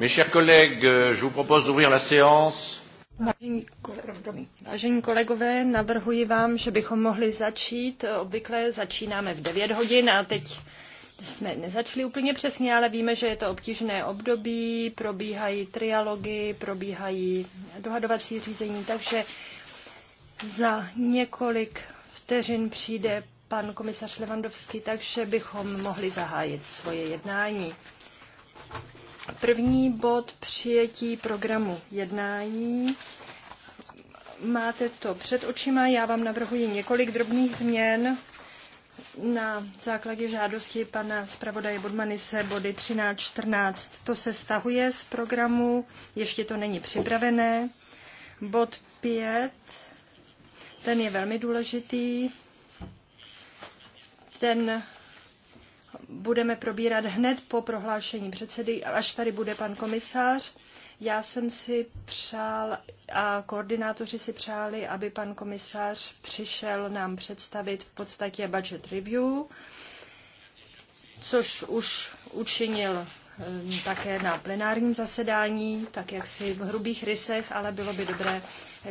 Mes chers collègues, euh, je vous propose d'ouvrir la séance. Vážení kolegové, navrhuji vám, že bychom mohli začít. Obvykle začínáme v 9 hodin a teď jsme nezačali úplně přesně, ale víme, že je to obtížné období, probíhají trialogy, probíhají dohadovací řízení, takže za několik vteřin přijde pan komisař Levandovský, takže bychom mohli zahájit svoje jednání. První bod přijetí programu jednání. Máte to před očima. Já vám navrhuji několik drobných změn na základě žádosti pana zpravodaje se body 13, 14. To se stahuje z programu, ještě to není připravené. Bod 5, ten je velmi důležitý. Ten budeme probírat hned po prohlášení předsedy, až tady bude pan komisář. Já jsem si přál a koordinátoři si přáli, aby pan komisář přišel nám představit v podstatě budget review, což už učinil hm, také na plenárním zasedání, tak jak si v hrubých rysech, ale bylo by dobré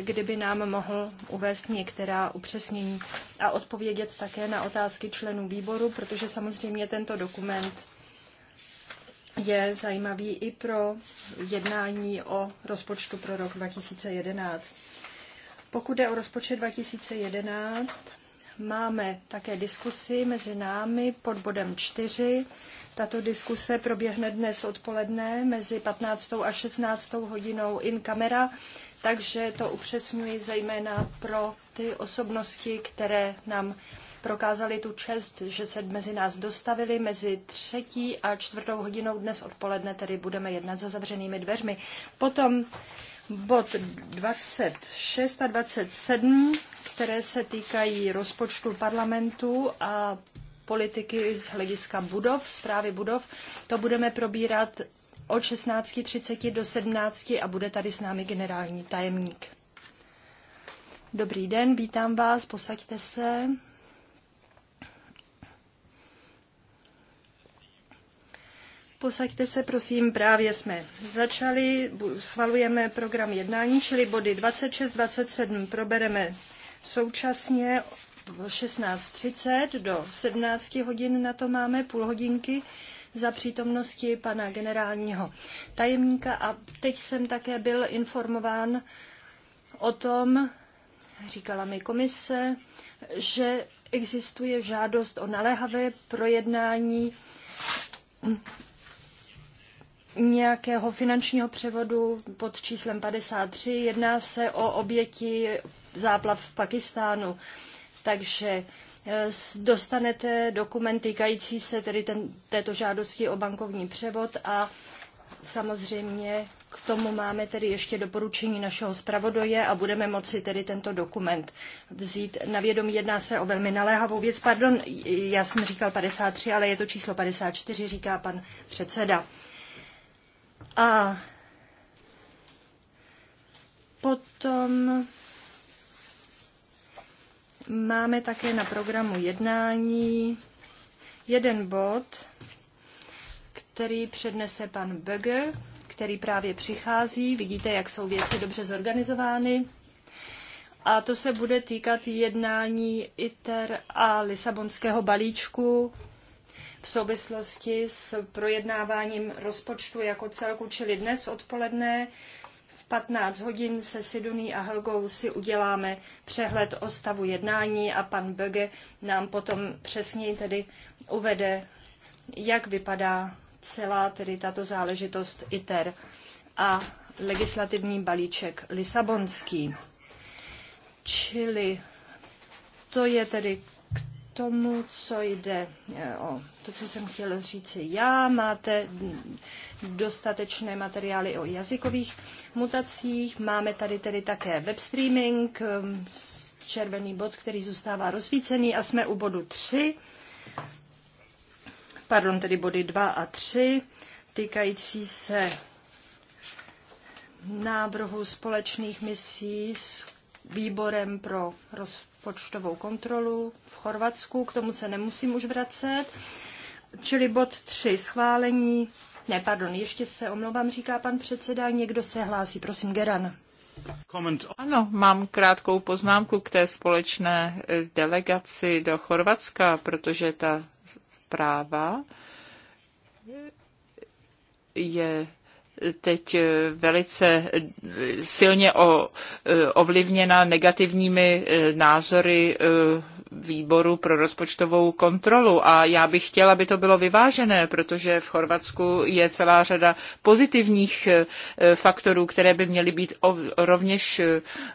kdyby nám mohl uvést některá upřesnění a odpovědět také na otázky členů výboru, protože samozřejmě tento dokument je zajímavý i pro jednání o rozpočtu pro rok 2011. Pokud je o rozpočet 2011, máme také diskusi mezi námi pod bodem 4. Tato diskuse proběhne dnes odpoledne mezi 15. a 16. hodinou in camera takže to upřesňuji zejména pro ty osobnosti, které nám prokázali tu čest, že se mezi nás dostavili. Mezi třetí a čtvrtou hodinou dnes odpoledne tedy budeme jednat za zavřenými dveřmi. Potom bod 26 a 27, které se týkají rozpočtu parlamentu a politiky z hlediska budov, zprávy budov. To budeme probírat od 16.30 do 17 a bude tady s námi generální tajemník. Dobrý den, vítám vás, posaďte se. Posaďte se, prosím, právě jsme začali, schvalujeme program jednání, čili body 26, 27 probereme současně v 16.30 do 17 hodin na to máme půl hodinky za přítomnosti pana generálního tajemníka a teď jsem také byl informován o tom, říkala mi komise, že existuje žádost o naléhavé projednání nějakého finančního převodu pod číslem 53. Jedná se o oběti záplav v Pakistánu. Takže Eh, dostanete dokument týkající se tedy ten, této žádosti o bankovní převod a samozřejmě k tomu máme tedy ještě doporučení našeho zpravodaje a budeme moci tedy tento dokument vzít na vědomí. Jedná se o velmi naléhavou věc. Pardon, já jsem říkal 53, ale je to číslo 54, říká pan předseda. A potom Máme také na programu jednání jeden bod, který přednese pan Böge, který právě přichází. Vidíte, jak jsou věci dobře zorganizovány. A to se bude týkat jednání ITER a Lisabonského balíčku v souvislosti s projednáváním rozpočtu jako celku, čili dnes odpoledne 15 hodin se Sidoní a Helgou si uděláme přehled o stavu jednání a pan Böge nám potom přesněji tedy uvede, jak vypadá celá tedy tato záležitost ITER a legislativní balíček Lisabonský. Čili to je tedy tomu, co jde eh, o to, co jsem chtěl říci já. Máte dostatečné materiály o jazykových mutacích. Máme tady tedy také web streaming, ehm, červený bod, který zůstává rozsvícený a jsme u bodu 3, pardon, tedy body 2 a 3, týkající se návrhu společných misí s výborem pro rozpočet počtovou kontrolu v Chorvatsku, k tomu se nemusím už vracet. Čili bod 3, schválení, ne, pardon, ještě se omlouvám, říká pan předseda, někdo se hlásí, prosím, Geran. Ano, mám krátkou poznámku k té společné eh, delegaci do Chorvatska, protože ta zpráva je teď eh, velice eh, silně eh, ovlivněna negativními názory výboru pro rozpočtovou kontrolu a já bych chtěla, aby to bylo vyvážené, protože v Chorvatsku je celá řada pozitivních faktorů, které by měly být rovněž,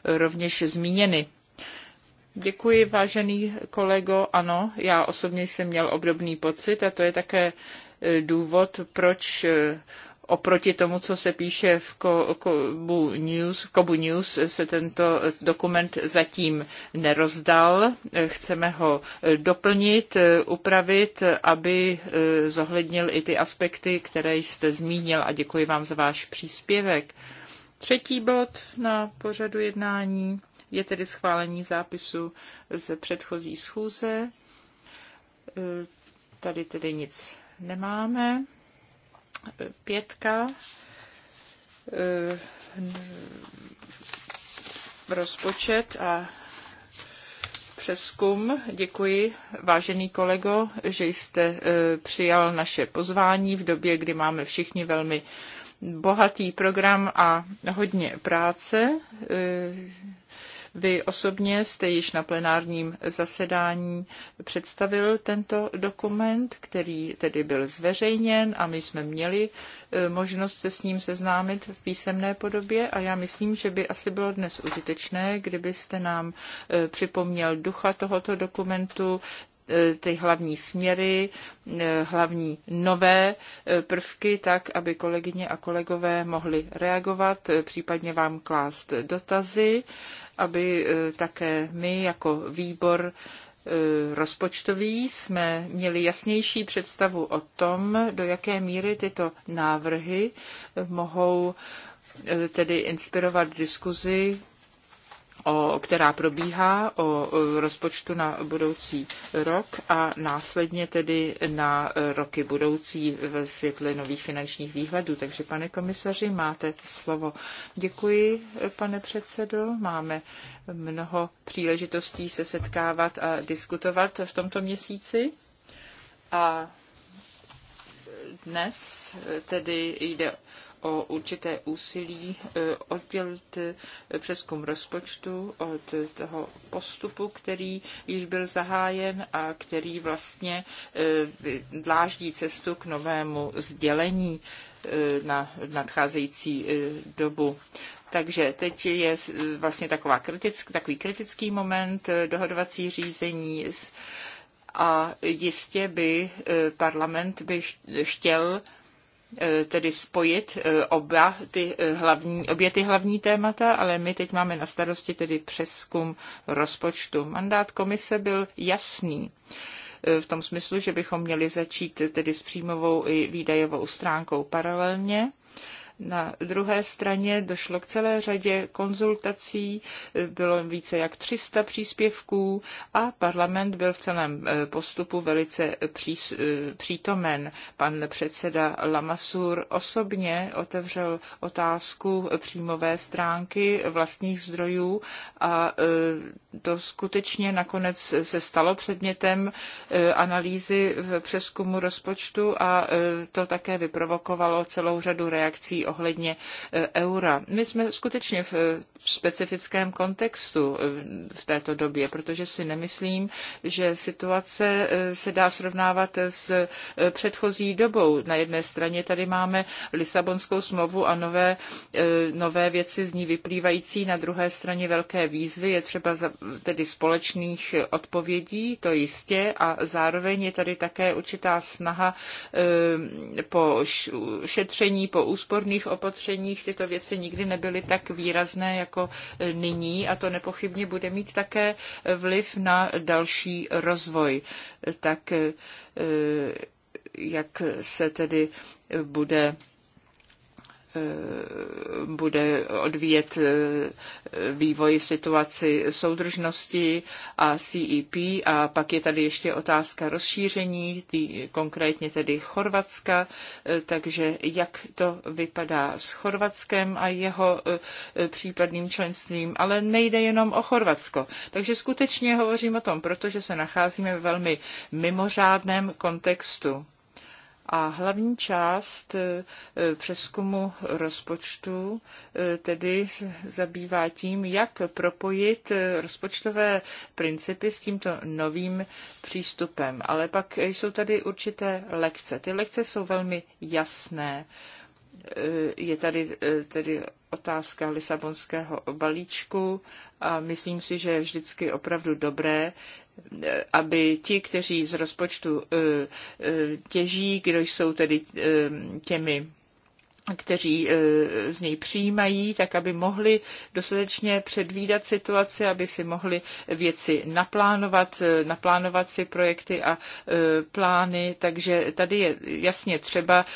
rovněž zmíněny. Děkuji, vážený kolego. Ano, já osobně jsem měl obdobný pocit a to je také důvod, proč oproti tomu, co se píše v Kobu News, Kobu News se tento dokument zatím nerozdal. Chceme ho eh, doplnit, eh, upravit, aby eh, zohlednil i ty aspekty, které jste zmínil a děkuji vám za váš příspěvek. Třetí bod na pořadu jednání je tedy schválení zápisu z předchozí schůze. Tady tedy nic nemáme. Pětka eh, rozpočet a přeskum. Děkuji, vážený kolego, že jste eh, přijal naše pozvání v době, kdy máme všichni velmi bohatý program a hodně práce. Eh, vy osobně jste již na plenárním zasedání představil tento dokument, který tedy byl zveřejněn a my jsme měli e, možnost se s ním seznámit v písemné podobě a já myslím, že by asi bylo dnes užitečné, kdybyste nám e, připomněl ducha tohoto dokumentu, e, ty hlavní směry, hlavní nové prvky, tak aby kolegyně a kolegové mohli reagovat, případně vám klást dotazy aby e, také my jako výbor e, rozpočtový jsme měli jasnější představu o tom, do jaké míry tyto návrhy mohou e, tedy inspirovat diskuzi o, která probíhá o rozpočtu na budoucí rok a následně tedy na roky budoucí ve světle nových finančních výhledů. Takže, pane komisaři, máte slovo. Děkuji, pane předsedo. Máme mnoho příležitostí se setkávat a diskutovat v tomto měsíci. A dnes tedy jde o určité úsilí e, oddělit e, přeskum rozpočtu od toho postupu, který již byl zahájen a který vlastně e, dláždí cestu k novému sdělení na nadcházející dobu. Takže teď je vlastně taková kritick, takový kritický moment dohodovací řízení a jistě by parlament by chtěl E, tedy spojit e, oba ty e, hlavní, obě ty hlavní témata, ale my teď máme na starosti tedy přeskum rozpočtu. Mandát komise byl jasný v tom smyslu, že bychom měli začít tedy s příjmovou i výdajovou stránkou paralelně na druhé straně došlo k celé řadě konzultací, bylo více jak 300 příspěvků a parlament byl v celém eh, postupu velice přís, eh, přítomen. Pan předseda Lamasur osobně otevřel otázku příjmové stránky vlastních zdrojů a eh, to skutečně nakonec se stalo předmětem analýzy v přeskumu rozpočtu a to také vyprovokovalo celou řadu reakcí ohledně eh, eura. My jsme skutečně v eh, specifickém kontextu eh, v této době, protože si nemyslím, že situace se dá srovnávat s předchozí dobou. Na jedné straně tady máme Lisabonskou smlouvu a nové, nové věci z ní vyplývající, na druhé straně velké výzvy, je třeba tedy společných odpovědí, to jistě, a zároveň je tady také určitá snaha po šetření, po úsporných úsporných opatřeních tyto věci nikdy nebyly tak výrazné jako e, nyní a to nepochybně bude mít také e, vliv na další rozvoj. E, tak jak se tedy bude Eh, bude odvíjet eh, vývoj v situaci soudržnosti a CEP a pak je tady ještě otázka rozšíření, tý, konkrétně tedy Chorvatska, eh, takže jak to vypadá s Chorvatskem a jeho případným členstvím, ale nejde jenom o Chorvatsko. Takže skutečně hovořím o tom, protože se nacházíme ve velmi mimořádném kontextu. A hlavní část e, přeskumu rozpočtu e, tedy zabývá tím, jak propojit e, rozpočtové principy s tímto novým přístupem. Ale pak jsou tady určité lekce. Ty lekce jsou velmi jasné Eh, je tady eh, tedy otázka Lisabonského balíčku a myslím si, že je vždycky opravdu dobré, eh, aby ti, kteří z rozpočtu těží, kdo jsou tedy těmi kteří e, z něj přijímají, tak aby mohli dostatečně předvídat situaci, aby si mohli věci naplánovat, e, naplánovat si projekty a e, plány. Takže tady je jasně třeba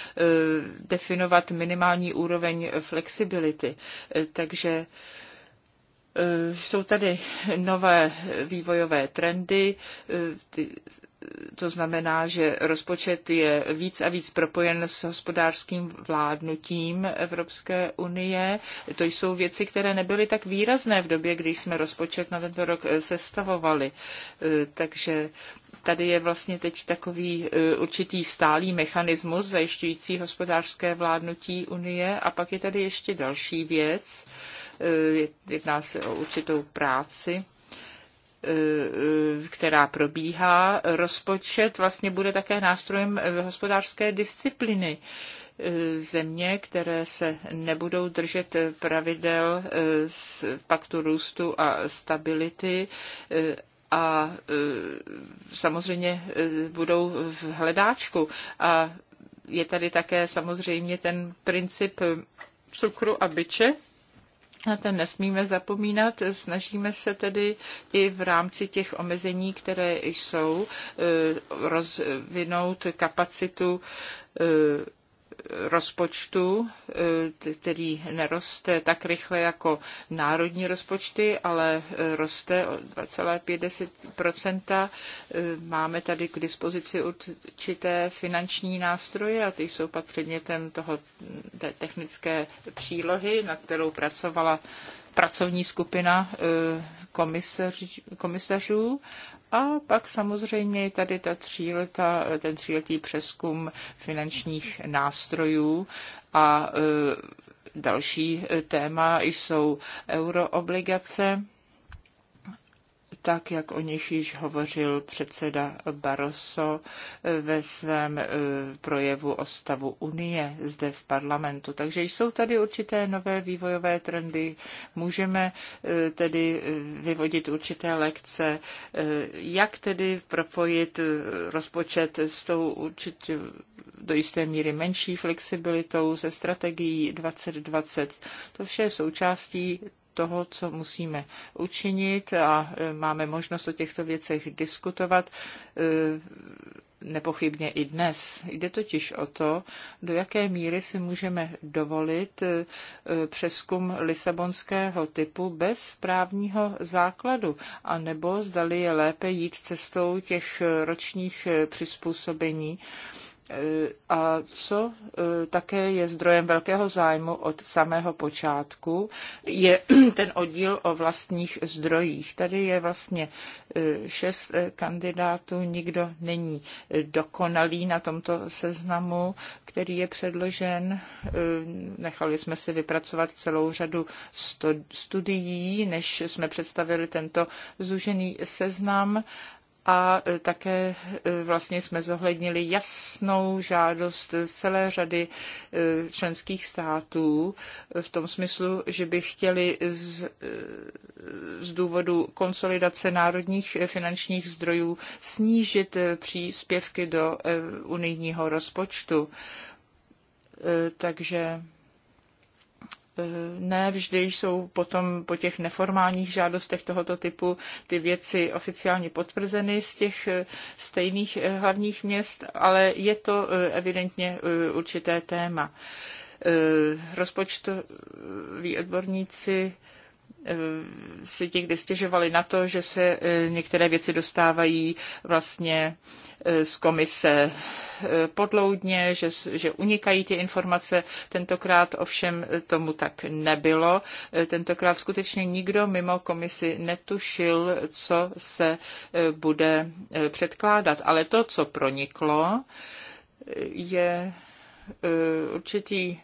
definovat minimální úroveň flexibility. Takže Eh, jsou tady nové vývojové trendy, eh, to znamená, že rozpočet je víc a víc propojen s hospodářským vládnutím Evropské unie. To jsou věci, které nebyly tak výrazné v době, kdy jsme rozpočet na tento rok eh, sestavovali. Takže tady je vlastně teď takový určitý stálý mechanismus zajišťující hospodářské vládnutí Unie. A pak je tady ještě další věc, Eh, jedná se o určitou práci, eh, která probíhá. Rozpočet vlastně bude také nástrojem hospodářské disciplíny eh, země, které se nebudou držet pravidel z paktu růstu a stability a samozřejmě budou v hledáčku. A je tady také samozřejmě ten princip cukru a byče, na ten nesmíme zapomínat. Snažíme se tedy i v rámci těch omezení, které jsou, eh, rozvinout kapacitu eh, rozpočtu, e, který neroste tak rychle jako národní rozpočty, ale e, roste o 2,5 e, Máme tady k dispozici určité finanční nástroje a ty jsou pak předmětem toho, té technické přílohy, na kterou pracovala pracovní skupina komisař, komisařů a pak samozřejmě je tady ta tříleta, ten tříletý přeskum finančních nástrojů a e, další e, téma jsou euroobligace tak jak o nich již hovořil předseda Barroso ve svém e, projevu o stavu Unie zde v parlamentu. Takže jsou tady určité nové vývojové trendy. Můžeme e, tedy e, vyvodit určité lekce, jak tedy propojit rozpočet s tou určitě do jisté míry menší flexibilitou, se strategií 2020. To vše je součástí toho, co musíme učinit a e, máme možnost o těchto věcech diskutovat e, nepochybně i dnes. Jde totiž o to, do jaké míry si můžeme dovolit e, přeskum lisabonského typu bez právního základu, anebo zdali je lépe jít cestou těch ročních přizpůsobení a co e, také je zdrojem velkého zájmu od samého počátku, je ten oddíl o vlastních zdrojích. Tady je vlastně e, šest e, kandidátů, nikdo není dokonalý na tomto seznamu, který je předložen. Nechali jsme si vypracovat celou řadu studií, než jsme představili tento zúžený seznam a e, také e, vlastně jsme zohlednili jasnou žádost celé řady e, členských států v tom smyslu, že by chtěli z, z důvodu konsolidace národních finančních zdrojů snížit příspěvky do unijního rozpočtu. Takže Eh, ne vždy jsou potom po těch neformálních žádostech tohoto typu ty věci oficiálně potvrzeny z těch eh, stejných eh, hlavních měst, ale je to evidentně určité téma. Rozpočtoví odborníci si někdy stěžovali na to, že se e, některé věci dostávají vlastně e, z komise e, podloudně, že, že unikají ty informace. Tentokrát ovšem tomu tak nebylo. Tentokrát skutečně nikdo mimo komisi netušil, co se bude předkládat. Ale to, co proniklo, je určitý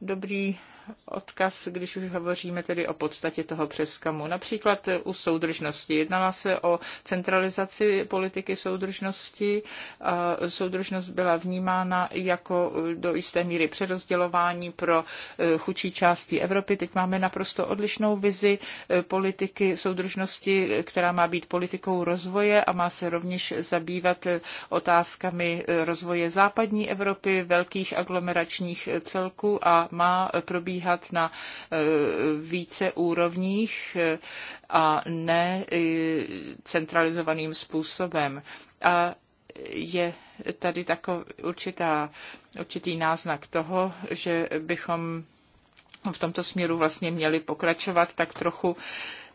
dobrý odkaz, když už hovoříme tedy o podstatě toho přeskamu. Například u soudržnosti. Jednala se o centralizaci politiky soudržnosti. soudržnost byla vnímána jako do jisté míry přerozdělování pro e, chudší části Evropy. Teď máme naprosto odlišnou vizi e, politiky soudržnosti, která má být politikou rozvoje a má se rovněž zabývat e, otázkami rozvoje západní Evropy, velkých aglomeračních celků a má probíhat probíhat na eh, více úrovních eh, a ne eh, centralizovaným způsobem. A je tady takový určitá, určitý náznak toho, že bychom v tomto směru vlastně měli pokračovat tak trochu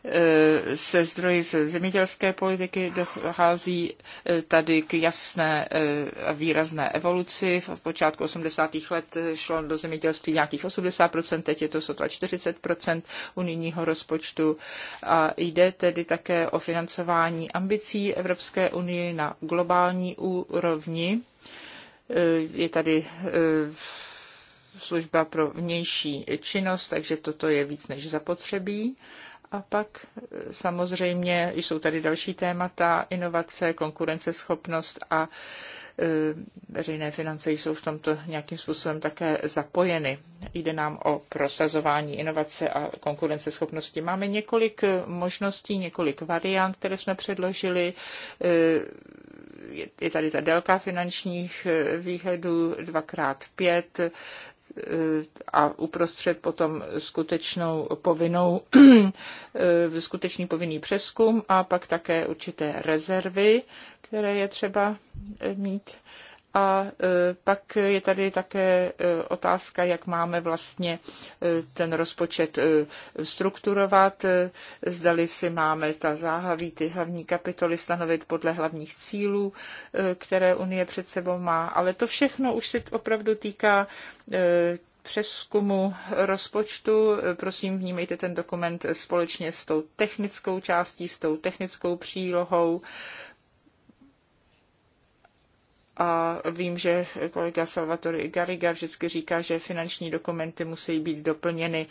E, se zdroji ze zemědělské politiky dochází e, tady k jasné e, a výrazné evoluci. V počátku 80. let šlo do zemědělství nějakých 80%, teď je to sotva 40% unijního rozpočtu a jde tedy také o financování ambicí Evropské unie na globální úrovni. Je tady služba pro vnější činnost, takže toto je víc než zapotřebí. A pak e, samozřejmě jsou tady další témata, inovace, konkurenceschopnost a e, veřejné finance jsou v tomto nějakým způsobem také zapojeny. Jde nám o prosazování inovace a konkurenceschopnosti. Máme několik možností, několik variant, které jsme předložili. E, je tady ta délka finančních výhledů 2x5, a uprostřed potom skutečnou povinnou, skutečný povinný přeskum a pak také určité rezervy, které je třeba mít a e, pak je tady také e, otázka, jak máme vlastně e, ten rozpočet strukturovat, zdali si máme ta záhaví, ty hlavní kapitoly stanovit podle hlavních cílů, které Unie před sebou má. Ale to všechno už se opravdu týká přeskumu rozpočtu. Prosím, vnímejte ten dokument společně s tou technickou částí, s tou technickou přílohou a vím, že kolega Salvatore Gariga vždycky říká, že finanční dokumenty musí být doplněny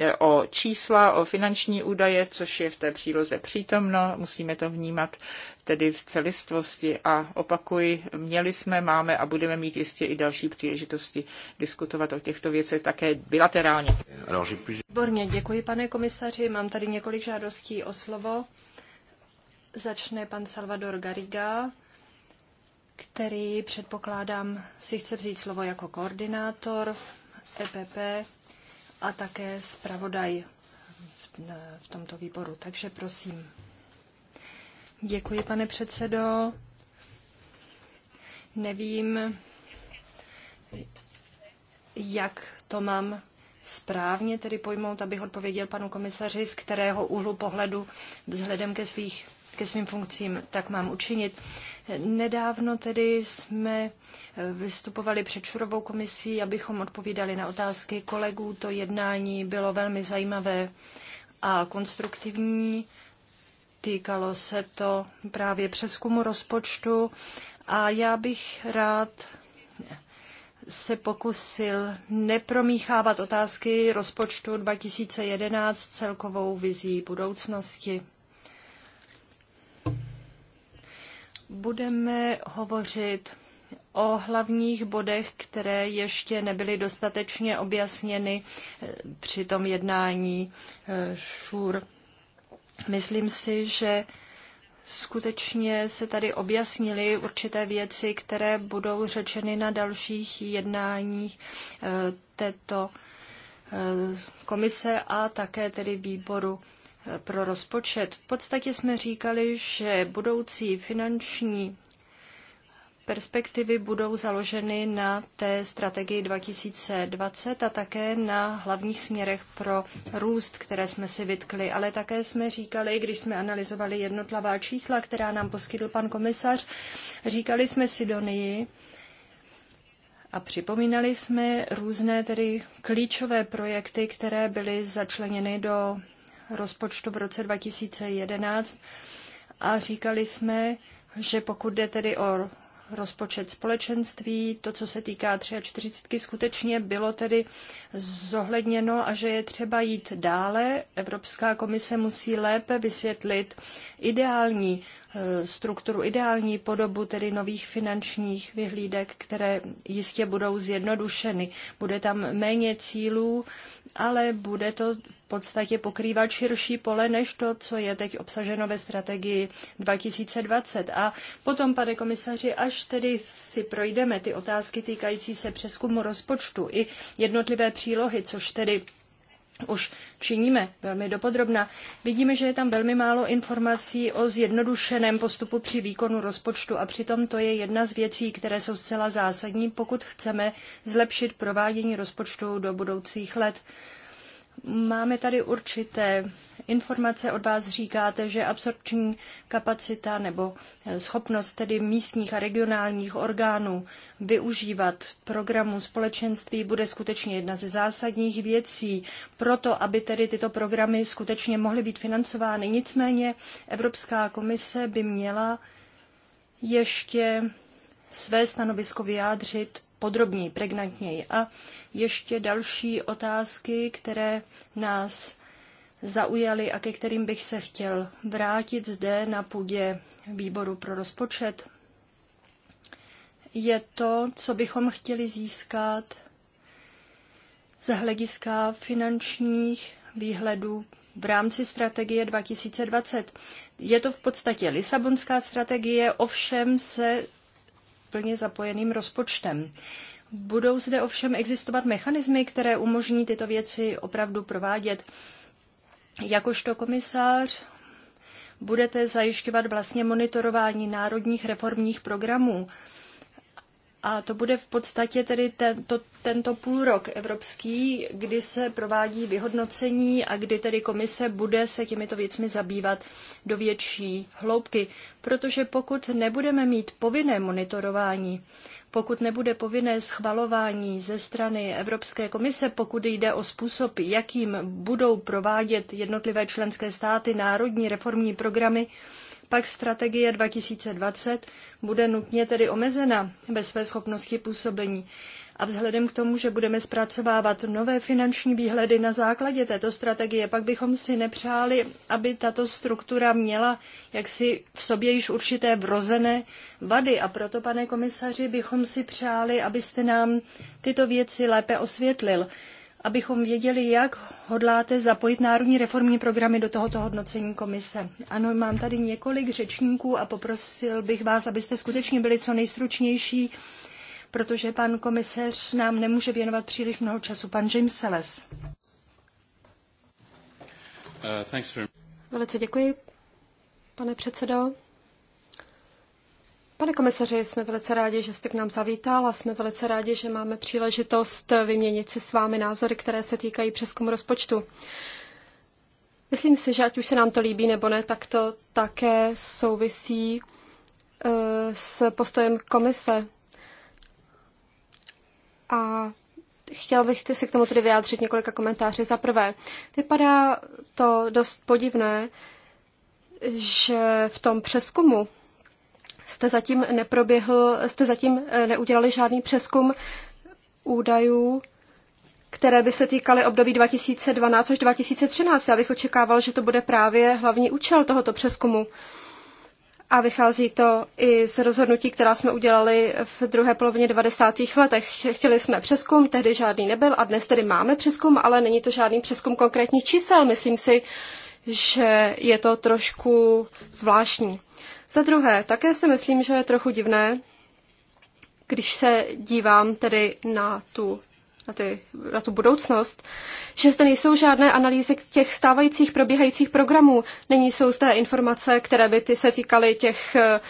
e, o čísla, o finanční údaje, což je v té příloze přítomno. Musíme to vnímat tedy v celistvosti a opakuji, měli jsme, máme a budeme mít jistě i další příležitosti diskutovat o těchto věcech také bilaterálně. Výborně, děkuji pane komisaři. Mám tady několik žádostí o slovo. Začne pan Salvador Gariga který předpokládám si chce vzít slovo jako koordinátor EPP a také zpravodaj v tomto výboru. Takže prosím. Děkuji, pane předsedo. Nevím, jak to mám správně tedy pojmout, abych odpověděl panu komisaři, z kterého úhlu pohledu vzhledem ke, svých, ke svým funkcím tak mám učinit. Nedávno tedy jsme eh, vystupovali před Šurovou komisí, abychom odpovídali na otázky kolegů. To jednání bylo velmi zajímavé a konstruktivní. Týkalo se to právě přeskumu rozpočtu a já bych rád se pokusil nepromíchávat otázky rozpočtu 2011 celkovou vizí budoucnosti. budeme hovořit o hlavních bodech, které ještě nebyly dostatečně objasněny eh, při tom jednání eh, ŠUR. Myslím si, že skutečně se tady objasnily určité věci, které budou řečeny na dalších jednáních eh, této komise a také tedy výboru pro rozpočet. V podstatě jsme říkali, že budoucí finanční perspektivy budou založeny na té strategii 2020 a také na hlavních směrech pro růst, které jsme si vytkli. Ale také jsme říkali, když jsme analyzovali jednotlivá čísla, která nám poskytl pan komisař, říkali jsme Sidonii a připomínali jsme různé tedy klíčové projekty, které byly začleněny do rozpočtu v roce 2011 a říkali jsme, že pokud jde tedy o rozpočet společenství, to, co se týká 43, skutečně bylo tedy zohledněno a že je třeba jít dále. Evropská komise musí lépe vysvětlit ideální eh, strukturu, ideální podobu tedy nových finančních vyhlídek, které jistě budou zjednodušeny. Bude tam méně cílů, ale bude to podstatě pokrývat širší pole než to, co je teď obsaženo ve strategii 2020. A potom, pane komisaři, až tedy si projdeme ty otázky týkající se přeskumu rozpočtu i jednotlivé přílohy, což tedy už činíme velmi dopodrobna, vidíme, že je tam velmi málo informací o zjednodušeném postupu při výkonu rozpočtu a přitom to je jedna z věcí, které jsou zcela zásadní, pokud chceme zlepšit provádění rozpočtu do budoucích let. Máme tady určité informace od vás říkáte, že absorpční kapacita nebo schopnost tedy místních a regionálních orgánů využívat programu společenství bude skutečně jedna ze zásadních věcí pro to, aby tedy tyto programy skutečně mohly být financovány. Nicméně Evropská komise by měla ještě své stanovisko vyjádřit podrobněji, pregnantněji. A ještě další otázky, které nás zaujaly a ke kterým bych se chtěl vrátit zde na půdě výboru pro rozpočet, je to, co bychom chtěli získat z hlediska finančních výhledů v rámci strategie 2020. Je to v podstatě Lisabonská strategie, ovšem se plně zapojeným rozpočtem. Budou zde ovšem existovat mechanismy, které umožní tyto věci opravdu provádět. Jakožto komisář budete zajišťovat vlastně monitorování národních reformních programů a to bude v podstatě tedy tento, tento půlrok evropský, kdy se provádí vyhodnocení a kdy tedy komise bude se těmito věcmi zabývat do větší hloubky. Protože pokud nebudeme mít povinné monitorování, pokud nebude povinné schvalování ze strany Evropské komise, pokud jde o způsob, jakým budou provádět jednotlivé členské státy národní reformní programy, pak strategie 2020 bude nutně tedy omezena ve své schopnosti působení. A vzhledem k tomu, že budeme zpracovávat nové finanční výhledy na základě této strategie, pak bychom si nepřáli, aby tato struktura měla jaksi v sobě již určité vrozené vady. A proto, pane komisaři, bychom si přáli, abyste nám tyto věci lépe osvětlil abychom věděli, jak hodláte zapojit národní reformní programy do tohoto hodnocení komise. Ano, mám tady několik řečníků a poprosil bych vás, abyste skutečně byli co nejstručnější, protože pan komisař nám nemůže věnovat příliš mnoho času. Pan James Seles. Uh, Velice děkuji, pane předsedo. Pane komisaři, jsme velice rádi, že jste k nám zavítal a jsme velice rádi, že máme příležitost vyměnit si s vámi názory, které se týkají přeskumu rozpočtu. Myslím si, že ať už se nám to líbí nebo ne, tak to také souvisí eh, s postojem komise. A chtěl bych si k tomu tedy vyjádřit několika komentáři. Za prvé, vypadá to dost podivné, že v tom přeskumu jste zatím neproběhl, jste zatím eh, neudělali žádný přeskum údajů, které by se týkaly období 2012 až 2013. Já bych očekával, že to bude právě hlavní účel tohoto přeskumu. A vychází to i z rozhodnutí, která jsme udělali v druhé polovině 90. letech. Chtěli jsme přeskum, tehdy žádný nebyl a dnes tedy máme přeskum, ale není to žádný přeskum konkrétních čísel. Myslím si, že je to trošku zvláštní. Za druhé, také si myslím, že je trochu divné, když se dívám tedy na tu, na, ty, na tu budoucnost, že zde nejsou žádné analýzy těch stávajících probíhajících programů. Není jsou zde informace, které by ty se týkaly těch eh,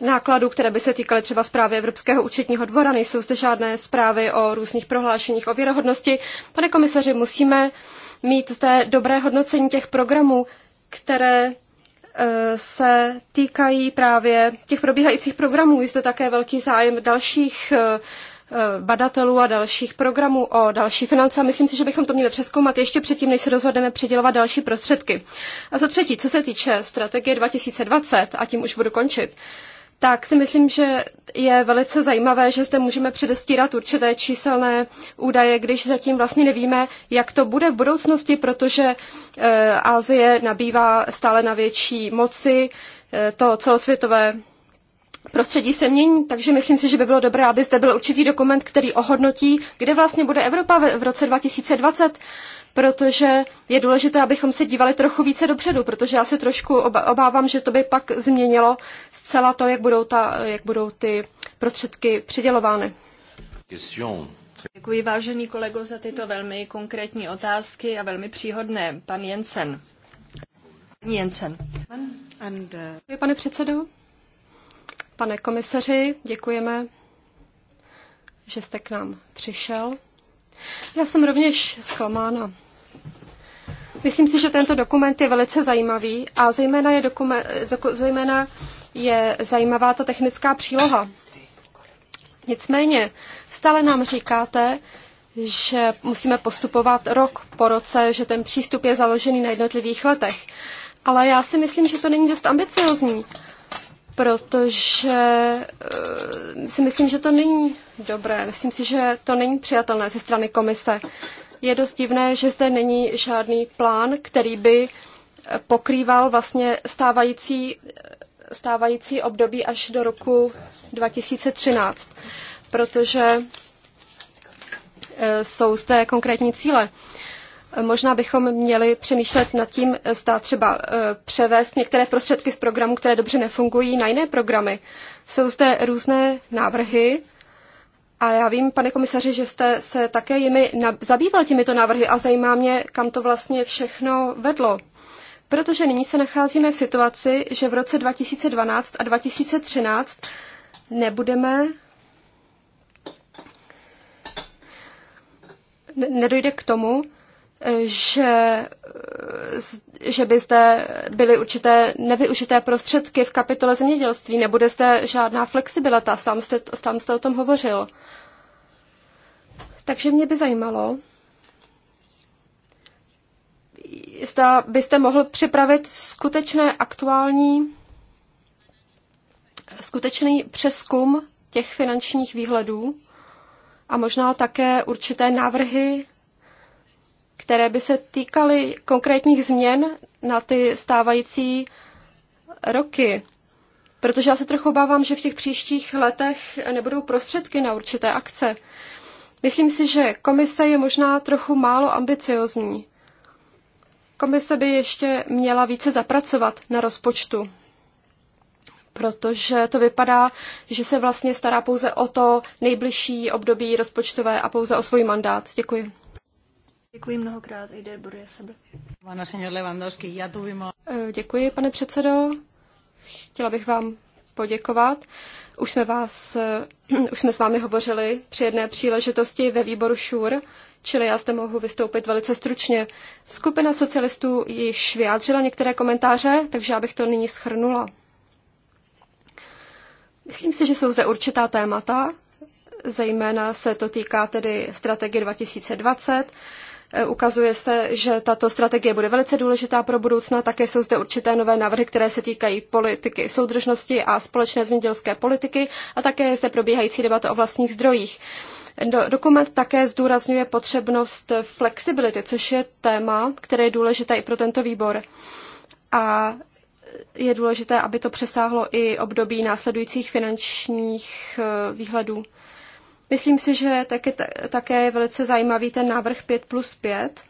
nákladů, které by se týkaly třeba zprávy Evropského účetního dvora, nejsou zde žádné zprávy o různých prohlášeních o věrohodnosti. Pane komisaři, musíme mít zde dobré hodnocení těch programů, které Eh, se týkají právě těch probíhajících programů. Je zde také velký zájem dalších eh, eh, badatelů a dalších programů o další finance a myslím si, že bychom to měli přeskoumat ještě předtím, než se rozhodneme přidělovat další prostředky. A za třetí, co se týče strategie 2020, a tím už budu končit, tak si myslím, že je velice zajímavé, že zde můžeme předestírat určité číselné údaje, když zatím vlastně nevíme, jak to bude v budoucnosti, protože e, Asie nabývá stále na větší moci, e, to celosvětové prostředí se mění, takže myslím si, že by bylo dobré, aby zde byl určitý dokument, který ohodnotí, kde vlastně bude Evropa v roce 2020, protože je důležité, abychom se dívali trochu více dopředu, protože já se trošku obávám, že to by pak změnilo zcela to, jak budou, ta, jak budou ty prostředky přidělovány. Question. Děkuji vážený kolego za tyto velmi konkrétní otázky a velmi příhodné. Pan Jensen. Jensen. Uh, Děkuji, pane předsedo. Pane komisaři, děkujeme, že jste k nám přišel. Já jsem rovněž zklamána. Myslím si, že tento dokument je velice zajímavý a zejména je, doku, zejména je zajímavá ta technická příloha. Nicméně stále nám říkáte, že musíme postupovat rok po roce, že ten přístup je založený na jednotlivých letech. Ale já si myslím, že to není dost ambiciozní protože eh, si myslím, že to není dobré. Myslím si, že to není přijatelné ze strany komise. Je dost divné, že zde není žádný plán, který by pokrýval vlastně stávající, stávající období až do roku 2013, protože eh, jsou zde konkrétní cíle. Možná bychom měli přemýšlet nad tím, zda třeba eh, převést některé prostředky z programů, které dobře nefungují, na jiné programy. Jsou zde různé návrhy a já vím, pane komisaři, že jste se také jimi zabýval těmito návrhy a zajímá mě, kam to vlastně všechno vedlo. Protože nyní se nacházíme v situaci, že v roce 2012 a 2013 nebudeme nedojde k tomu, že, že by zde byly určité nevyužité prostředky v kapitole zemědělství, nebude zde žádná flexibilita, sám jste, sám jste o tom hovořil. Takže mě by zajímalo, zda byste mohl připravit skutečné aktuální, skutečný přeskum těch finančních výhledů a možná také určité návrhy které by se týkaly konkrétních změn na ty stávající roky. Protože já se trochu obávám, že v těch příštích letech nebudou prostředky na určité akce. Myslím si, že komise je možná trochu málo ambiciozní. Komise by ještě měla více zapracovat na rozpočtu, protože to vypadá, že se vlastně stará pouze o to nejbližší období rozpočtové a pouze o svůj mandát. Děkuji. Děkuji mnohokrát, Eider Borisabl. Eh, děkuji, pane předsedo. Chtěla bych vám poděkovat. Už jsme, vás, eh, už jsme s vámi hovořili při jedné příležitosti ve výboru ŠUR, čili já zde mohu vystoupit velice stručně. Skupina socialistů již vyjádřila některé komentáře, takže já bych to nyní schrnula. Myslím si, že jsou zde určitá témata, zejména se to týká tedy strategie 2020, Eh, ukazuje se, že tato strategie bude velice důležitá pro budoucna. Také jsou zde určité nové návrhy, které se týkají politiky soudržnosti a společné zemědělské politiky a také zde probíhající debata o vlastních zdrojích. Do, dokument také zdůrazňuje potřebnost flexibility, což je téma, které je důležité i pro tento výbor. A je důležité, aby to přesáhlo i období následujících finančních eh, výhledů. Myslím si, že taky, také je velice zajímavý ten návrh 5 plus 5.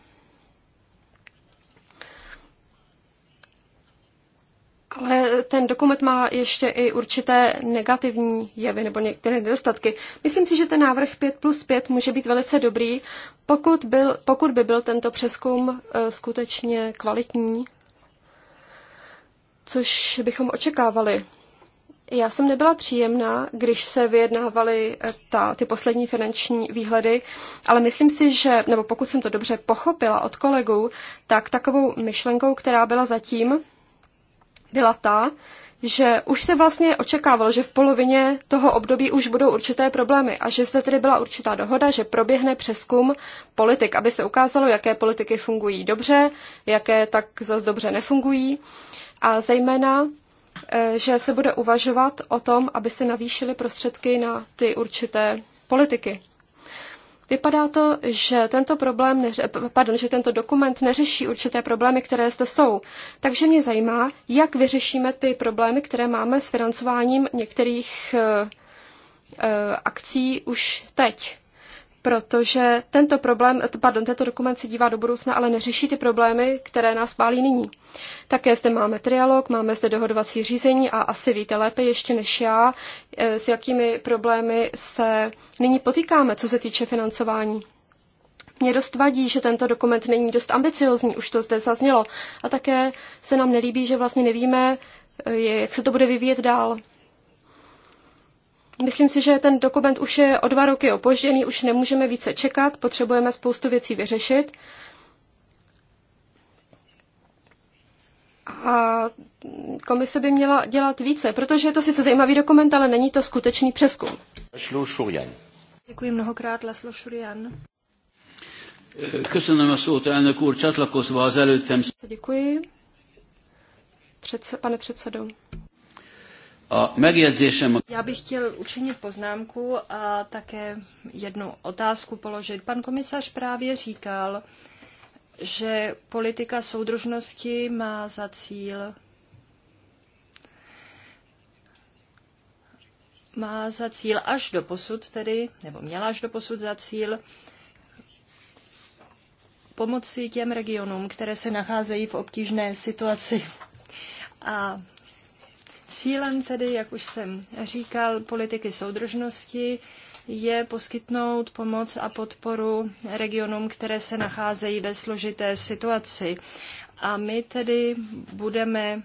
Ale ten dokument má ještě i určité negativní jevy nebo některé nedostatky. Myslím si, že ten návrh 5 plus 5 může být velice dobrý, pokud, byl, pokud by byl tento přeskum uh, skutečně kvalitní, což bychom očekávali. Já jsem nebyla příjemná, když se vyjednávaly eh, ta, ty poslední finanční výhledy, ale myslím si, že, nebo pokud jsem to dobře pochopila od kolegů, tak takovou myšlenkou, která byla zatím, byla ta, že už se vlastně očekávalo, že v polovině toho období už budou určité problémy a že zde tedy byla určitá dohoda, že proběhne přeskum politik, aby se ukázalo, jaké politiky fungují dobře, jaké tak zase dobře nefungují. A zejména Eh, že se bude uvažovat o tom, aby se navýšily prostředky na ty určité politiky. Vypadá to, že tento, problém neře- pardon, že tento dokument neřeší určité problémy, které zde jsou. Takže mě zajímá, jak vyřešíme ty problémy, které máme s financováním některých uh, akcí už teď protože tento problém, pardon, tento dokument se dívá do budoucna, ale neřeší ty problémy, které nás pálí nyní. Také zde máme trialog, máme zde dohodovací řízení a asi víte lépe ještě než já, eh, s jakými problémy se nyní potýkáme, co se týče financování. Mě dost vadí, že tento dokument není dost ambiciozní, už to zde zaznělo. A také se nám nelíbí, že vlastně nevíme, eh, jak se to bude vyvíjet dál. Myslím si, že ten dokument už je o dva roky opožděný, už nemůžeme více čekat, potřebujeme spoustu věcí vyřešit. A komise by měla dělat více, protože je to sice zajímavý dokument, ale není to skutečný přeskum. Děkuji mnohokrát, Laszlo Šurian. Děkuji, pane předsedo. Já bych chtěl učinit poznámku a také jednu otázku položit. Pan komisař právě říkal, že politika soudržnosti má za cíl má za cíl až do posud tedy, nebo měla až do posud za cíl pomoci těm regionům, které se nacházejí v obtížné situaci. A Cílem tedy, jak už jsem říkal, politiky soudržnosti je poskytnout pomoc a podporu regionům, které se nacházejí ve složité situaci. A my tedy budeme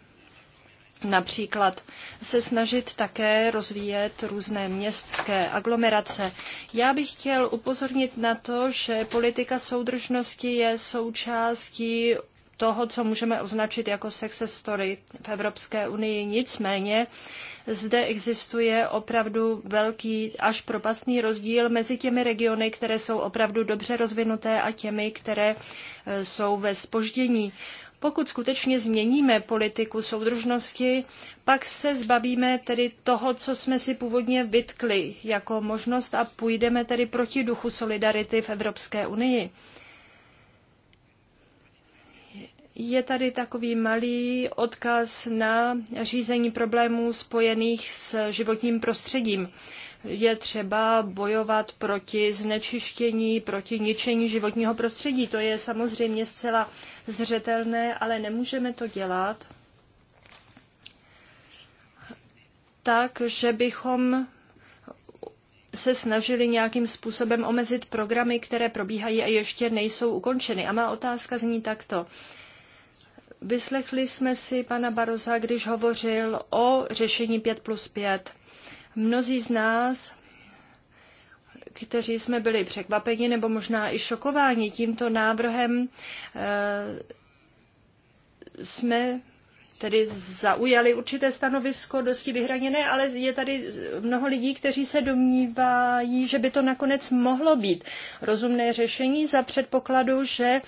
například se snažit také rozvíjet různé městské aglomerace. Já bych chtěl upozornit na to, že politika soudržnosti je součástí toho, co můžeme označit jako success story v Evropské unii. Nicméně zde existuje opravdu velký až propastný rozdíl mezi těmi regiony, které jsou opravdu dobře rozvinuté a těmi, které e, jsou ve spoždění. Pokud skutečně změníme politiku soudržnosti, pak se zbavíme tedy toho, co jsme si původně vytkli jako možnost a půjdeme tedy proti duchu solidarity v Evropské unii je tady takový malý odkaz na řízení problémů spojených s životním prostředím. Je třeba bojovat proti znečištění, proti ničení životního prostředí. To je samozřejmě zcela zřetelné, ale nemůžeme to dělat tak, že bychom se snažili nějakým způsobem omezit programy, které probíhají a ještě nejsou ukončeny. A má otázka zní takto. Vyslechli jsme si pana Baroza, když hovořil o řešení 5 plus 5. Mnozí z nás, kteří jsme byli překvapeni nebo možná i šokováni tímto návrhem, eh, jsme tedy zaujali určité stanovisko, dosti vyhraněné, ale je tady mnoho lidí, kteří se domnívají, že by to nakonec mohlo být rozumné řešení za předpokladu, že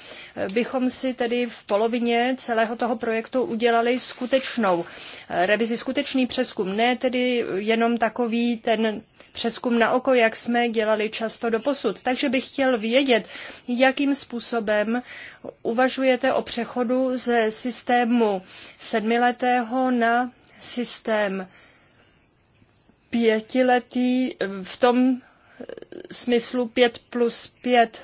bychom si tedy v polovině celého toho projektu udělali skutečnou eh, revizi, skutečný přeskum, ne tedy jenom takový ten přeskum na oko, jak jsme dělali často do posud. Takže bych chtěl vědět, jakým způsobem uvažujete o přechodu ze systému sedmiletého na systém pětiletý v tom smyslu 5 plus 5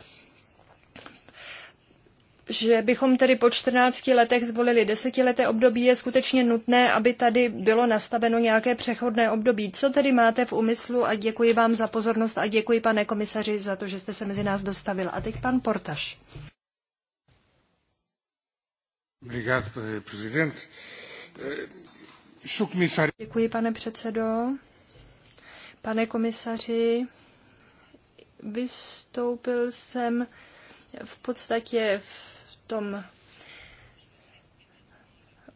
že bychom tedy po 14 letech zvolili desetileté období, je skutečně nutné, aby tady bylo nastaveno nějaké přechodné období. Co tedy máte v úmyslu a děkuji vám za pozornost a děkuji pane komisaři za to, že jste se mezi nás dostavil. A teď pan Portaš. Děkuji, pane předsedo. Pane komisaři, vystoupil jsem v podstatě v tom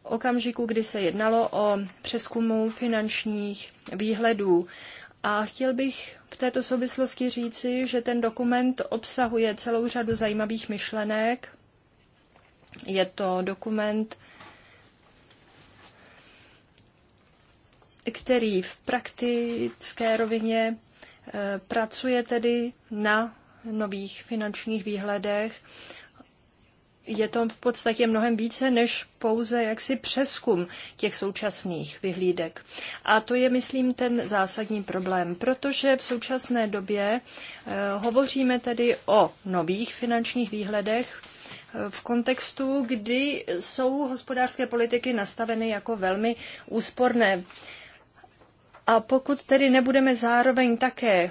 okamžiku, kdy se jednalo o přeskumu finančních výhledů. A chtěl bych v této souvislosti říci, že ten dokument obsahuje celou řadu zajímavých myšlenek. Je to dokument, který v praktické rovině eh, pracuje tedy na nových finančních výhledech je to v podstatě mnohem více než pouze jaksi přeskum těch současných vyhlídek. A to je, myslím, ten zásadní problém, protože v současné době eh, hovoříme tedy o nových finančních výhledech eh, v kontextu, kdy jsou hospodářské politiky nastaveny jako velmi úsporné. A pokud tedy nebudeme zároveň také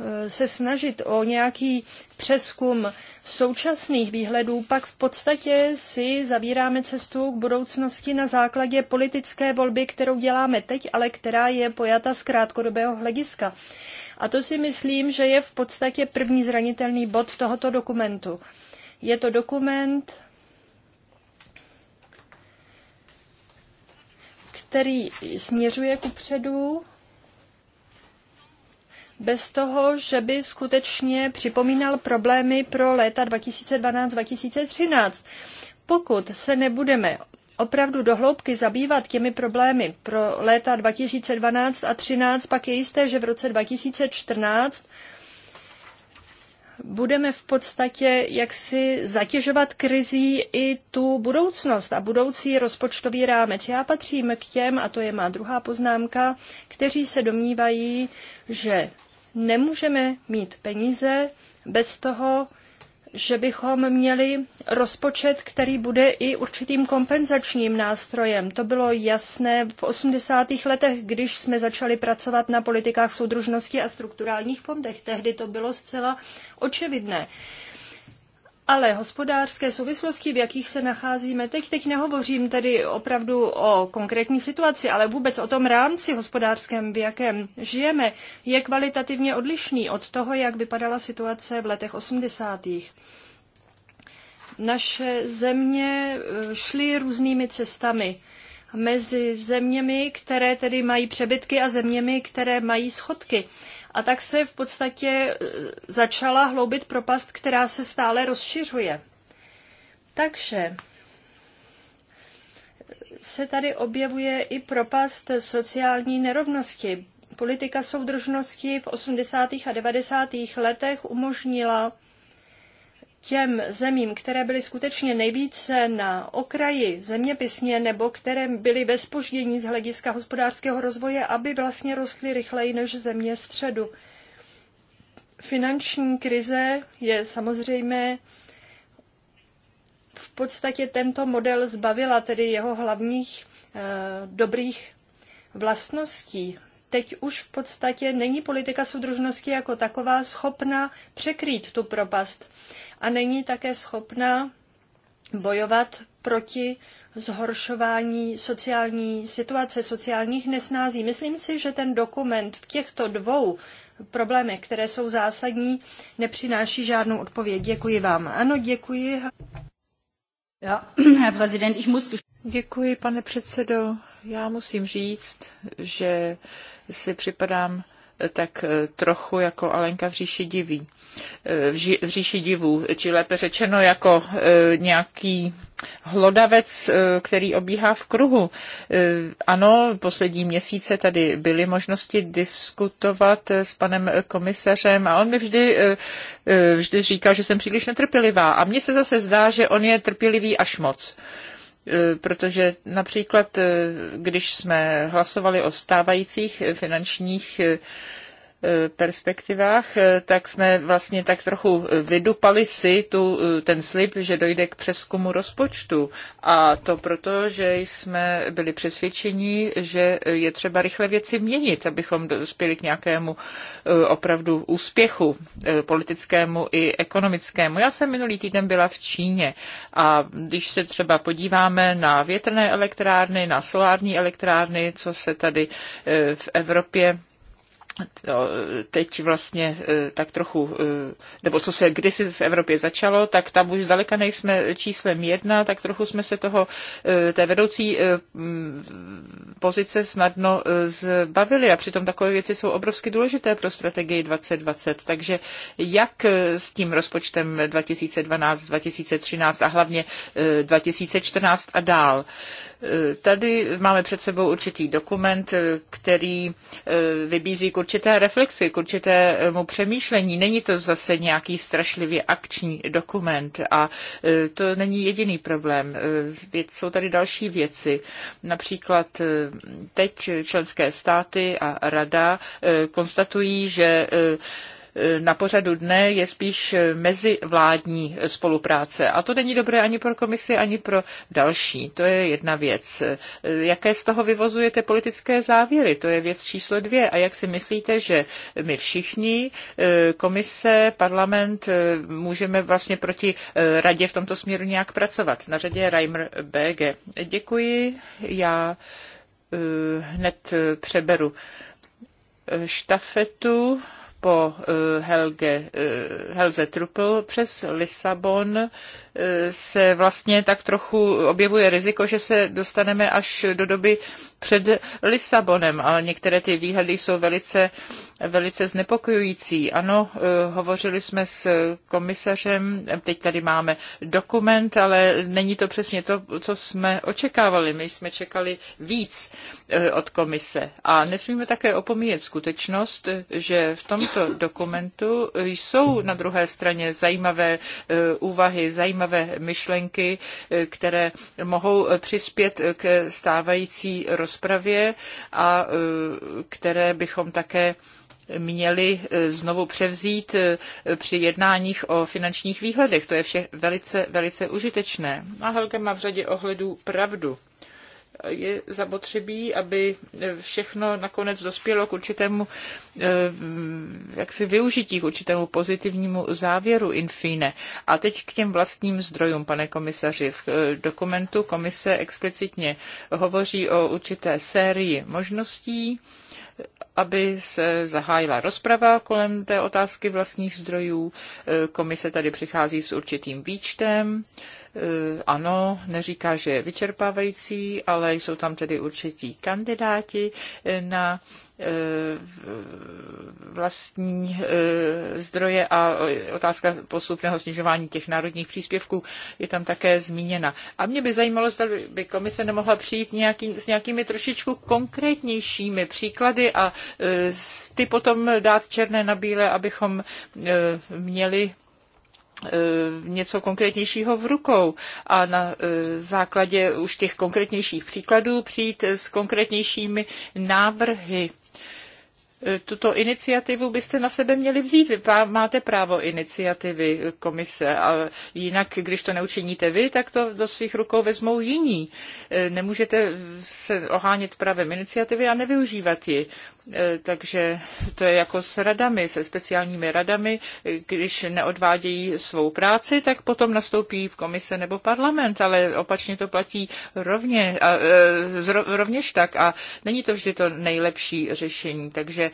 Eh, se snažit o nějaký přeskum současných výhledů, pak v podstatě si zavíráme cestu k budoucnosti na základě politické volby, kterou děláme teď, ale která je pojata z krátkodobého hlediska. A to si myslím, že je v podstatě první zranitelný bod tohoto dokumentu. Je to dokument, který směřuje ku předu, bez toho, že by skutečně připomínal problémy pro léta 2012-2013. Pokud se nebudeme opravdu dohloubky zabývat těmi problémy pro léta 2012 a 2013, pak je jisté, že v roce 2014 budeme v podstatě jaksi zatěžovat krizí i tu budoucnost a budoucí rozpočtový rámec. Já patřím k těm, a to je má druhá poznámka, kteří se domnívají, že nemůžeme mít peníze bez toho, že bychom měli rozpočet, který bude i určitým kompenzačním nástrojem. To bylo jasné v 80. letech, když jsme začali pracovat na politikách soudružnosti a strukturálních fondech. Tehdy to bylo zcela očividné ale hospodářské souvislosti, v jakých se nacházíme teď, teď nehovořím tedy opravdu o konkrétní situaci, ale vůbec o tom rámci hospodářském, v jakém žijeme, je kvalitativně odlišný od toho, jak vypadala situace v letech 80. Naše země eh, šly různými cestami mezi zeměmi, které tedy mají přebytky a zeměmi, které mají schodky. A tak se v podstatě eh, začala hloubit propast, která se stále rozšiřuje. Takže eh, se tady objevuje i propast sociální nerovnosti. Politika soudržnosti v 80. a 90. letech umožnila těm zemím, které byly skutečně nejvíce na okraji zeměpisně nebo které byly ve spoždění z hlediska hospodářského rozvoje, aby vlastně rostly rychleji než země středu. Finanční krize je samozřejmě v podstatě tento model zbavila, tedy jeho hlavních eh, dobrých vlastností. Teď už v podstatě není politika soudržnosti jako taková schopna překrýt tu propast a není také schopna bojovat proti zhoršování sociální situace, sociálních nesnází. Myslím si, že ten dokument v těchto dvou problémech, které jsou zásadní, nepřináší žádnou odpověď. Děkuji vám. Ano, děkuji. Ja, Herr Präsident, ich muss... Děkuji, pane předsedo. Já musím říct, že si připadám tak eh, trochu jako Alenka v říši diví, eh, v, ži, v říši divů, či lépe řečeno jako eh, nějaký hlodavec, který obíhá v kruhu. Ano, poslední měsíce tady byly možnosti diskutovat s panem komisařem a on mi vždy, vždy říkal, že jsem příliš netrpělivá. A mně se zase zdá, že on je trpělivý až moc. E, protože například, e, když jsme hlasovali o stávajících finančních e, E, perspektivách, e, tak jsme vlastně tak trochu vydupali si tu, e, ten slib, že dojde k přeskumu rozpočtu. A to proto, že jsme byli přesvědčeni, že je třeba rychle věci měnit, abychom dospěli k nějakému opravdu úspěchu politickému i ekonomickému. Já jsem minulý týden byla v Číně a když se třeba podíváme na větrné elektrárny, na solární elektrárny, co se tady v Evropě No, teď vlastně eh, tak trochu, eh, nebo co se kdysi v Evropě začalo, tak tam už zdaleka nejsme číslem jedna, tak trochu jsme se toho, eh, té vedoucí mm, pozice snadno zbavili a přitom takové věci jsou obrovsky důležité pro strategii 2020. Takže jak s tím rozpočtem 2012, 2013 a hlavně 2014 a dál? Tady máme před sebou určitý dokument, který eh, vybízí k určité reflexi, k určitému přemýšlení. Není to zase nějaký strašlivě akční dokument a eh, to není jediný problém. Eh, jsou tady další věci. Například teď členské státy a rada konstatují, že na pořadu dne je spíš mezivládní spolupráce. A to není dobré ani pro komisi, ani pro další. To je jedna věc. Jaké z toho vyvozujete politické závěry? To je věc číslo dvě. A jak si myslíte, že my všichni, eh, komise, parlament, eh, můžeme vlastně proti eh, radě v tomto směru nějak pracovat? Na řadě je Reimer BG. Děkuji. Já hned přeberu štafetu po eh, Helge, eh, Helze Truppel přes Lisabon se vlastně tak trochu objevuje riziko, že se dostaneme až do doby před Lisabonem, ale některé ty výhledy jsou velice, velice znepokojující. Ano, eh, hovořili jsme s komisařem, teď tady máme dokument, ale není to přesně to, co jsme očekávali. My jsme čekali víc eh, od komise. A nesmíme také opomíjet skutečnost, že v tomto dokumentu jsou na druhé straně zajímavé eh, úvahy, zajímavé zajímavé myšlenky, eh, které mohou eh, přispět eh, k stávající rozpravě a které bychom také měli znovu převzít při jednáních o finančních výhledech. To je vše velice, velice užitečné. A Helga má v řadě ohledů pravdu je zapotřebí, aby všechno nakonec dospělo k určitému eh, jaksi využití, k určitému pozitivnímu závěru infine. A teď k těm vlastním zdrojům, pane komisaři. V eh, dokumentu komise explicitně hovoří o určité sérii možností, aby se zahájila rozprava kolem té otázky vlastních zdrojů. Eh, komise tady přichází s určitým výčtem Eh, ano, neříká, že je vyčerpávající, ale jsou tam tedy určití kandidáti eh, na eh, vlastní zdroje a otázka postupného snižování těch národních příspěvků je tam také zmíněna. A mě by zajímalo, zda by komise nemohla přijít nějaký, s nějakými trošičku konkrétnějšími příklady a ty potom dát černé na bílé, abychom měli E, něco konkrétnějšího v rukou a na e, základě už těch konkrétnějších příkladů přijít s konkrétnějšími návrhy. E, tuto iniciativu byste na sebe měli vzít. Vy máte právo iniciativy komise ale jinak, když to neučiníte vy, tak to do svých rukou vezmou jiní. Nemůžete se ohánět právem iniciativy a nevyužívat ji. E, takže to je jako s radami, se speciálními radami. E, když neodvádějí svou práci, tak potom nastoupí v komise nebo parlament, ale opačně to platí rovně, a, e, rovněž tak. A není to vždy to nejlepší řešení. Takže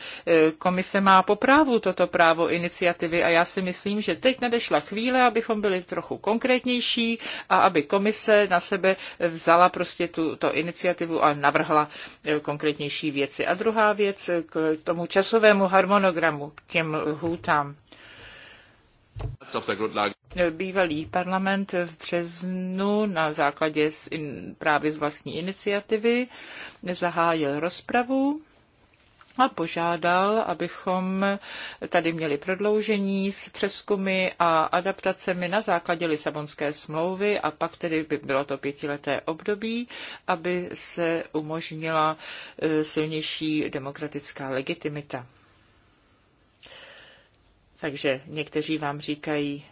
komise má po právu toto právo iniciativy a já si myslím, že teď nadešla chvíle, abychom byli trochu konkrétnější a aby komise na sebe vzala prostě tuto iniciativu a navrhla konkrétnější věci. A druhá věc, k tomu časovému harmonogramu, k těm lhůtám. Bývalý parlament v březnu na základě z, právě z vlastní iniciativy zahájil rozpravu a požádal, abychom tady měli prodloužení s přeskumy a adaptacemi na základě Lisabonské smlouvy a pak tedy by bylo to pětileté období, aby se umožnila e, silnější demokratická legitimita. Takže někteří vám říkají,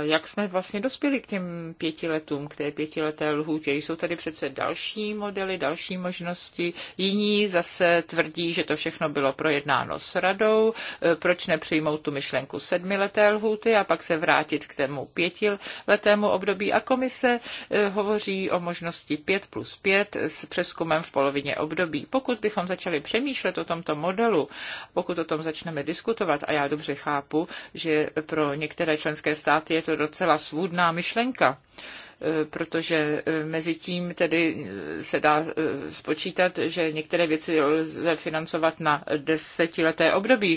jak jsme vlastně dospěli k těm pěti letům, k té pětileté lhůtě. Jsou tady přece další modely, další možnosti. Jiní zase tvrdí, že to všechno bylo projednáno s radou. E, proč nepřijmout tu myšlenku sedmileté lhůty a pak se vrátit k tomu pětiletému období? A komise e, hovoří o možnosti 5 plus 5 s přeskumem v polovině období. Pokud bychom začali přemýšlet o tomto modelu, pokud o tom začneme diskutovat, a já dobře chápu, že pro některé členské státy je to docela svůdná myšlenka e, protože e, mezi tím tedy e, se dá spočítat, že některé věci lze financovat na desetileté období.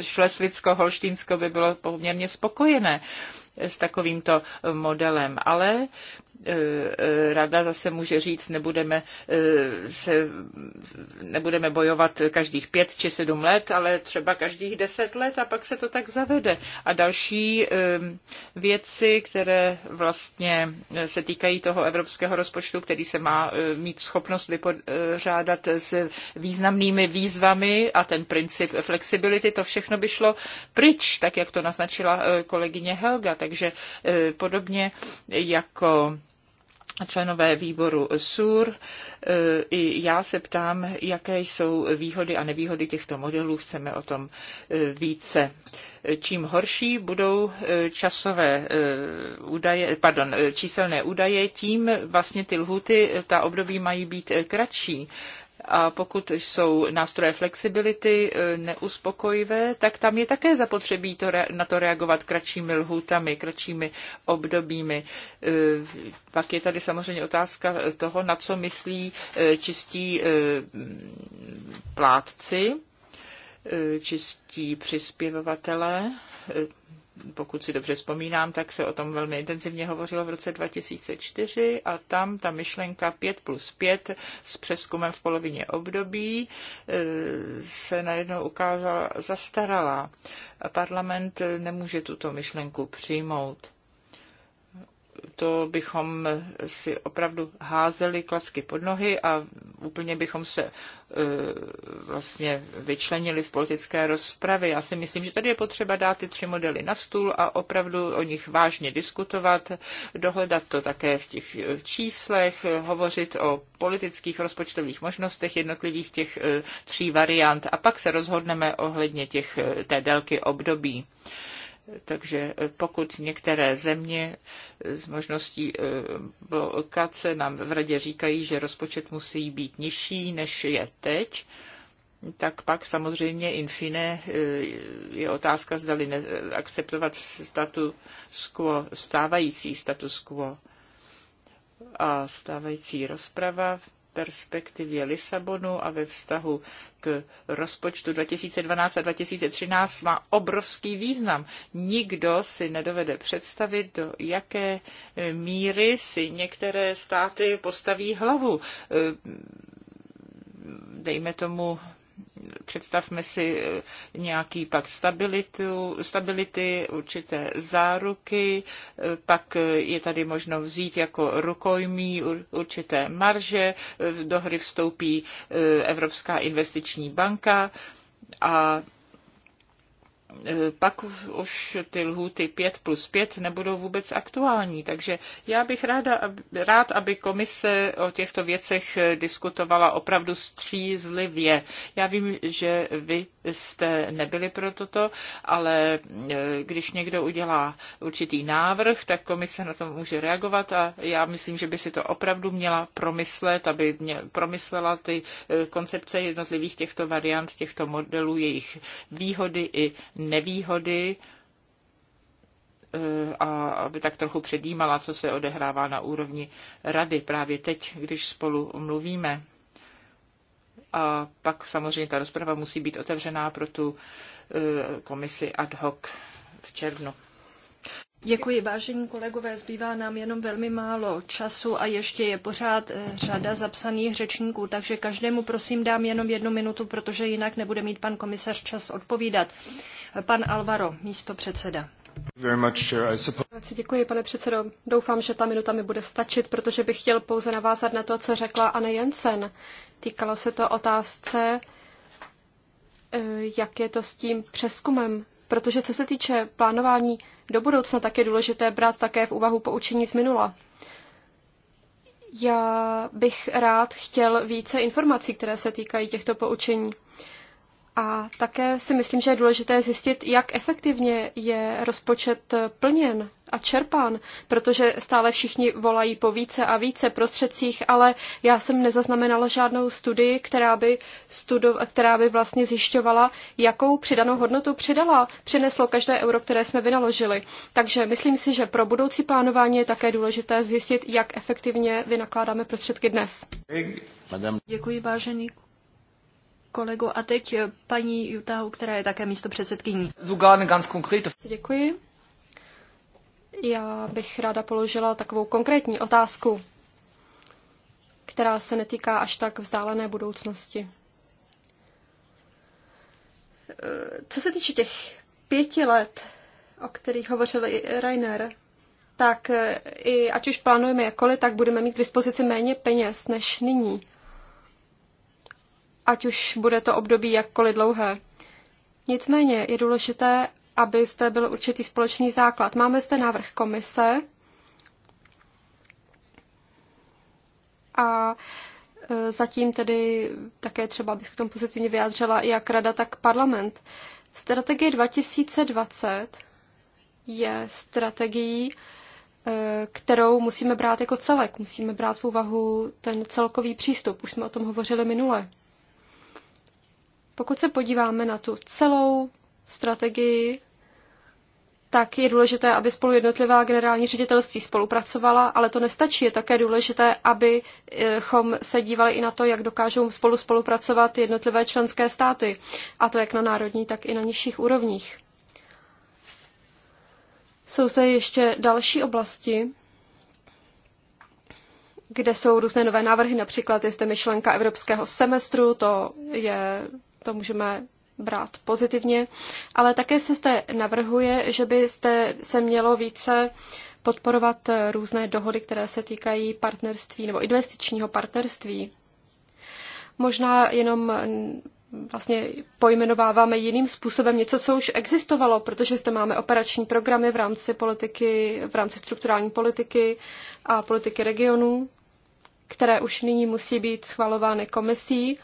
Šlesvicko, Holštínsko by bylo poměrně spokojené s takovýmto modelem, ale Eh, eh, rada zase může říct, nebudeme, eh, se, nebudeme bojovat každých pět či sedm let, ale třeba každých deset let a pak se to tak zavede. A další věci, které vlastně se týkají toho evropského rozpočtu, který se má mít schopnost vypořádat s významnými výzvami a ten princip flexibility, to všechno by šlo pryč, tak jak to naznačila kolegyně Helga. Takže podobně jako členové výboru SUR. E, I já se ptám, jaké jsou výhody a nevýhody těchto modelů. Chceme o tom e, více. Čím horší budou e, časové údaje, pardon, číselné údaje, tím vlastně ty lhuty, ta období mají být kratší. A pokud jsou nástroje flexibility e, neuspokojivé, tak tam je také zapotřebí to, na to reagovat kratšími lhůtami, kratšími obdobími. E, pak je tady samozřejmě otázka toho, na co myslí e, čistí plátci, čistí přispěvovatelé pokud si dobře vzpomínám, tak se o tom velmi intenzivně hovořilo v roce 2004 a tam ta myšlenka 5 plus 5 s přeskumem v polovině období e, se najednou ukázala zastaralá. Parlament nemůže tuto myšlenku přijmout to bychom si opravdu házeli klacky pod nohy a úplně bychom se e, vlastně vyčlenili z politické rozpravy. Já si myslím, že tady je potřeba dát ty tři modely na stůl a opravdu o nich vážně diskutovat, dohledat to také v těch číslech, hovořit o politických rozpočtových možnostech jednotlivých těch e, tří variant a pak se rozhodneme ohledně těch, e, té délky období. Takže eh, pokud některé země eh, s možností eh, blokace nám v radě říkají, že rozpočet musí být nižší, než je teď, tak pak samozřejmě infine je otázka, zdali ne, akceptovat status quo, stávající status quo a stávající rozprava perspektivě Lisabonu a ve vztahu k rozpočtu 2012 a 2013 má obrovský význam. Nikdo si nedovede představit, do jaké e, míry si některé státy postaví hlavu e, dejme tomu představme si eh, nějaký pak stabilitu, stability, určité záruky, eh, pak eh, je tady možno vzít jako rukojmí určité marže, do hry vstoupí Evropská investiční banka a Eh, pak už ty lhůty 5 plus 5 nebudou vůbec aktuální. Takže já bych ráda, rád, aby komise o těchto věcech eh, diskutovala opravdu střízlivě. Já vím, že vy jste nebyli pro toto, ale eh, když někdo udělá určitý návrh, tak komise na to může reagovat a já myslím, že by si to opravdu měla promyslet, aby mě promyslela ty koncepce jednotlivých těchto variant, těchto modelů, jejich výhody i nevýhody eh, a aby tak trochu předjímala, co se odehrává na úrovni rady právě teď, když spolu mluvíme. A pak samozřejmě ta rozprava musí být otevřená pro tu eh, komisi ad hoc v červnu. Děkuji, vážení kolegové. Zbývá nám jenom velmi málo času a ještě je pořád eh, řada zapsaných řečníků, takže každému prosím dám jenom jednu minutu, protože jinak nebude mít pan komisař čas odpovídat. Pan Alvaro, místo předseda. Děkuji, pane předsedo. Doufám, že ta minuta mi bude stačit, protože bych chtěl pouze navázat na to, co řekla Anne Jensen. Týkalo se to otázce, eh, jak je to s tím přeskumem. Protože co se týče plánování do budoucna, tak je důležité brát také v úvahu poučení z minula. Já bych rád chtěl více informací, které se týkají těchto poučení. A také si myslím, že je důležité zjistit, jak efektivně je rozpočet plněn a čerpán, protože stále všichni volají po více a více prostředcích, ale já jsem nezaznamenala žádnou studii, která by, studo, která by vlastně zjišťovala, jakou přidanou hodnotu přidala, přineslo každé euro, které jsme vynaložili. Takže myslím si, že pro budoucí plánování je také důležité zjistit, jak efektivně vynakládáme prostředky dnes. Děkuji, vážený kolego. A teď eh, paní Jutahu, která je také místo předsedkyní. Děkuji. Já bych ráda položila takovou konkrétní otázku, která se netýká až tak vzdálené budoucnosti. Eh, co se týče těch pěti let, o kterých hovořil i Rainer, tak eh, i ať už plánujeme jakkoliv, tak budeme mít k dispozici méně peněz než nyní ať už bude to období jakkoliv dlouhé. Nicméně je důležité, aby zde byl určitý společný základ. Máme zde návrh komise a e, zatím tedy také třeba, bych k tomu pozitivně vyjádřila, jak rada, tak parlament. Strategie 2020 je strategií, e, kterou musíme brát jako celek. Musíme brát v úvahu ten celkový přístup. Už jsme o tom hovořili minule. Pokud se podíváme na tu celou strategii, tak je důležité, aby spolu jednotlivá generální ředitelství spolupracovala, ale to nestačí. Je také důležité, abychom se dívali i na to, jak dokážou spolu spolupracovat jednotlivé členské státy, a to jak na národní, tak i na nižších úrovních. Jsou zde ještě další oblasti, kde jsou různé nové návrhy, například je zde myšlenka evropského semestru, to je to můžeme brát pozitivně, ale také se zde navrhuje, že by zde se mělo více podporovat různé dohody, které se týkají partnerství nebo investičního partnerství. Možná jenom vlastně pojmenováváme jiným způsobem něco, co už existovalo, protože zde máme operační programy v rámci politiky, v rámci strukturální politiky a politiky regionů, které už nyní musí být schvalovány komisí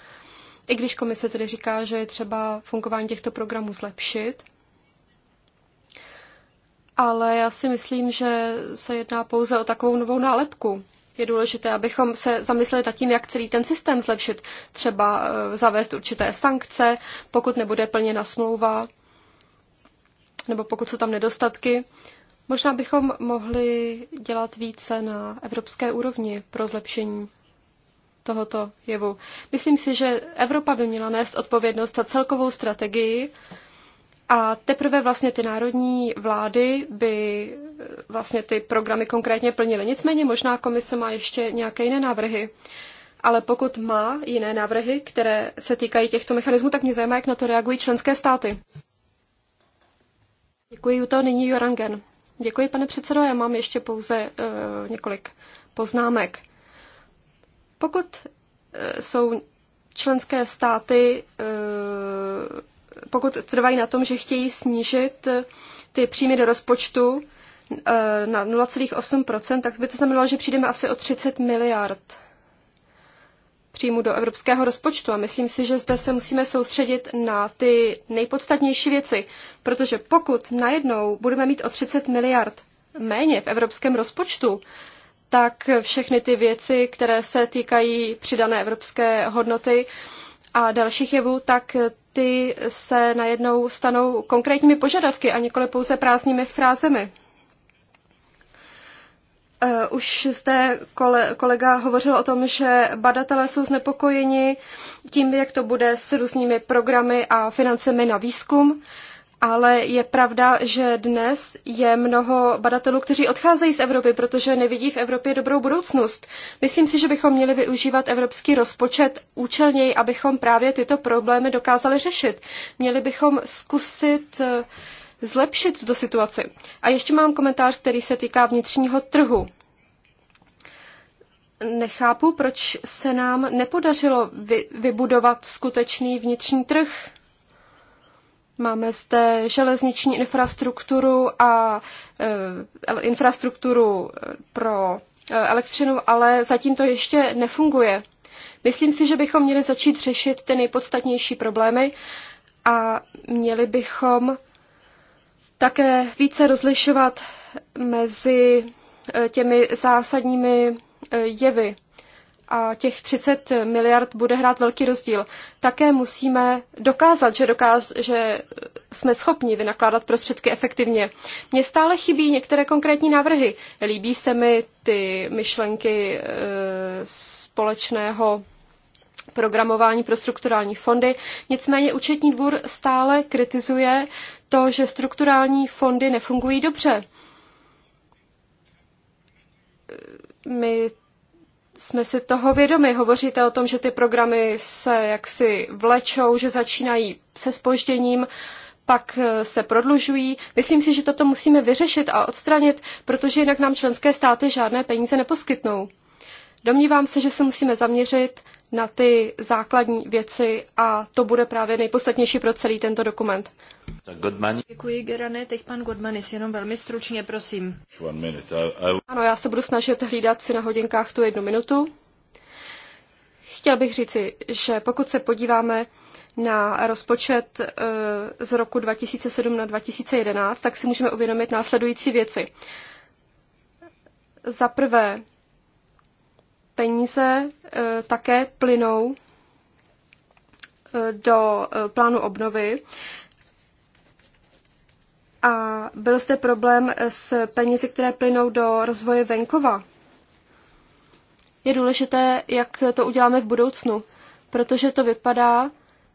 i když komise tedy říká, že je třeba fungování těchto programů zlepšit, ale já si myslím, že se jedná pouze o takovou novou nálepku. Je důležité, abychom se zamysleli nad tím, jak celý ten systém zlepšit. Třeba eh, zavést určité sankce, pokud nebude plněna smlouva, nebo pokud jsou tam nedostatky. Možná bychom mohli dělat více na evropské úrovni pro zlepšení tohoto jevu. Myslím si, že Evropa by měla nést odpovědnost za celkovou strategii a teprve vlastně ty národní vlády by eh, vlastně ty programy konkrétně plnily. Nicméně možná komise má ještě nějaké jiné návrhy. Ale pokud má jiné návrhy, které se týkají těchto mechanismů, tak mě zajímá, jak na to reagují členské státy. Děkuji, toho Nyní Jorangen. Děkuji, pane předsedo. Já mám ještě pouze uh, několik poznámek. Pokud e, jsou členské státy, e, pokud trvají na tom, že chtějí snížit e, ty příjmy do rozpočtu na 0,8%, tak by to znamenalo, že přijdeme asi o 30 miliard příjmu do evropského rozpočtu a myslím si, že zde se musíme soustředit na ty nejpodstatnější věci, protože pokud najednou budeme mít o 30 miliard méně v evropském rozpočtu, tak všechny ty věci, které se týkají přidané evropské hodnoty a dalších jevů, tak ty se najednou stanou konkrétními požadavky a nikoli pouze prázdnými frázemi. Eh, už zde kolega hovořil o tom, že badatelé jsou znepokojeni tím, jak to bude s různými programy a financemi na výzkum ale je pravda, že dnes je mnoho badatelů, kteří odcházejí z Evropy, protože nevidí v Evropě dobrou budoucnost. Myslím si, že bychom měli využívat evropský rozpočet účelněji, abychom právě tyto problémy dokázali řešit. Měli bychom zkusit eh, zlepšit tu situaci. A ještě mám komentář, který se týká vnitřního trhu. Nechápu, proč se nám nepodařilo vy, vybudovat skutečný vnitřní trh Máme zde železniční infrastrukturu a e, infrastrukturu e, pro e, elektřinu, ale zatím to ještě nefunguje. Myslím si, že bychom měli začít řešit ty nejpodstatnější problémy a měli bychom také více rozlišovat mezi e, těmi zásadními jevy a těch 30 miliard bude hrát velký rozdíl. Také musíme dokázat, že, dokáz, že jsme schopni vynakládat prostředky efektivně. Mně stále chybí některé konkrétní návrhy. Líbí se mi ty myšlenky e, společného programování pro strukturální fondy. Nicméně účetní dvůr stále kritizuje to, že strukturální fondy nefungují dobře. My jsme si toho vědomi. Hovoříte o tom, že ty programy se jaksi vlečou, že začínají se spožděním, pak eh, se prodlužují. Myslím si, že toto musíme vyřešit a odstranit, protože jinak nám členské státy žádné peníze neposkytnou. Domnívám se, že se musíme zaměřit na ty základní věci a to bude právě nejpodstatnější pro celý tento dokument. Děkuji, Gerane. Teď pan Godmanis, jenom velmi stručně, prosím. Ano, já se budu snažit hlídat si na hodinkách tu jednu minutu. Chtěl bych říci, že pokud se podíváme na rozpočet eh, z roku 2007 na 2011, tak si můžeme uvědomit následující věci. Za prvé, peníze eh, také plynou eh, do plánu obnovy a byl zde problém s penězi, které plynou do rozvoje venkova. Je důležité, jak to uděláme v budoucnu, protože to vypadá,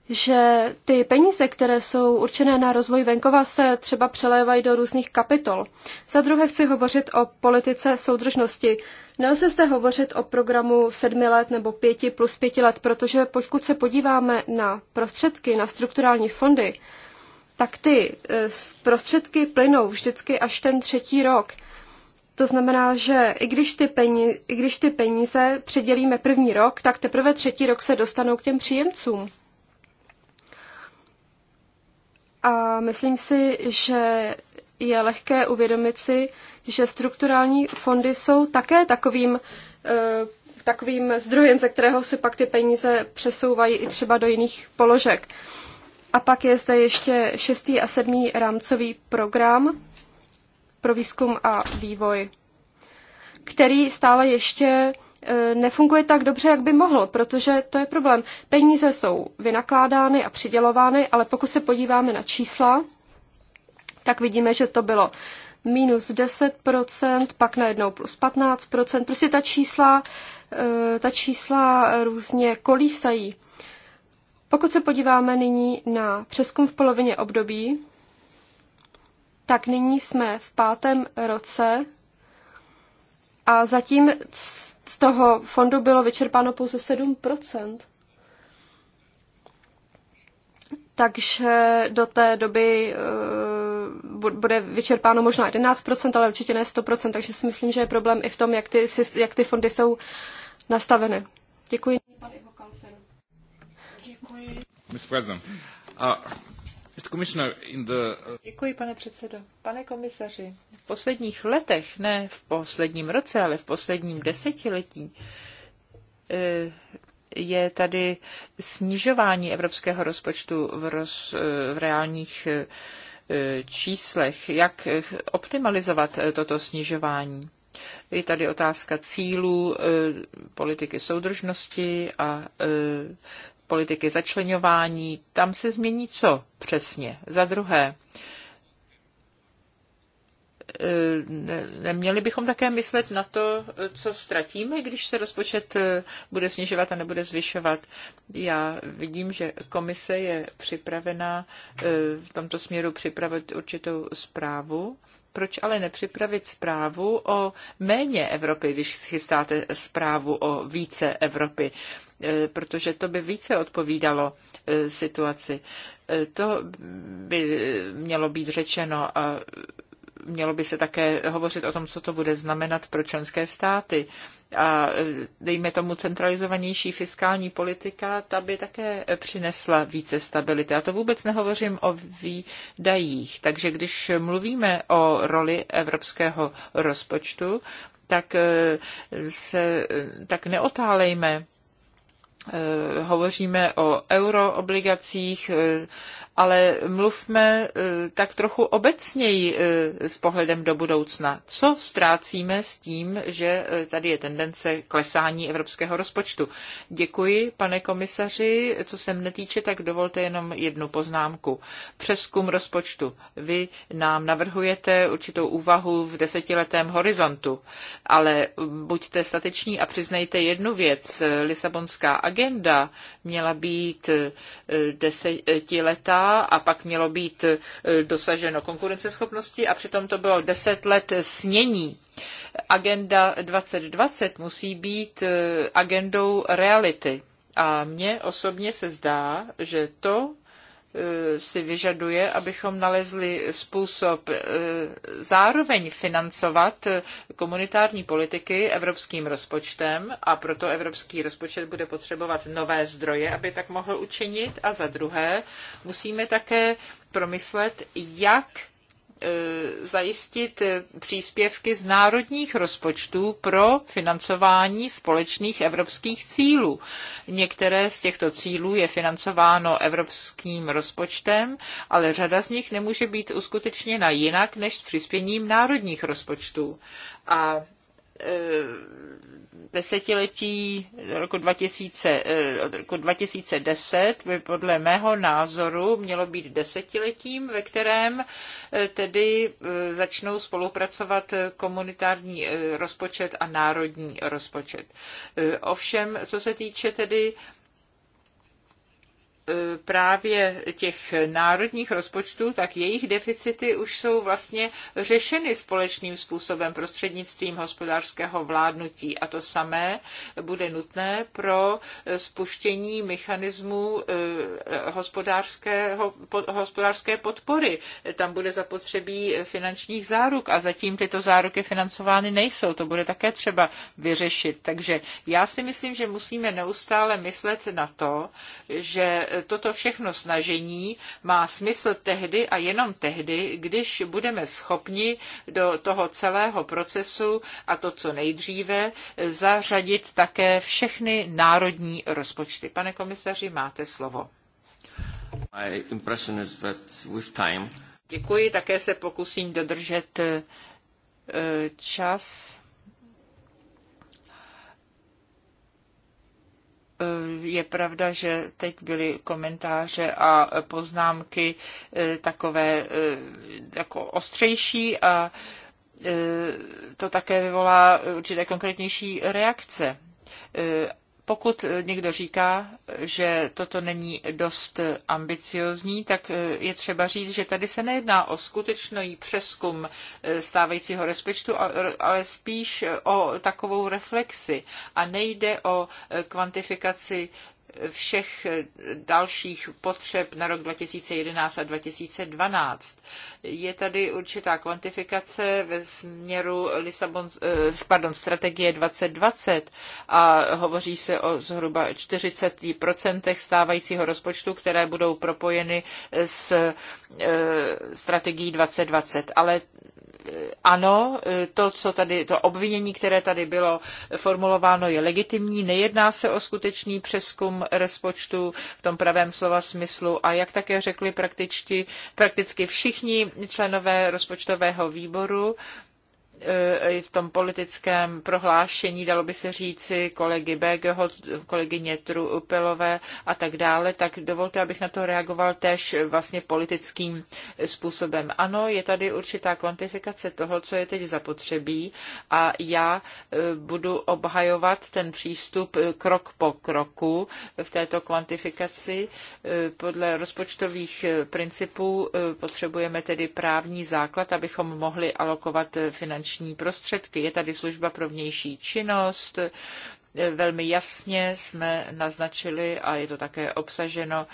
že ty peníze, které jsou určené na rozvoj venkova, se třeba přelévají do různých kapitol. Za druhé chci hovořit o politice soudržnosti. Nelze zde hovořit o programu sedmi let nebo pěti plus pěti let, protože pokud se podíváme na prostředky, na strukturální fondy, tak ty e, prostředky plynou vždycky až ten třetí rok. To znamená, že i když, ty peníze, i když ty peníze předělíme první rok, tak teprve třetí rok se dostanou k těm příjemcům. A myslím si, že je lehké uvědomit si, že strukturální fondy jsou také takovým, e, takovým zdrojem, ze kterého se pak ty peníze přesouvají i třeba do jiných položek. A pak je zde ještě šestý a sedmý rámcový program pro výzkum a vývoj, který stále ještě e, nefunguje tak dobře, jak by mohl, protože to je problém. Peníze jsou vynakládány a přidělovány, ale pokud se podíváme na čísla, tak vidíme, že to bylo minus 10%, pak najednou plus 15%. Prostě ta čísla, e, ta čísla různě kolísají. Pokud se podíváme nyní na přeskum v polovině období, tak nyní jsme v pátém roce a zatím z toho fondu bylo vyčerpáno pouze 7 takže do té doby eh, bude vyčerpáno možná 11%, ale určitě ne 100%, takže si myslím, že je problém i v tom, jak ty, jak ty fondy jsou nastaveny. Děkuji. Mr. President, uh, Mr. Commissioner, in the... Uh, Děkuji, pane předsedo. Pane komisaři, v posledních letech, ne v posledním roce, ale v posledním desetiletí, eh, je tady snižování evropského rozpočtu v, roz, eh, v reálních eh, číslech. Jak optimalizovat toto snižování? Je tady otázka cílů politiky soudržnosti a politiky začlenování, tam se změní co přesně? Za druhé, e, neměli bychom také myslet na to, co ztratíme, když se rozpočet e, bude snižovat a nebude zvyšovat. Já vidím, že komise je připravena e, v tomto směru připravit určitou zprávu proč ale nepřipravit zprávu o méně Evropy, když chystáte zprávu o více Evropy? E, protože to by více odpovídalo e, situaci. E, to by mělo být řečeno a mělo by se také hovořit o tom, co to bude znamenat pro členské státy. A e, dejme tomu centralizovanější fiskální politika, ta by také přinesla více stability. A to vůbec nehovořím o výdajích. Takže když mluvíme o roli evropského rozpočtu, tak e, se e, tak neotálejme hovoříme o euroobligacích, ale mluvme eh, tak trochu obecněji eh, s pohledem do budoucna. Co ztrácíme s tím, že eh, tady je tendence klesání evropského rozpočtu? Děkuji, pane komisaři. Co se mne týče, tak dovolte jenom jednu poznámku. Přeskum rozpočtu. Vy nám navrhujete určitou úvahu v desetiletém horizontu, ale buďte stateční a přiznejte jednu věc. Lisabonská agenda měla být desetiletá a pak mělo být e, dosaženo konkurenceschopnosti a přitom to bylo deset let snění. Agenda 2020 musí být e, agendou reality. A mně osobně se zdá, že to Eh, si vyžaduje, abychom nalezli způsob eh, zároveň financovat eh, komunitární politiky evropským rozpočtem a proto evropský rozpočet bude potřebovat nové zdroje, aby tak mohl učinit. A za druhé musíme také promyslet, jak Eh, zajistit eh, příspěvky z národních rozpočtů pro financování společných evropských cílů. Některé z těchto cílů je financováno evropským rozpočtem, ale řada z nich nemůže být uskutečněna jinak než s přispěním národních rozpočtů. A Eh, desetiletí roku 2000, eh, od roku 2010 by podle mého názoru mělo být desetiletím, ve kterém eh, tedy začnou spolupracovat komunitární rozpočet a národní rozpočet. Ovšem, co se týče tedy právě těch národních rozpočtů, tak jejich deficity už jsou vlastně řešeny společným způsobem prostřednictvím hospodářského vládnutí. A to samé bude nutné pro spuštění mechanismu eh, hospodářského, hospodářské podpory. Tam bude zapotřebí finančních záruk a zatím tyto záruky financovány nejsou. To bude také třeba vyřešit. Takže já si myslím, že musíme neustále myslet na to, že toto všechno snažení má smysl tehdy a jenom tehdy, když budeme schopni do toho celého procesu a to, co nejdříve, zařadit také všechny národní rozpočty. Pane komisaři, máte slovo. Děkuji, také se pokusím dodržet eh, čas. Eh, je pravda, že teď byly komentáře a poznámky eh, takové eh, jako ostřejší a to také vyvolá určité konkrétnější reakce. Pokud eh, někdo říká, že toto není dost ambiciozní, tak eh, je třeba říct, že tady se nejedná o skutečný přeskum eh, stávajícího rozpočtu, ale spíš o takovou reflexi a nejde o kvantifikaci všech dalších potřeb na rok 2011 a 2012. Je tady určitá kvantifikace ve směru Lisabon, eh, pardon, strategie 2020 a hovoří se o zhruba 40% stávajícího rozpočtu, které budou propojeny s eh, strategií 2020. Ale eh, ano, to, co tady, to obvinění, které tady bylo formulováno, je legitimní. Nejedná se o skutečný přeskum rozpočtu v tom pravém slova smyslu. A jak také řekli praktičti, prakticky všichni členové rozpočtového výboru, Eh, i v tom politickém prohlášení, dalo by se říci, kolegy Bégeho, kolegyně Trupelové a tak dále, tak dovolte, abych na to reagoval též vlastně politickým způsobem. Ano, je tady určitá kvantifikace toho, co je teď zapotřebí a já eh, budu obhajovat ten přístup eh, krok po kroku v této kvantifikaci. Podle rozpočtových principů potřebujeme tedy právní základ, abychom mohli alokovat finanční finanční prostředky. Je tady služba pro vnější činnost, Velmi jasně jsme naznačili, a je to také obsaženo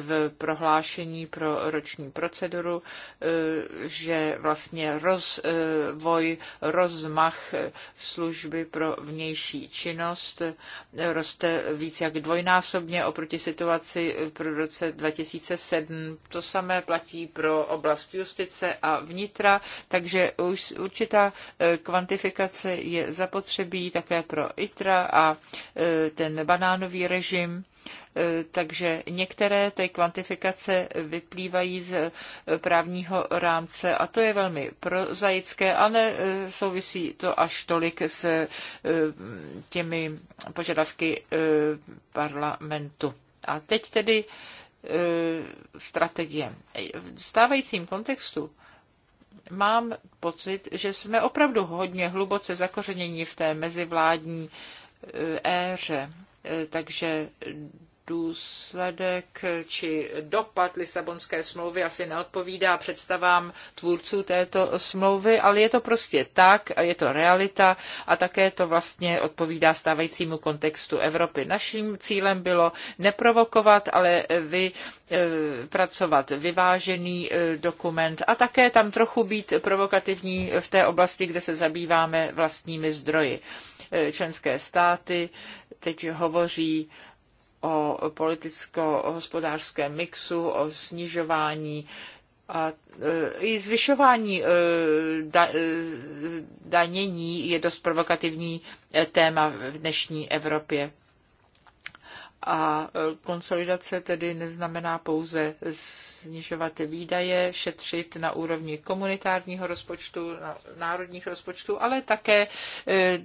v prohlášení pro roční proceduru, eh, že vlastně rozvoj, eh, rozmach služby pro vnější činnost eh, roste víc jak dvojnásobně oproti situaci pro roce 2007. To samé platí pro oblast justice a vnitra, takže už určitá kvantifikace je zapotřebí také pro ITRA a E, ten banánový režim. E, takže některé té kvantifikace vyplývají z právního rámce a to je velmi prozaické a ne e, souvisí to až tolik s těmi požadavky parlamentu. A teď tedy strategie. V stávajícím kontextu mám pocit, že jsme opravdu hodně hluboce zakořeněni v té mezivládní E, éře. E, takže důsledek či dopad Lisabonské smlouvy asi neodpovídá představám tvůrců této smlouvy, ale je to prostě tak a je to realita a také to vlastně odpovídá stávajícímu kontextu Evropy. Naším cílem bylo neprovokovat, ale vypracovat eh, vyvážený eh, dokument a také tam trochu být provokativní v té oblasti, kde se zabýváme vlastními zdroji. Eh, členské státy teď hovoří o politicko-hospodářském mixu, o snižování a e, i zvyšování e, e, danění je dost provokativní téma v dnešní Evropě. A e, konsolidace tedy neznamená pouze snižovat výdaje, šetřit na úrovni komunitárního rozpočtu, národních rozpočtů, ale také e,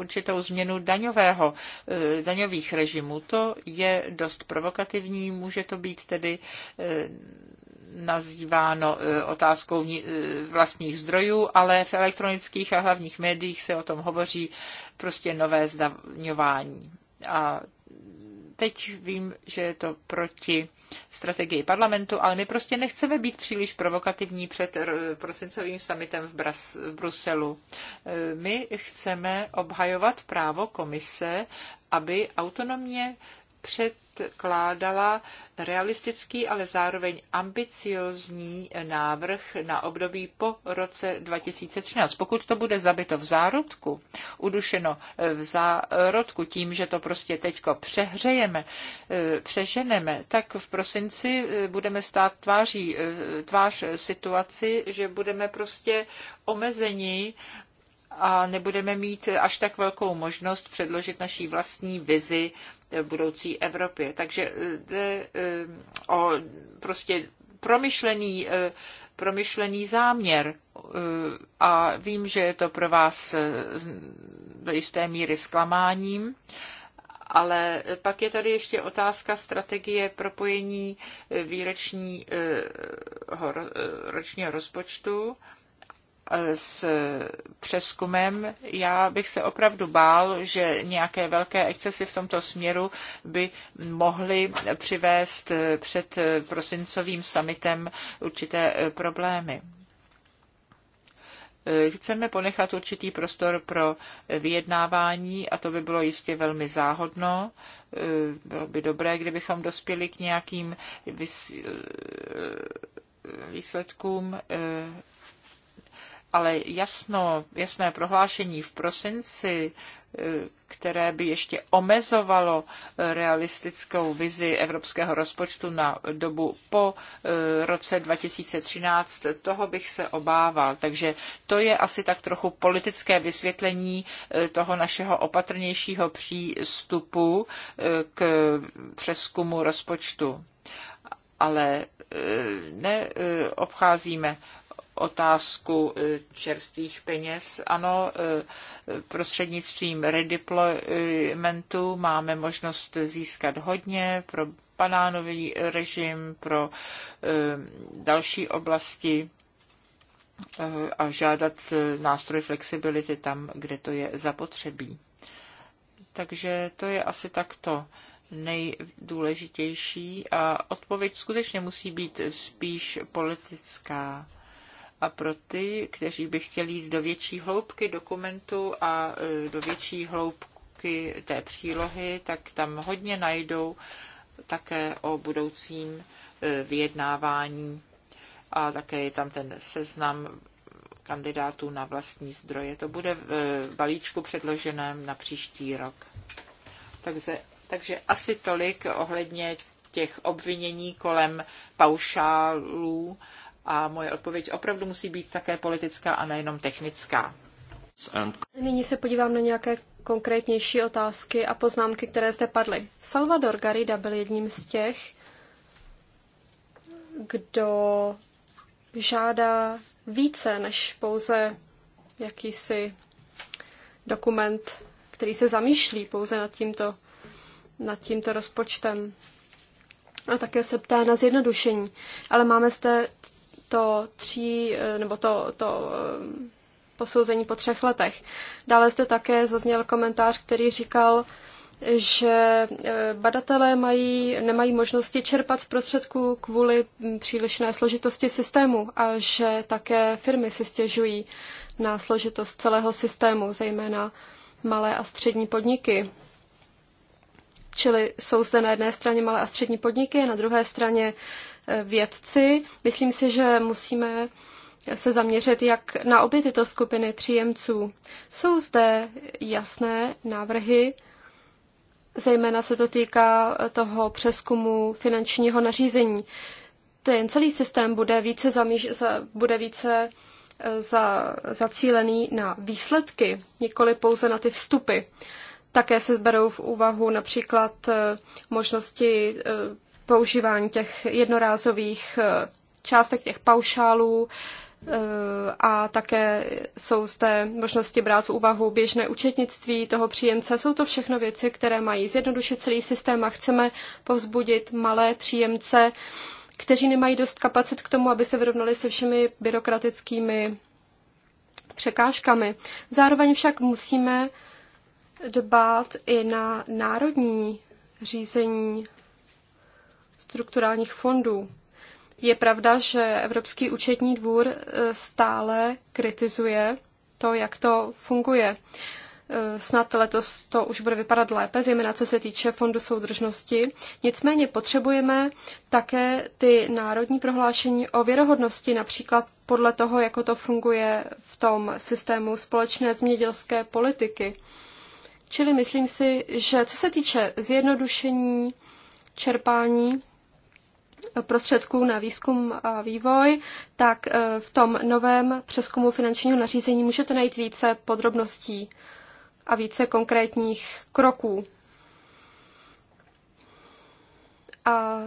určitou změnu daňového, e, daňových režimů. To je dost provokativní, může to být tedy nazýváno otázkou vlastních zdrojů, ale v elektronických a hlavních médiích se o tom hovoří prostě nové zdaňování. A Teď vím, že je to proti strategii parlamentu, ale my prostě nechceme být příliš provokativní před eh, prosincovým summitem v, Bras- v Bruselu. Eh, my chceme obhajovat právo komise, aby autonomně předkládala realistický, ale zároveň ambiciozní návrh na období po roce 2013. Pokud to bude zabito v zárodku, udušeno v zárodku tím, že to prostě teďko přehřejeme, eh, přeženeme, tak v prosinci eh, budeme stát tváří, eh, tvář situaci, že budeme prostě omezeni a nebudeme mít až tak velkou možnost předložit naší vlastní vizi budoucí Evropě. Takže eh, jde eh, o prostě promyšlený, eh, promyšlený záměr a vím, že je to pro vás do jisté míry zklamáním, ale pak je tady ještě otázka strategie propojení výročního ročního rozpočtu s přeskumem. Já bych se opravdu bál, že nějaké velké excesy v tomto směru by mohly přivést před prosincovým summitem určité problémy chceme ponechat určitý prostor pro vyjednávání a to by bylo jistě velmi záhodno. Bylo by dobré, kdybychom dospěli k nějakým výsledkům ale jasno, jasné prohlášení v prosinci, eh, které by ještě omezovalo eh, realistickou vizi evropského rozpočtu na dobu po eh, roce 2013, toho bych se obával. Takže to je asi tak trochu politické vysvětlení toho našeho opatrnějšího přístupu k přeskumu rozpočtu. Ale neobcházíme otázku e, čerstvých peněz. Ano, e, prostřednictvím redeploymentu máme možnost získat hodně pro banánový režim, pro e, další oblasti a žádat nástroj flexibility tam, kde to je zapotřebí. Takže to je asi takto nejdůležitější a odpověď skutečně musí být spíš politická a pro ty, kteří by chtěli jít do větší hloubky dokumentu a e, do větší hloubky té přílohy, tak tam hodně najdou také o budoucím e, vyjednávání a také je tam ten seznam kandidátů na vlastní zdroje. To bude v e, balíčku předloženém na příští rok. Takže, takže asi tolik ohledně těch obvinění kolem paušálů a moje odpověď opravdu musí být také politická a nejenom technická. Nyní se podívám na nějaké konkrétnější otázky a poznámky, které zde padly. Salvador Garida byl jedním z těch, kdo žádá více než pouze jakýsi dokument, který se zamýšlí pouze nad tímto, nad tímto rozpočtem. A také se ptá na zjednodušení. Ale máme zde to tří, eh, nebo to, to eh, posouzení po třech letech. Dále zde také zazněl komentář, který říkal, že eh, badatelé mají, nemají možnosti čerpat z prostředků kvůli hm, přílišné složitosti systému a že také firmy si stěžují na složitost celého systému, zejména malé a střední podniky. Čili jsou zde na jedné straně malé a střední podniky, na druhé straně vědci. Myslím si, že musíme se zaměřit jak na obě tyto skupiny příjemců. Jsou zde jasné návrhy, zejména se to týká toho přeskumu finančního nařízení. Ten celý systém bude více, zamíž, za, bude více eh, za, zacílený na výsledky, nikoli pouze na ty vstupy. Také se berou v úvahu například eh, možnosti eh, používání těch jednorázových eh, částek, těch paušálů eh, a také jsou zde možnosti brát v úvahu běžné účetnictví toho příjemce. Jsou to všechno věci, které mají zjednodušit celý systém a chceme povzbudit malé příjemce, kteří nemají dost kapacit k tomu, aby se vyrovnali se všemi byrokratickými překážkami. Zároveň však musíme dbát i na národní řízení strukturálních fondů. Je pravda, že Evropský účetní dvůr eh, stále kritizuje to, jak to funguje. Eh, snad letos to už bude vypadat lépe, zejména co se týče fondu soudržnosti. Nicméně potřebujeme také ty národní prohlášení o věrohodnosti, například podle toho, jako to funguje v tom systému společné zemědělské politiky. Čili myslím si, že co se týče zjednodušení čerpání, prostředků na výzkum a vývoj, tak eh, v tom novém přeskumu finančního nařízení můžete najít více podrobností a více konkrétních kroků. A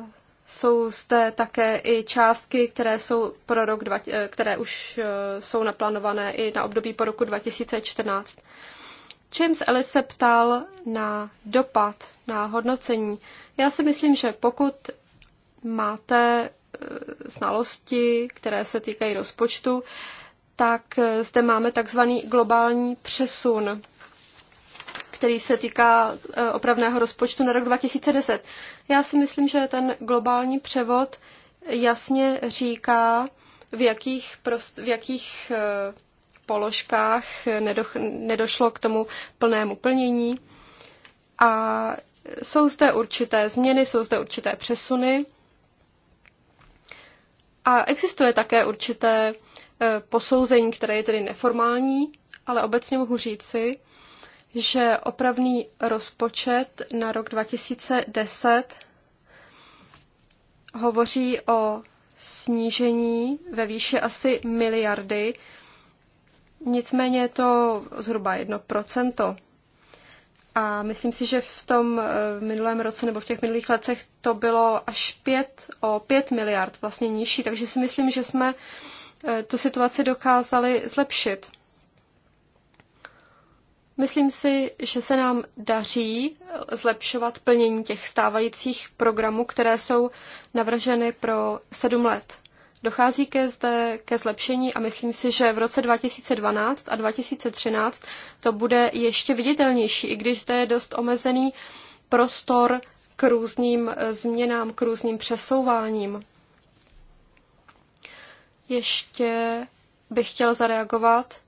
jsou zde také i částky, které, jsou pro rok, dva, eh, které už eh, jsou naplánované i na období po roku 2014. James Ellis se ptal na dopad, na hodnocení. Já si myslím, že pokud máte eh, znalosti, které se týkají rozpočtu, tak eh, zde máme takzvaný globální přesun, který se týká eh, opravného rozpočtu na rok 2010. Já si myslím, že ten globální převod jasně říká, v jakých, prost, v jakých položkách nedoch, nedošlo k tomu plnému plnění. A jsou zde určité změny, jsou zde určité přesuny. A existuje také určité eh, posouzení, které je tedy neformální, ale obecně mohu říci, že opravný rozpočet na rok 2010 hovoří o snížení ve výši asi miliardy, nicméně je to zhruba procento. A myslím si, že v tom eh, minulém roce nebo v těch minulých letech to bylo až 5, o 5 miliard vlastně nižší, takže si myslím, že jsme eh, tu situaci dokázali zlepšit. Myslím si, že se nám daří eh, zlepšovat plnění těch stávajících programů, které jsou navrženy pro sedm let. Dochází ke zde ke zlepšení a myslím si, že v roce 2012 a 2013 to bude ještě viditelnější, i když zde je dost omezený prostor k různým eh, změnám, k různým přesouváním. Ještě bych chtěl zareagovat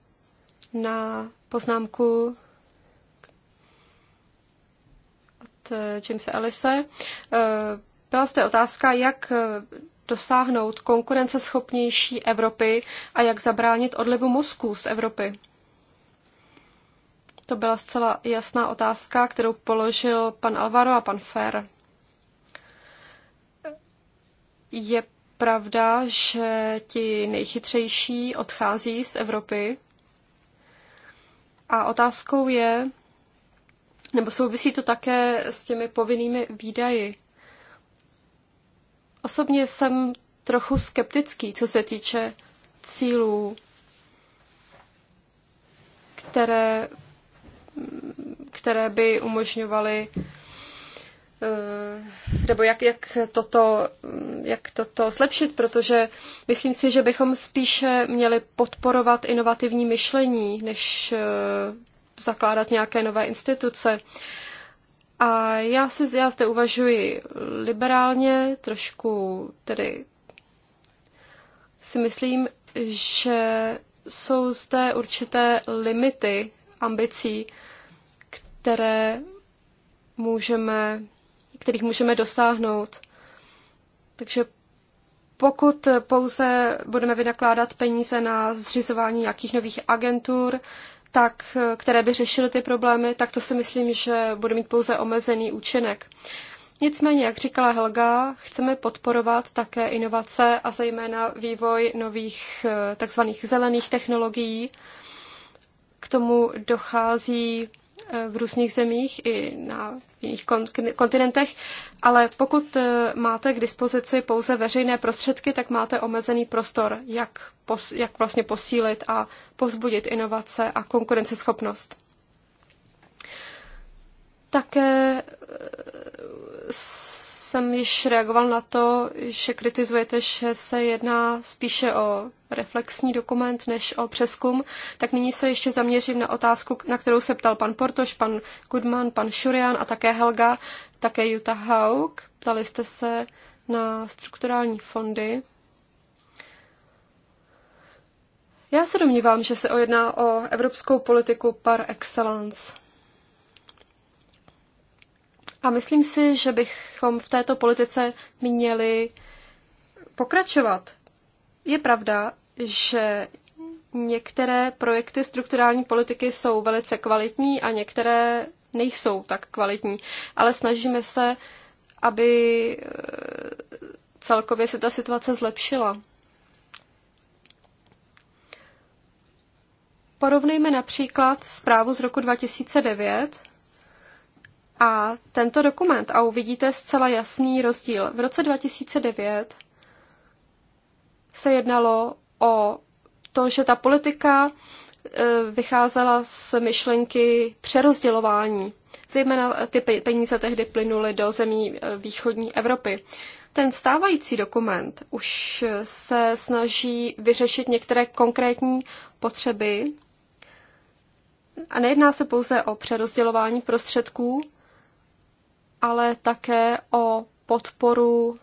na poznámku od Jamesa Ellise. Eh, byla zde otázka, jak dosáhnout konkurenceschopnější Evropy a jak zabránit odlivu mozků z Evropy? To byla zcela jasná otázka, kterou položil pan Alvaro a pan Fer. Je pravda, že ti nejchytřejší odchází z Evropy. A otázkou je, nebo souvisí to také s těmi povinnými výdaji. Osobně jsem trochu skeptický, co se týče cílů, které, které by umožňovaly eh, nebo jak, jak, toto, jak toto zlepšit, protože myslím si, že bychom spíše měli podporovat inovativní myšlení, než eh, zakládat nějaké nové instituce. A já, se, já zde uvažuji liberálně, trošku tedy si myslím, že jsou zde určité limity ambicí, které můžeme, kterých můžeme dosáhnout. Takže pokud pouze budeme vynakládat peníze na zřizování nějakých nových agentur, tak, které by řešily ty problémy, tak to si myslím, že bude mít pouze omezený účinek. Nicméně, jak říkala Helga, chceme podporovat také inovace a zejména vývoj nových eh, takzvaných zelených technologií. K tomu dochází v různých zemích i na jiných kontinentech, ale pokud eh, máte k dispozici pouze veřejné prostředky, tak máte omezený prostor, jak, pos, jak vlastně posílit a povzbudit inovace a konkurenceschopnost. Také eh, jsem již reagoval na to, že kritizujete, že se jedná spíše o reflexní dokument než o přeskum, tak nyní se ještě zaměřím na otázku, na kterou se ptal pan Portoš, pan Goodman, pan Šurian a také Helga, také Jutta Haug. Ptali jste se na strukturální fondy. Já se domnívám, že se jedná o evropskou politiku par excellence. A myslím si, že bychom v této politice měli pokračovat. Je pravda, že některé projekty strukturální politiky jsou velice kvalitní a některé nejsou tak kvalitní, ale snažíme se, aby eh, celkově se ta situace zlepšila. Porovnejme například zprávu z roku 2009 a tento dokument a uvidíte zcela jasný rozdíl. V roce 2009 se jednalo o to, že ta politika e, vycházela z myšlenky přerozdělování. Zejména e, ty peníze tehdy plynuly do zemí e, východní Evropy. Ten stávající dokument už se snaží vyřešit některé konkrétní potřeby a nejedná se pouze o přerozdělování prostředků, ale také o podporu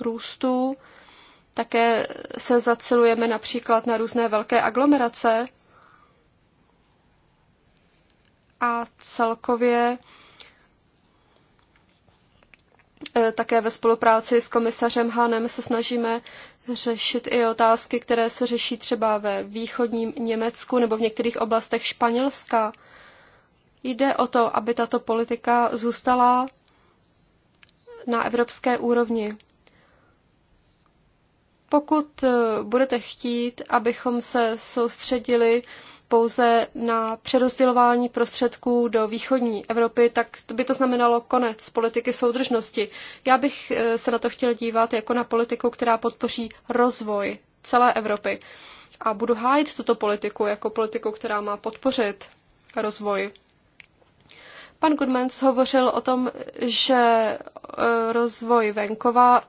růstu. Také se zacilujeme například na různé velké aglomerace a celkově eh, také ve spolupráci s komisařem Hanem se snažíme řešit i otázky, které se řeší třeba ve východním Německu nebo v některých oblastech Španělska. Jde o to, aby tato politika zůstala na evropské úrovni. Pokud eh, budete chtít, abychom se soustředili pouze na přerozdělování prostředků do východní Evropy, tak by to znamenalo konec politiky soudržnosti. Já bych eh, se na to chtěl dívat jako na politiku, která podpoří rozvoj celé Evropy. A budu hájit tuto politiku jako politiku, která má podpořit rozvoj. Pan Goodman hovořil o tom, že e, rozvoj venkova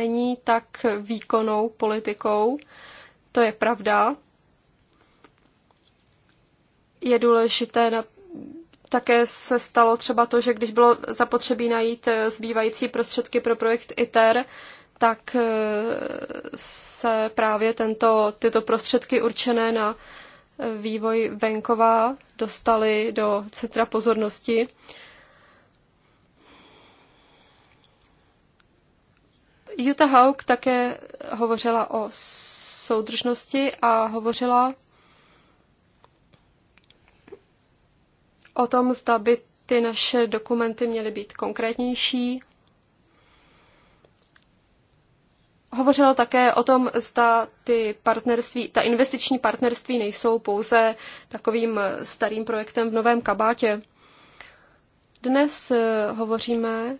není tak výkonnou politikou. To je pravda. Je důležité také se stalo třeba to, že když bylo zapotřebí najít e, zbývající prostředky pro projekt ITER, tak e, se právě tento, tyto prostředky určené na vývoj venkova dostali do centra pozornosti. Jutta Haug také hovořila o soudržnosti a hovořila o tom, zda by ty naše dokumenty měly být konkrétnější. Hovořila také o tom, zda ty partnerství, ta investiční partnerství nejsou pouze takovým starým projektem v novém kabátě. Dnes eh, hovoříme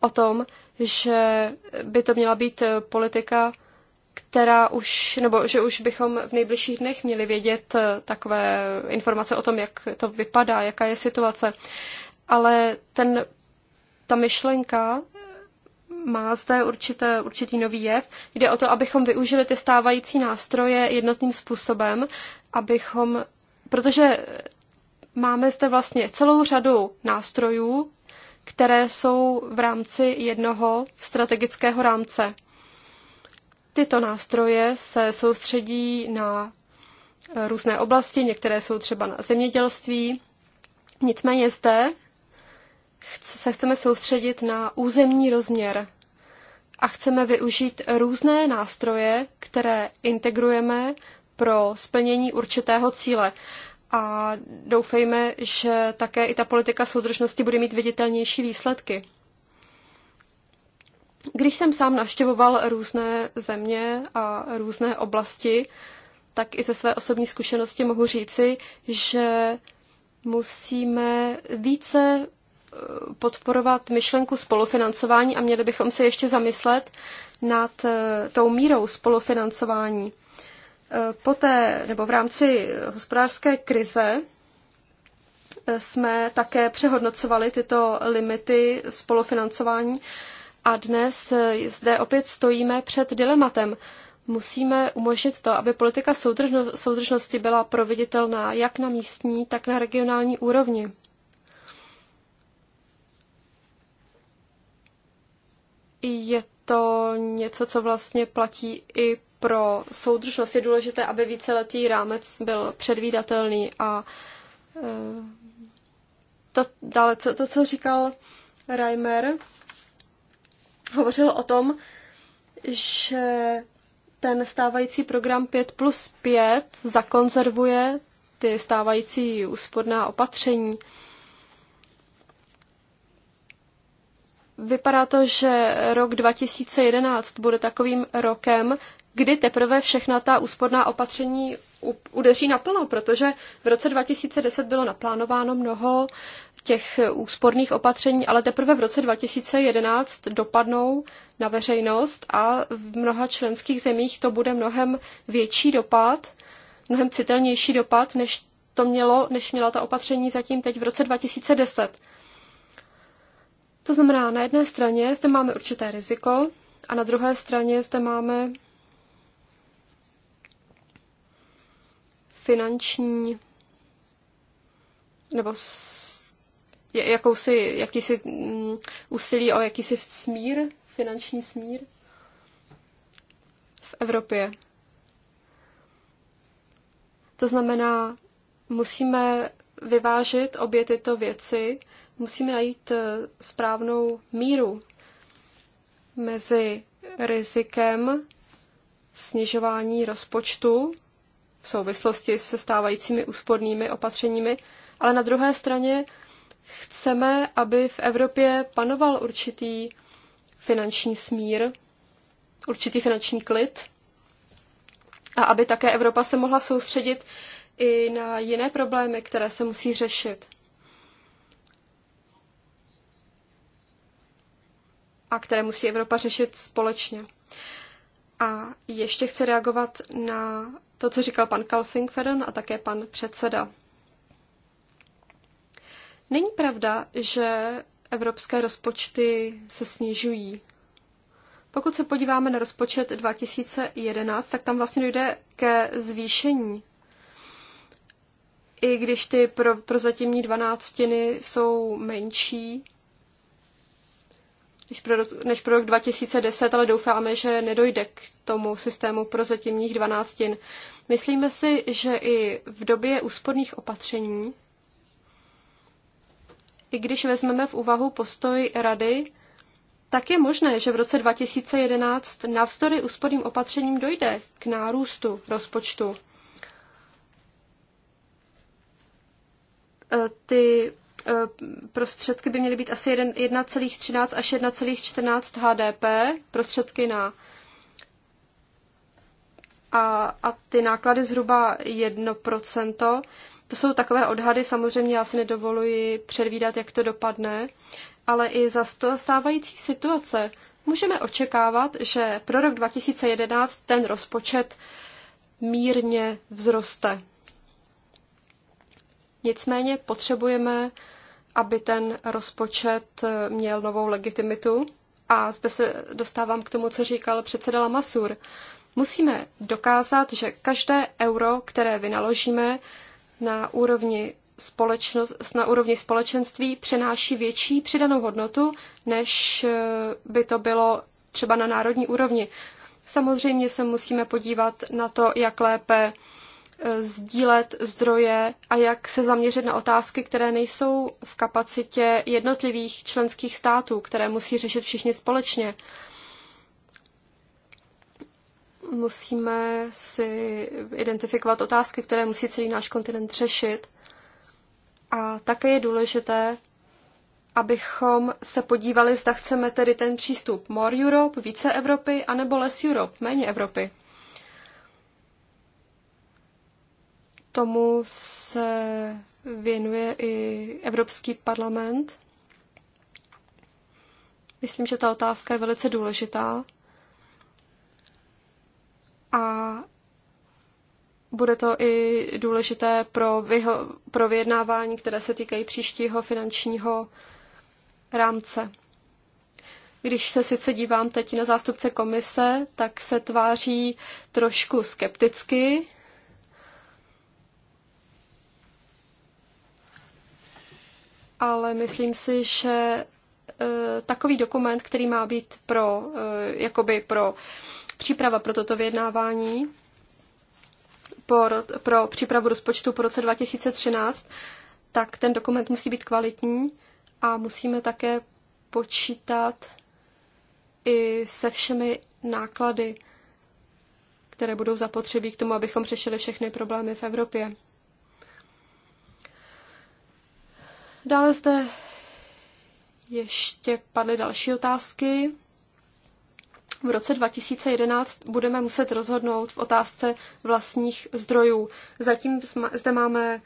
o tom, že by to měla být eh, politika, která už, nebo že už bychom v nejbližších dnech měli vědět eh, takové informace o tom, jak to vypadá, jaká je situace. Ale ten, ta myšlenka má zde určité, určitý nový jev. Jde o to, abychom využili ty stávající nástroje jednotným způsobem, abychom, protože máme zde vlastně celou řadu nástrojů, které jsou v rámci jednoho strategického rámce. Tyto nástroje se soustředí na různé oblasti, některé jsou třeba na zemědělství. Nicméně zde se chceme soustředit na územní rozměr a chceme využít různé nástroje, které integrujeme pro splnění určitého cíle. A doufejme, že také i ta politika soudržnosti bude mít viditelnější výsledky. Když jsem sám navštěvoval různé země a různé oblasti, tak i ze své osobní zkušenosti mohu říci, že musíme více podporovat myšlenku spolufinancování a měli bychom se ještě zamyslet nad eh, tou mírou spolufinancování. Eh, poté, nebo v rámci hospodářské krize, eh, jsme také přehodnocovali tyto limity spolufinancování a dnes zde opět stojíme před dilematem. Musíme umožnit to, aby politika soudržnosti byla proveditelná jak na místní, tak na regionální úrovni. Je to něco, co vlastně platí i pro soudržnost. Je důležité, aby víceletý rámec byl předvídatelný a eh, to, dále, co, to, co říkal Reimer, hovořil o tom, že ten stávající program 5 plus 5 zakonzervuje ty stávající úsporná opatření. Vypadá to, že rok 2011 bude takovým rokem, kdy teprve všechna ta úsporná opatření udeří naplno, protože v roce 2010 bylo naplánováno mnoho těch úsporných opatření, ale teprve v roce 2011 dopadnou na veřejnost a v mnoha členských zemích to bude mnohem větší dopad, mnohem citelnější dopad, než to mělo, než měla ta opatření zatím teď v roce 2010. To znamená, na jedné straně zde máme určité riziko a na druhé straně zde máme finanční nebo jakousi, jakýsi mm, úsilí o jakýsi smír, finanční smír v Evropě. To znamená, musíme vyvážit obě tyto věci Musíme najít eh, správnou míru mezi rizikem snižování rozpočtu v souvislosti se stávajícími úspornými opatřeními, ale na druhé straně chceme, aby v Evropě panoval určitý finanční smír, určitý finanční klid a aby také Evropa se mohla soustředit i na jiné problémy, které se musí řešit. a které musí Evropa řešit společně. A ještě chci reagovat na to, co říkal pan Kalfingfeden a také pan předseda. Není pravda, že evropské rozpočty se snižují. Pokud se podíváme na rozpočet 2011, tak tam vlastně dojde ke zvýšení. I když ty pro, prozatímní dvanáctiny jsou menší, než pro, než pro rok 2010, ale doufáme, že nedojde k tomu systému prozatímních dvanáctin. Myslíme si, že i v době úsporných opatření, i když vezmeme v úvahu postoj rady, tak je možné, že v roce 2011 navzdory úsporným opatřením dojde k nárůstu rozpočtu. E, ty Eh, prostředky by měly být asi 1,13 až 1,14 HDP, prostředky na a, a ty náklady zhruba 1%. To jsou takové odhady, samozřejmě já si nedovoluji předvídat, jak to dopadne, ale i za stávající situace můžeme očekávat, že pro rok 2011 ten rozpočet mírně vzroste. Nicméně potřebujeme aby ten rozpočet eh, měl novou legitimitu. A zde se dostávám k tomu, co říkal předseda Lamasur. Musíme dokázat, že každé euro, které vynaložíme na úrovni, společnost, na úrovni společenství, přenáší větší přidanou hodnotu, než eh, by to bylo třeba na národní úrovni. Samozřejmě se musíme podívat na to, jak lépe Eh, sdílet zdroje a jak se zaměřit na otázky, které nejsou v kapacitě jednotlivých členských států, které musí řešit všichni společně. Musíme si identifikovat otázky, které musí celý náš kontinent řešit. A také je důležité, abychom se podívali, zda chceme tedy ten přístup More Europe, více Evropy, anebo Less Europe, méně Evropy. Tomu se věnuje i Evropský parlament. Myslím, že ta otázka je velice důležitá. A bude to i důležité pro, vyho- pro vyjednávání, které se týkají příštího finančního rámce. Když se sice dívám teď na zástupce komise, tak se tváří trošku skepticky, ale myslím si, že eh, takový dokument, který má být pro, eh, jakoby pro příprava pro toto vyjednávání, pro přípravu rozpočtu po roce 2013, tak ten dokument musí být kvalitní a musíme také počítat i se všemi náklady, které budou zapotřebí k tomu, abychom řešili všechny problémy v Evropě. Dále zde ještě padly další otázky. V roce 2011 budeme muset rozhodnout v otázce vlastních zdrojů. Zatím zde máme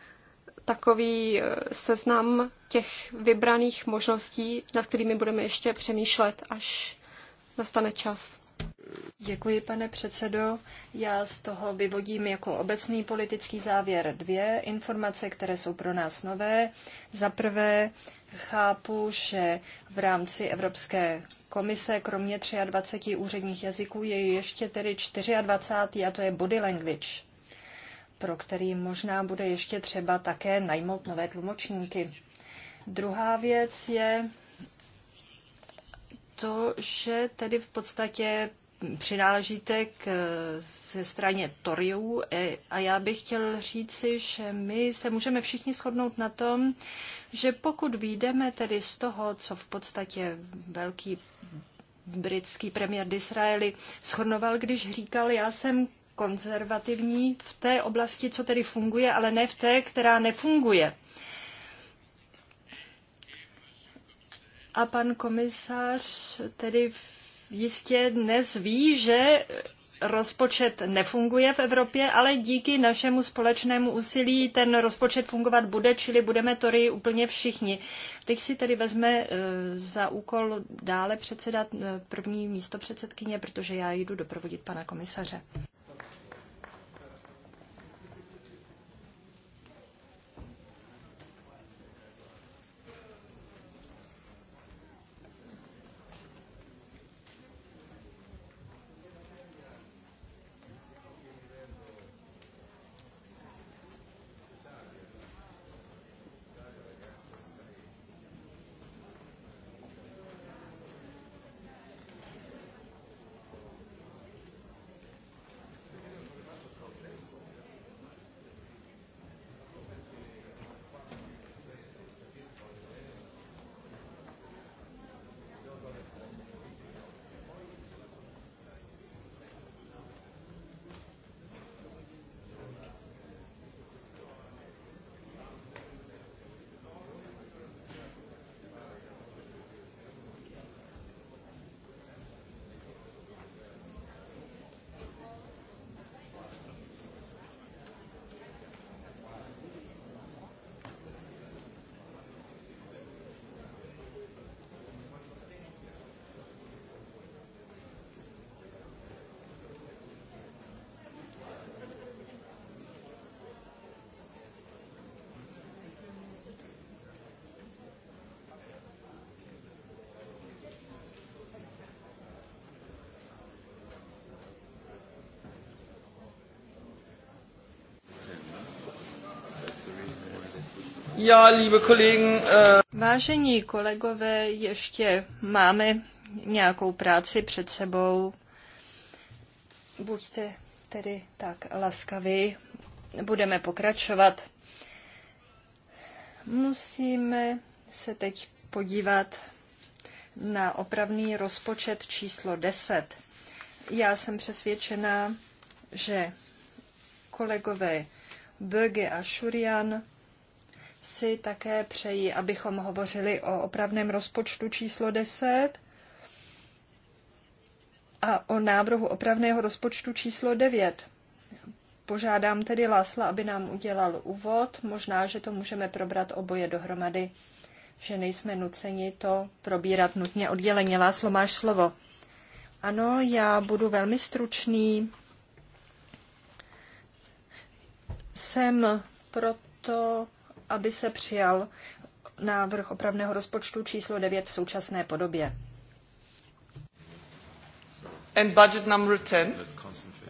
takový eh, seznam těch vybraných možností, nad kterými budeme ještě přemýšlet, až nastane čas. Děkuji, pane předsedo. Já z toho vyvodím jako obecný politický závěr dvě informace, které jsou pro nás nové. Za prvé, chápu, že v rámci Evropské komise, kromě 23 úředních jazyků, je ještě tedy 24. a to je body language, pro který možná bude ještě třeba také najmout nové tlumočníky. Druhá věc je to, že tedy v podstatě přináležíte k, eh, ze straně Toriů eh, a já bych chtěl říci, že my se můžeme všichni shodnout na tom, že pokud výjdeme tedy z toho, co v podstatě velký britský premiér Disraeli shodnoval, když říkal, já jsem konzervativní v té oblasti, co tedy funguje, ale ne v té, která nefunguje. A pan komisář tedy jistě dnes ví, že rozpočet nefunguje v Evropě, ale díky našemu společnému úsilí ten rozpočet fungovat bude, čili budeme tory úplně všichni. Teď si tedy vezme eh, za úkol dále předsedat eh, první místo předsedkyně, protože já jdu doprovodit pana komisaře. Ja, liebe Kollegen, äh, Vážení kolegové, ještě máme nějakou práci před sebou. Buďte tedy tak laskaví. Budeme pokračovat. Musíme se teď podívat na opravný rozpočet číslo 10. Já jsem přesvědčená, že kolegové Böge a Šurian si také přeji, abychom hovořili o opravném rozpočtu číslo 10 a o návrhu opravného rozpočtu číslo 9. Požádám tedy Lásla, aby nám udělal úvod. Možná, že to můžeme probrat oboje dohromady, že nejsme nuceni to probírat nutně odděleně. Láslo, máš slovo. Ano, já budu velmi stručný. Jsem proto aby se přijal návrh opravného rozpočtu číslo 9 v současné podobě. And budget number 10.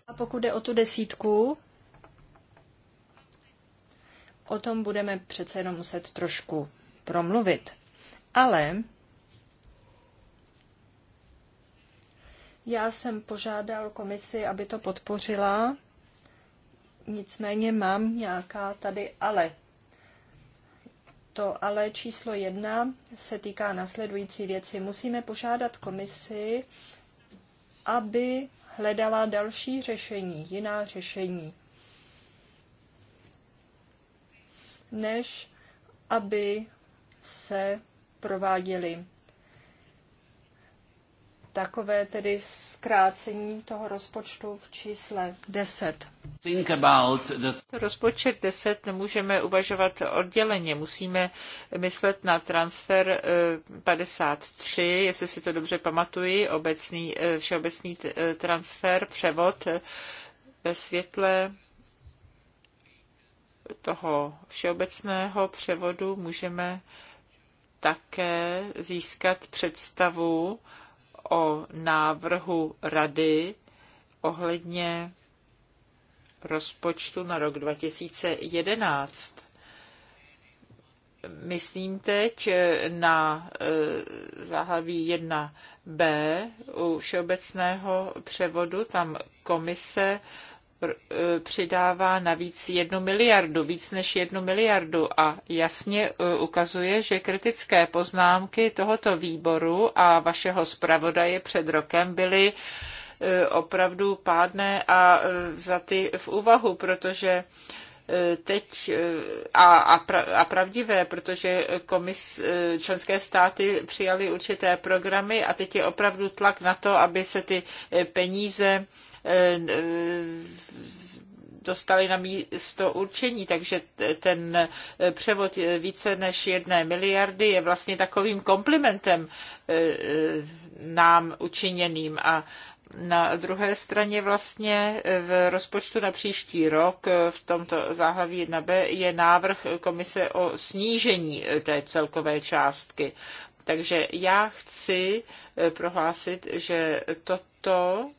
A pokud jde o tu desítku, o tom budeme přece jenom muset trošku promluvit. Ale já jsem požádal komisi, aby to podpořila, nicméně mám nějaká tady ale to, ale číslo jedna se týká nasledující věci. Musíme požádat komisi, aby hledala další řešení, jiná řešení, než aby se prováděly takové tedy zkrácení toho rozpočtu v čísle 10. Rozpočet 10 nemůžeme uvažovat odděleně. Musíme myslet na transfer 53, eh, jestli si to dobře pamatuji, obecný, eh, všeobecný eh, transfer, převod ve světle toho všeobecného převodu můžeme také získat představu o návrhu rady ohledně rozpočtu na rok 2011. Myslím teď na e, záhlaví 1b u všeobecného převodu. Tam komise E, přidává navíc jednu miliardu, víc než jednu miliardu a jasně e, ukazuje, že kritické poznámky tohoto výboru a vašeho zpravodaje před rokem byly e, opravdu pádné a za ty v úvahu, protože teď a, a, pra, a pravdivé, protože komis, členské státy přijaly určité programy a teď je opravdu tlak na to, aby se ty peníze dostali na místo určení, takže ten převod více než jedné miliardy je vlastně takovým komplimentem e, e, nám učiněným a na druhé straně vlastně v rozpočtu na příští rok e, v tomto záhlaví 1b je návrh komise o snížení té celkové částky. Takže já chci prohlásit, že toto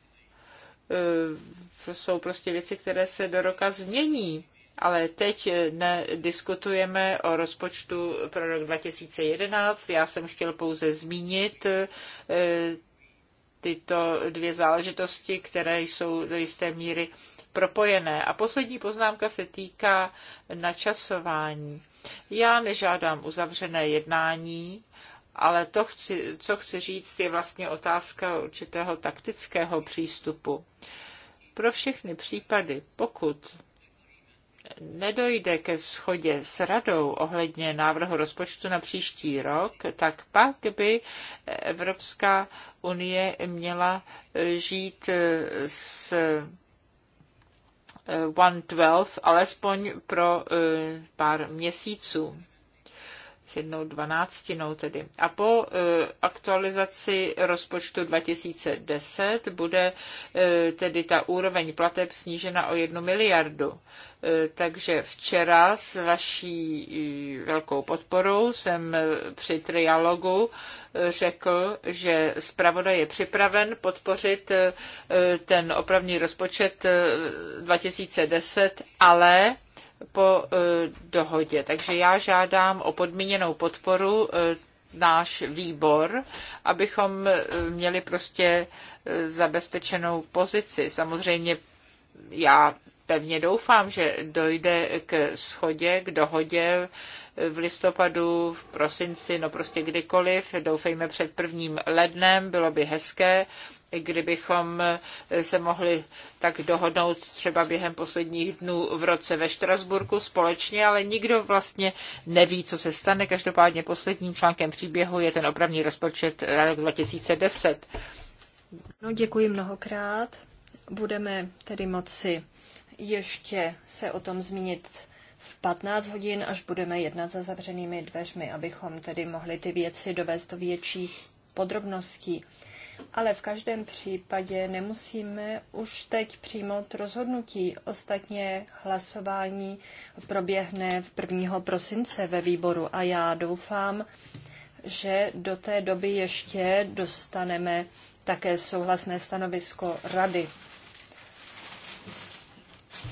Eh, jsou prostě věci, které se do roka změní. Ale teď eh, diskutujeme o rozpočtu pro rok 2011. Já jsem chtěl pouze zmínit eh, tyto dvě záležitosti, které jsou do jisté míry propojené. A poslední poznámka se týká načasování. Já nežádám uzavřené jednání, ale to, chci, co chci říct, je vlastně otázka určitého taktického přístupu. Pro všechny případy, pokud nedojde ke schodě s radou ohledně návrhu rozpočtu na příští rok, tak pak by Evropská unie měla žít s 1.12 eh, alespoň pro eh, pár měsíců s jednou dvanáctinou tedy. A po e, aktualizaci rozpočtu 2010 bude e, tedy ta úroveň plateb snížena o jednu miliardu. E, takže včera s vaší velkou podporou jsem při trialogu řekl, že zpravodaj je připraven podpořit ten opravný rozpočet 2010, ale po eh, dohodě. Takže já žádám o podmíněnou podporu eh, náš výbor, abychom eh, měli prostě zabezpečenou pozici. Samozřejmě já pevně doufám, že dojde k schodě, k dohodě v listopadu, v prosinci, no prostě kdykoliv, doufejme před prvním lednem, bylo by hezké, kdybychom se mohli tak dohodnout třeba během posledních dnů v roce ve Štrasburku společně, ale nikdo vlastně neví, co se stane. Každopádně posledním článkem příběhu je ten opravní rozpočet na rok 2010. No, děkuji mnohokrát. Budeme tedy moci ještě se o tom zmínit v 15 hodin, až budeme jednat za zavřenými dveřmi, abychom tedy mohli ty věci dovést do větších podrobností. Ale v každém případě nemusíme už teď přijmout rozhodnutí. Ostatně hlasování proběhne v 1. prosince ve výboru a já doufám, že do té doby ještě dostaneme také souhlasné stanovisko rady.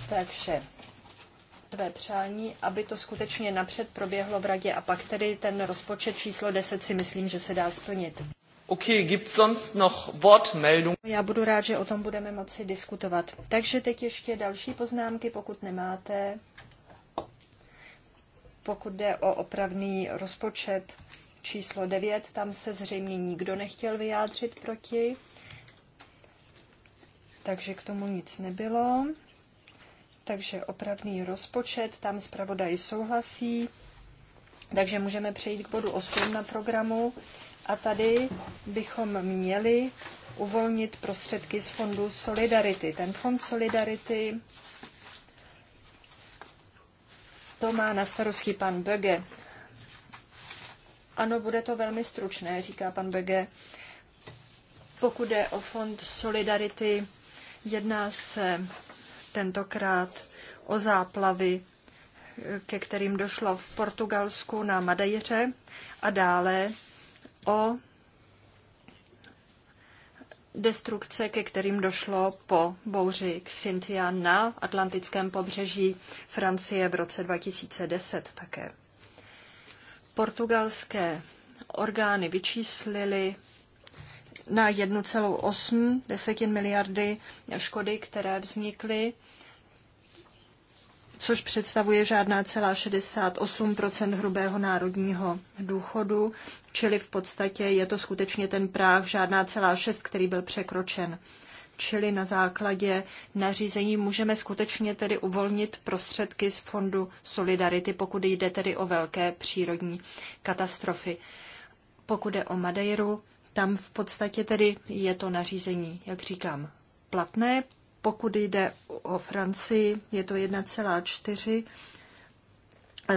Takže tvé přání, aby to skutečně napřed proběhlo v radě a pak tedy ten rozpočet číslo 10 si myslím, že se dá splnit. Okay, gibt's sonst noch Wortmeldung? Já budu rád, že o tom budeme moci diskutovat. Takže teď ještě další poznámky, pokud nemáte. Pokud jde o opravný rozpočet číslo 9, tam se zřejmě nikdo nechtěl vyjádřit proti. Takže k tomu nic nebylo takže opravný rozpočet, tam zpravodaj souhlasí. Takže můžeme přejít k bodu 8 na programu a tady bychom měli uvolnit prostředky z fondu Solidarity. Ten fond Solidarity to má na starosti pan Böge. Ano, bude to velmi stručné, říká pan Böge. Pokud je o fond Solidarity, jedná se tentokrát o záplavy, ke kterým došlo v Portugalsku na Madejře a dále o destrukce, ke kterým došlo po bouři Xintia na atlantickém pobřeží Francie v roce 2010 také. Portugalské orgány vyčíslily na 1,8 desetin miliardy škody, které vznikly, což představuje žádná celá 68 hrubého národního důchodu, čili v podstatě je to skutečně ten práh žádná celá 6, který byl překročen čili na základě nařízení můžeme skutečně tedy uvolnit prostředky z Fondu Solidarity, pokud jde tedy o velké přírodní katastrofy. Pokud jde o Madeiru, tam v podstatě tedy je to nařízení, jak říkám, platné. Pokud jde o Francii, je to 1,4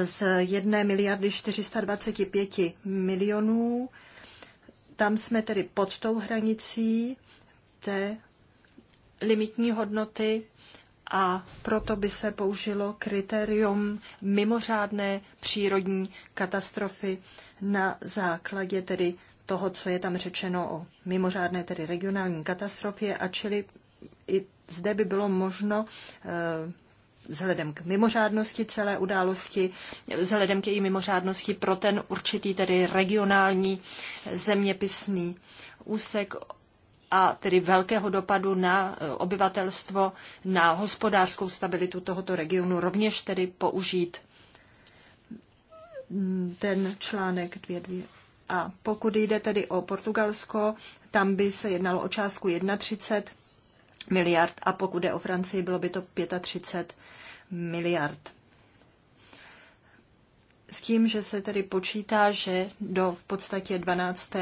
z 1 miliardy 425 milionů. Tam jsme tedy pod tou hranicí té limitní hodnoty a proto by se použilo kritérium mimořádné přírodní katastrofy na základě tedy toho, co je tam řečeno o mimořádné tedy regionální katastrofě a čili i zde by bylo možno eh, vzhledem k mimořádnosti celé události, vzhledem k její mimořádnosti pro ten určitý tedy regionální zeměpisný úsek a tedy velkého dopadu na eh, obyvatelstvo, na hospodářskou stabilitu tohoto regionu, rovněž tedy použít mm, ten článek 2.2 a pokud jde tedy o Portugalsko, tam by se jednalo o částku 31 miliard a pokud jde o Francii, bylo by to 35 miliard. S tím, že se tedy počítá, že do v podstatě 12.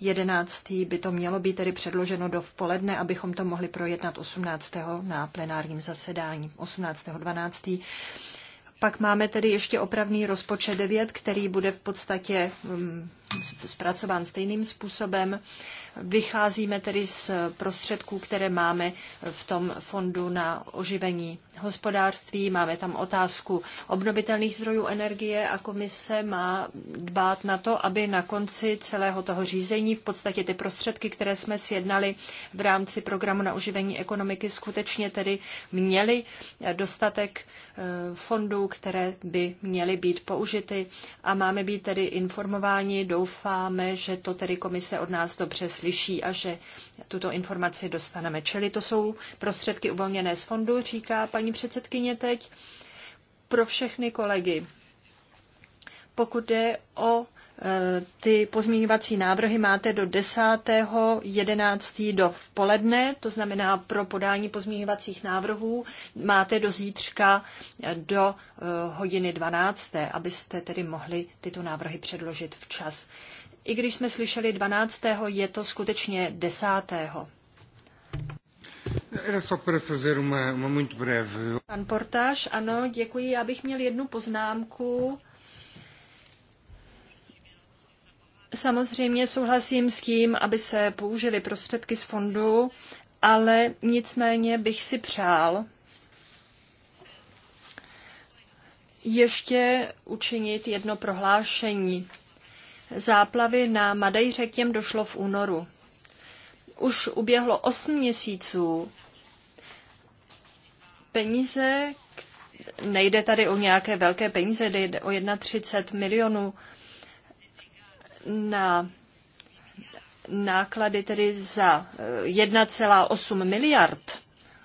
11. by to mělo být tedy předloženo do vpoledne, abychom to mohli projednat 18. na plenárním zasedání. 18. 12. Pak máme tedy ještě opravný rozpočet 9, který bude v podstatě mm, zpracován stejným způsobem. Vycházíme tedy z prostředků, které máme v tom fondu na oživení hospodářství. Máme tam otázku obnovitelných zdrojů energie a komise má dbát na to, aby na konci celého toho řízení v podstatě ty prostředky, které jsme sjednali v rámci programu na oživení ekonomiky, skutečně tedy měly dostatek eh, fondů, které by měly být použity a máme být tedy informováni. Doufáme, že to tedy komise od nás dobře slyší slyší a že tuto informaci dostaneme. Čili to jsou prostředky uvolněné z fondu, říká paní předsedkyně teď, pro všechny kolegy. Pokud jde o e, ty pozměňovací návrhy máte do 10.11. do v poledne, to znamená pro podání pozměňovacích návrhů máte do zítřka e, do e, hodiny 12., abyste tedy mohli tyto návrhy předložit včas. I když jsme slyšeli 12. je to skutečně 10. Pan Portáž, ano, děkuji. Já bych měl jednu poznámku. Samozřejmě souhlasím s tím, aby se použily prostředky z fondu, ale nicméně bych si přál ještě učinit jedno prohlášení záplavy na Madejře k těm došlo v únoru. Už uběhlo 8 měsíců. Peníze, nejde tady o nějaké velké peníze, jde o 31 milionů na náklady tedy za 1,8 eh, miliard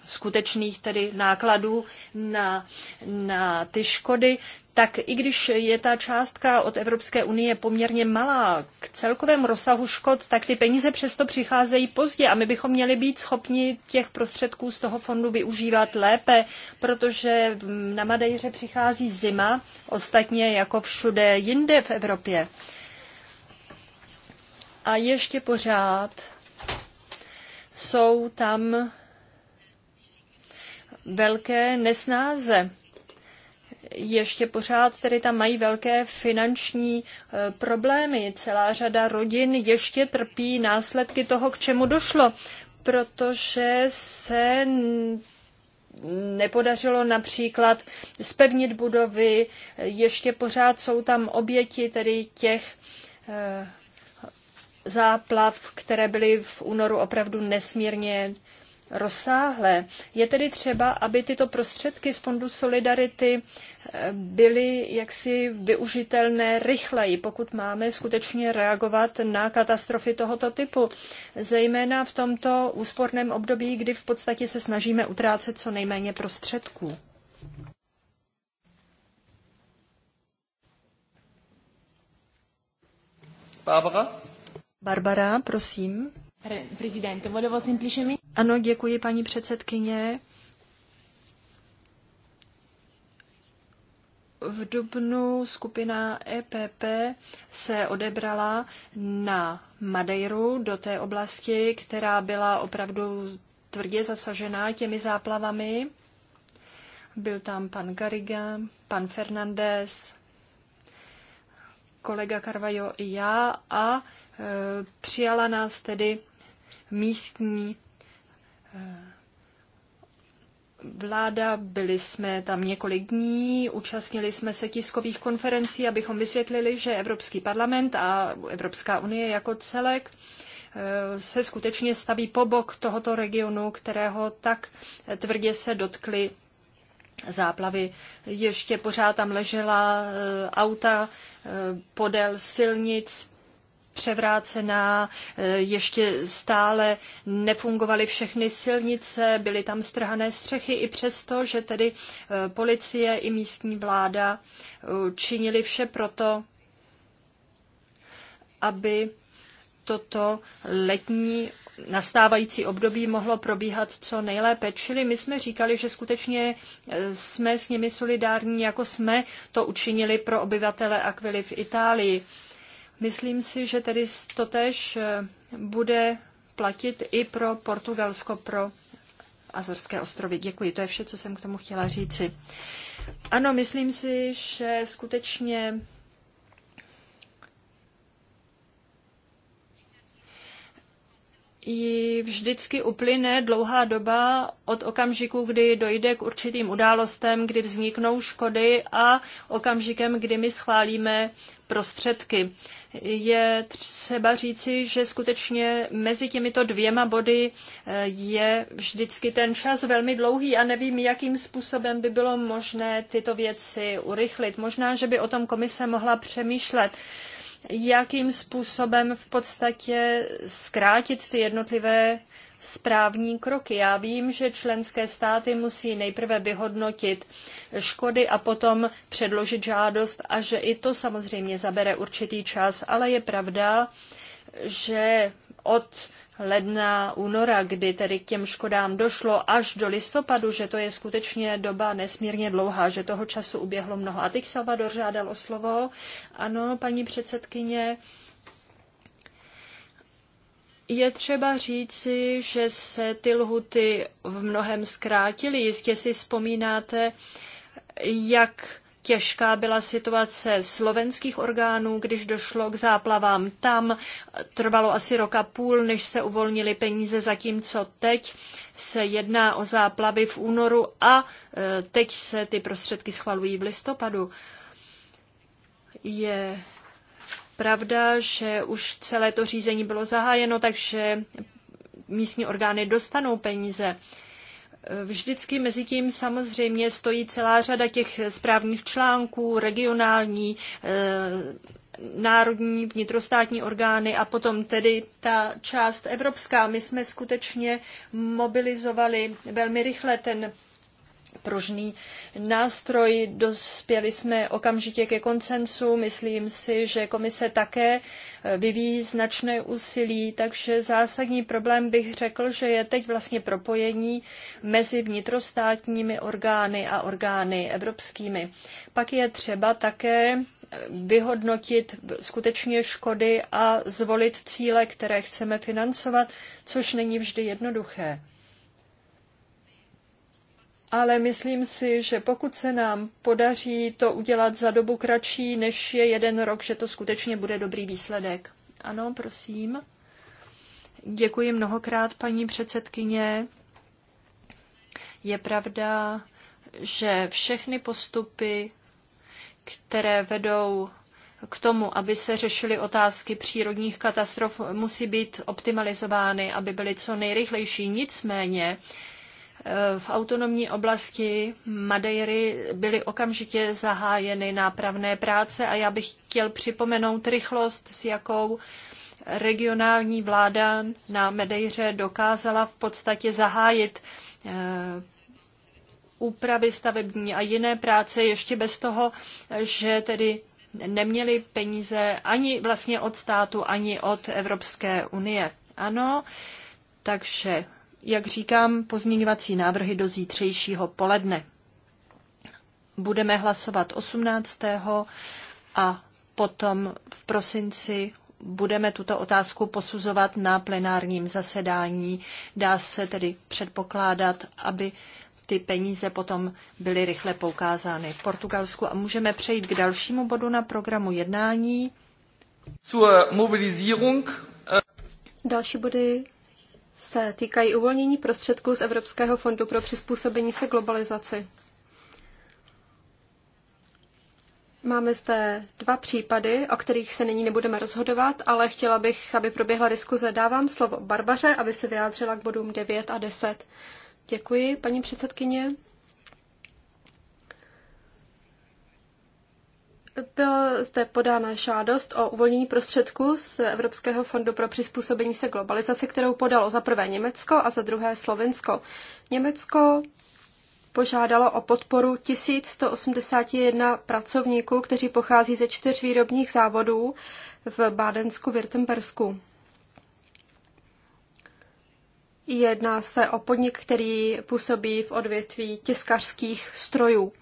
skutečných tedy nákladů na, na ty škody, tak i když je ta částka od Evropské unie poměrně malá k celkovému rozsahu škod, tak ty peníze přesto přicházejí pozdě a my bychom měli být schopni těch prostředků z toho fondu využívat lépe, protože na Madejře přichází zima, ostatně jako všude jinde v Evropě. A ještě pořád jsou tam velké nesnáze ještě pořád tedy tam mají velké finanční e, problémy. Celá řada rodin ještě trpí následky toho, k čemu došlo, protože se nepodařilo například spevnit budovy, ještě pořád jsou tam oběti tedy těch e, záplav, které byly v únoru opravdu nesmírně rozsáhlé. Je tedy třeba, aby tyto prostředky z Fondu Solidarity eh, byly jaksi využitelné rychleji, pokud máme skutečně reagovat na katastrofy tohoto typu, zejména v tomto úsporném období, kdy v podstatě se snažíme utrácet co nejméně prostředků. Barbara? Barbara, prosím volevo semplicemente... Ano, děkuji paní předsedkyně. v dubnu skupina EPP se odebrala na Madeiru do té oblasti, která byla opravdu tvrdě zasažená těmi záplavami. Byl tam pan Gariga, pan Fernandez, kolega Carvajo i já a e, přijala nás tedy místní eh, vláda, byli jsme tam několik dní, účastnili jsme se tiskových konferencí, abychom vysvětlili, že Evropský parlament a Evropská unie jako celek eh, se skutečně staví po bok tohoto regionu, kterého tak tvrdě se dotkly záplavy. Ještě pořád tam ležela eh, auta podél silnic, převrácená, e, ještě stále nefungovaly všechny silnice, byly tam strhané střechy i přesto, že tedy e, policie i místní vláda e, činili vše proto, aby toto letní nastávající období mohlo probíhat co nejlépe. Čili my jsme říkali, že skutečně jsme s nimi solidární, jako jsme to učinili pro obyvatele Aquily v Itálii. Myslím si, že tedy totéž eh, bude platit i pro Portugalsko, pro Azorské ostrovy. Děkuji, to je vše, co jsem k tomu chtěla říci. Ano, myslím si, že skutečně ji vždycky uplyne dlouhá doba od okamžiku, kdy dojde k určitým událostem, kdy vzniknou škody a okamžikem, kdy my schválíme prostředky. Je třeba říci, že skutečně mezi těmito dvěma body eh, je vždycky ten čas velmi dlouhý a nevím, jakým způsobem by bylo možné tyto věci urychlit. Možná, že by o tom komise mohla přemýšlet jakým způsobem v podstatě zkrátit ty jednotlivé správní kroky. Já vím, že členské státy musí nejprve vyhodnotit škody a potom předložit žádost a že i to samozřejmě zabere určitý čas, ale je pravda, že od ledna, února, kdy tedy k těm škodám došlo až do listopadu, že to je skutečně doba nesmírně dlouhá, že toho času uběhlo mnoho. A teď Salvador žádal o slovo. Ano, paní předsedkyně, je třeba říci, že se ty lhuty v mnohem zkrátily. Jistě si vzpomínáte, jak těžká byla situace slovenských orgánů, když došlo k záplavám tam. Trvalo asi roka půl, než se uvolnili peníze, zatímco teď se jedná o záplavy v únoru a e, teď se ty prostředky schvalují v listopadu. Je pravda, že už celé to řízení bylo zahájeno, takže místní orgány dostanou peníze. Vždycky mezi tím samozřejmě stojí celá řada těch správních článků, regionální, eh, národní, vnitrostátní orgány a potom tedy ta část evropská. My jsme skutečně mobilizovali velmi rychle ten pružný nástroj. Dospěli jsme okamžitě ke koncensu. Myslím si, že komise také eh, vyvíjí značné úsilí, takže zásadní problém bych řekl, že je teď vlastně propojení mezi vnitrostátními orgány a orgány evropskými. Pak je třeba také eh, vyhodnotit skutečně škody a zvolit cíle, které chceme financovat, což není vždy jednoduché ale myslím si, že pokud se nám podaří to udělat za dobu kratší, než je jeden rok, že to skutečně bude dobrý výsledek. Ano, prosím. Děkuji mnohokrát, paní předsedkyně. Je pravda, že všechny postupy, které vedou k tomu, aby se řešily otázky přírodních katastrof, musí být optimalizovány, aby byly co nejrychlejší. Nicméně Eh, v autonomní oblasti Madeiry byly okamžitě zahájeny nápravné práce a já bych chtěl připomenout rychlost, s jakou regionální vláda na Medejře dokázala v podstatě zahájit eh, úpravy stavební a jiné práce ještě bez toho, že tedy neměli peníze ani vlastně od státu, ani od Evropské unie. Ano, takže jak říkám, pozměňovací návrhy do zítřejšího poledne. Budeme hlasovat 18. a potom v prosinci budeme tuto otázku posuzovat na plenárním zasedání. Dá se tedy předpokládat, aby ty peníze potom byly rychle poukázány v Portugalsku. A můžeme přejít k dalšímu bodu na programu jednání. Zur Mobilisierung. Äh, Další body se týkají uvolnění prostředků z Evropského fondu pro přizpůsobení se globalizaci. Máme zde dva případy, o kterých se nyní nebudeme rozhodovat, ale chtěla bych, aby proběhla diskuze. Dávám slovo Barbaře, aby se vyjádřila k bodům 9 a 10. Děkuji, paní předsedkyně. Byla zde podána žádost o uvolnění prostředků z Evropského fondu pro přizpůsobení se globalizaci, kterou podalo za prvé Německo a za druhé Slovensko. Německo požádalo o podporu 1181 pracovníků, kteří pochází ze čtyř výrobních závodů v Bádensku, Württembersku. Jedná se o podnik, který působí v odvětví tiskařských strojů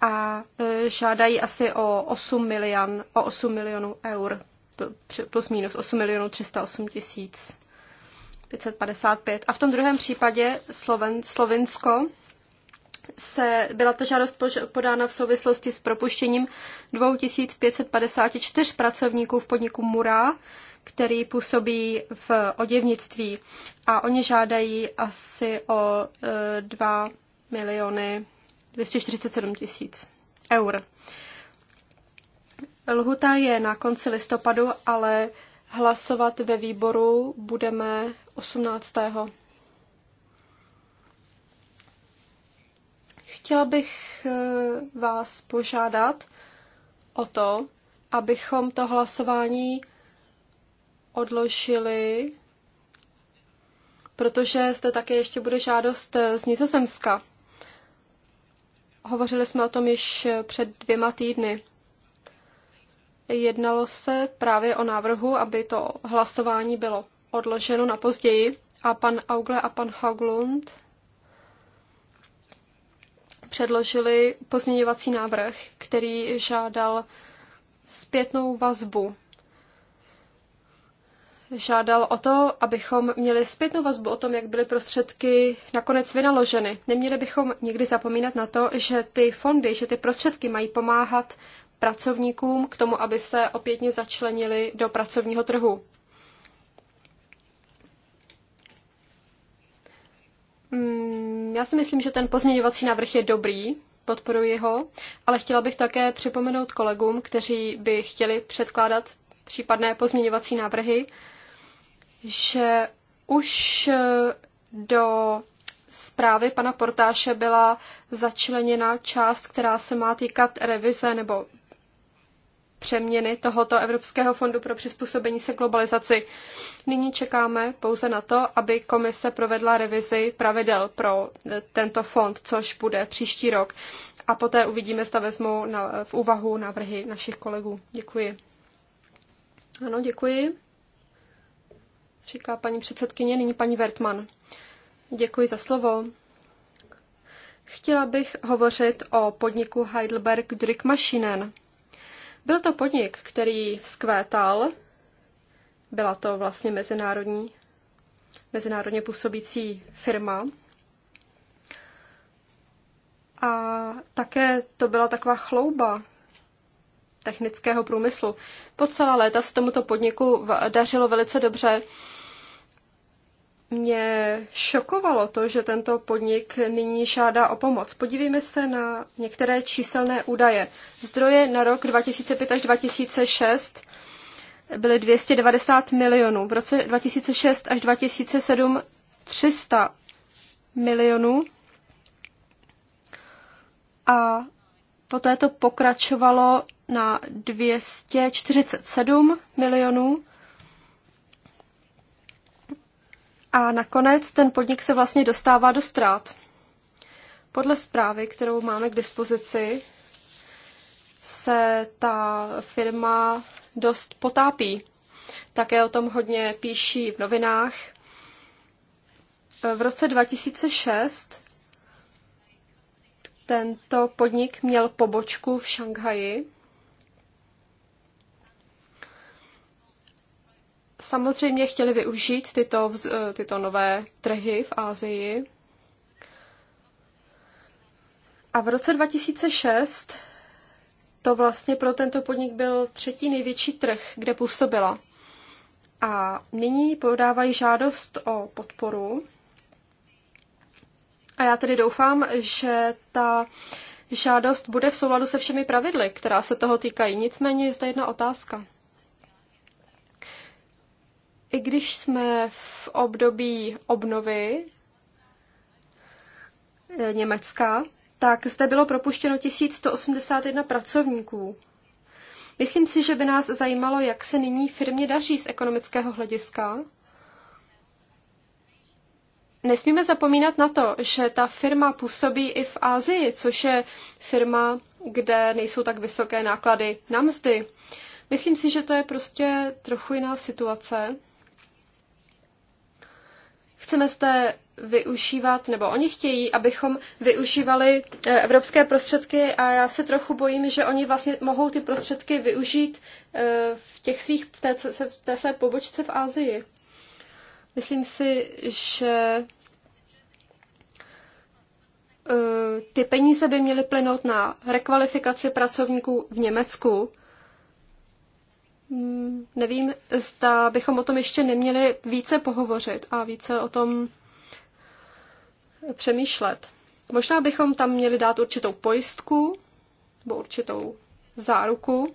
a e, žádají asi o 8, milion, o 8 milionů eur, plus minus 8 milionů 308 tisíc 555. A v tom druhém případě Sloven, Slovinsko se byla ta žádost podána v souvislosti s propuštěním 2554 pracovníků v podniku Mura, který působí v oděvnictví. A oni žádají asi o 2 e, miliony 247 tisíc eur. Lhuta je na konci listopadu, ale hlasovat ve výboru budeme 18. Chtěla bych eh, vás požádat o to, abychom to hlasování odložili, protože zde také ještě bude žádost z Nizozemska. Hovořili jsme o tom již před dvěma týdny. Jednalo se právě o návrhu, aby to hlasování bylo odloženo na později a pan Augle a pan Haglund předložili pozměňovací návrh, který žádal zpětnou vazbu žádal o to, abychom měli zpětnou vazbu o tom, jak byly prostředky nakonec vynaloženy. Neměli bychom nikdy zapomínat na to, že ty fondy, že ty prostředky mají pomáhat pracovníkům k tomu, aby se opětně začlenili do pracovního trhu. Mm, já si myslím, že ten pozměňovací návrh je dobrý, podporuji ho, ale chtěla bych také připomenout kolegům, kteří by chtěli předkládat případné pozměňovací návrhy, že už eh, do zprávy pana Portáše byla začleněna část, která se má týkat revize nebo přeměny tohoto Evropského fondu pro přizpůsobení se globalizaci. Nyní čekáme pouze na to, aby komise provedla revizi pravidel pro eh, tento fond, což bude příští rok. A poté uvidíme, zda vezmou na, v úvahu návrhy našich kolegů. Děkuji. Ano, děkuji. Říká paní předsedkyně, nyní paní Vertman. Děkuji za slovo. Chtěla bych hovořit o podniku Heidelberg Druckmaschinen. Byl to podnik, který vzkvétal. Byla to vlastně mezinárodní, mezinárodně působící firma. A také to byla taková chlouba technického průmyslu. Po celá léta se tomuto podniku dařilo velice dobře. Mě šokovalo to, že tento podnik nyní žádá o pomoc. Podívejme se na některé číselné údaje. Zdroje na rok 2005 až 2006 byly 290 milionů, v roce 2006 až 2007 300 milionů a Poté to pokračovalo na 247 milionů. A nakonec ten podnik se vlastně dostává do ztrát. Podle zprávy, kterou máme k dispozici, se ta firma dost potápí. Také o tom hodně píší v novinách. V roce 2006 tento podnik měl pobočku v Šanghaji. Samozřejmě chtěli využít tyto, tyto nové trhy v Ázii. A v roce 2006 to vlastně pro tento podnik byl třetí největší trh, kde působila. A nyní podávají žádost o podporu a já tedy doufám, že ta žádost bude v souladu se všemi pravidly, která se toho týkají. Nicméně je zde jedna otázka. I když jsme v období obnovy eh, Německa, tak zde bylo propuštěno 1181 pracovníků. Myslím si, že by nás zajímalo, jak se nyní firmě daří z ekonomického hlediska nesmíme zapomínat na to, že ta firma působí i v Ázii, což je firma, kde nejsou tak vysoké náklady na mzdy. Myslím si, že to je prostě trochu jiná situace. Chceme zde využívat, nebo oni chtějí, abychom využívali eh, evropské prostředky a já se trochu bojím, že oni vlastně mohou ty prostředky využít eh, v, těch svých, v, té, v té své pobočce v Ázii. Myslím si, že Eh, ty peníze by měly plynout na rekvalifikaci pracovníků v Německu. Hmm, nevím, zda bychom o tom ještě neměli více pohovořit a více o tom přemýšlet. Možná bychom tam měli dát určitou pojistku nebo určitou záruku,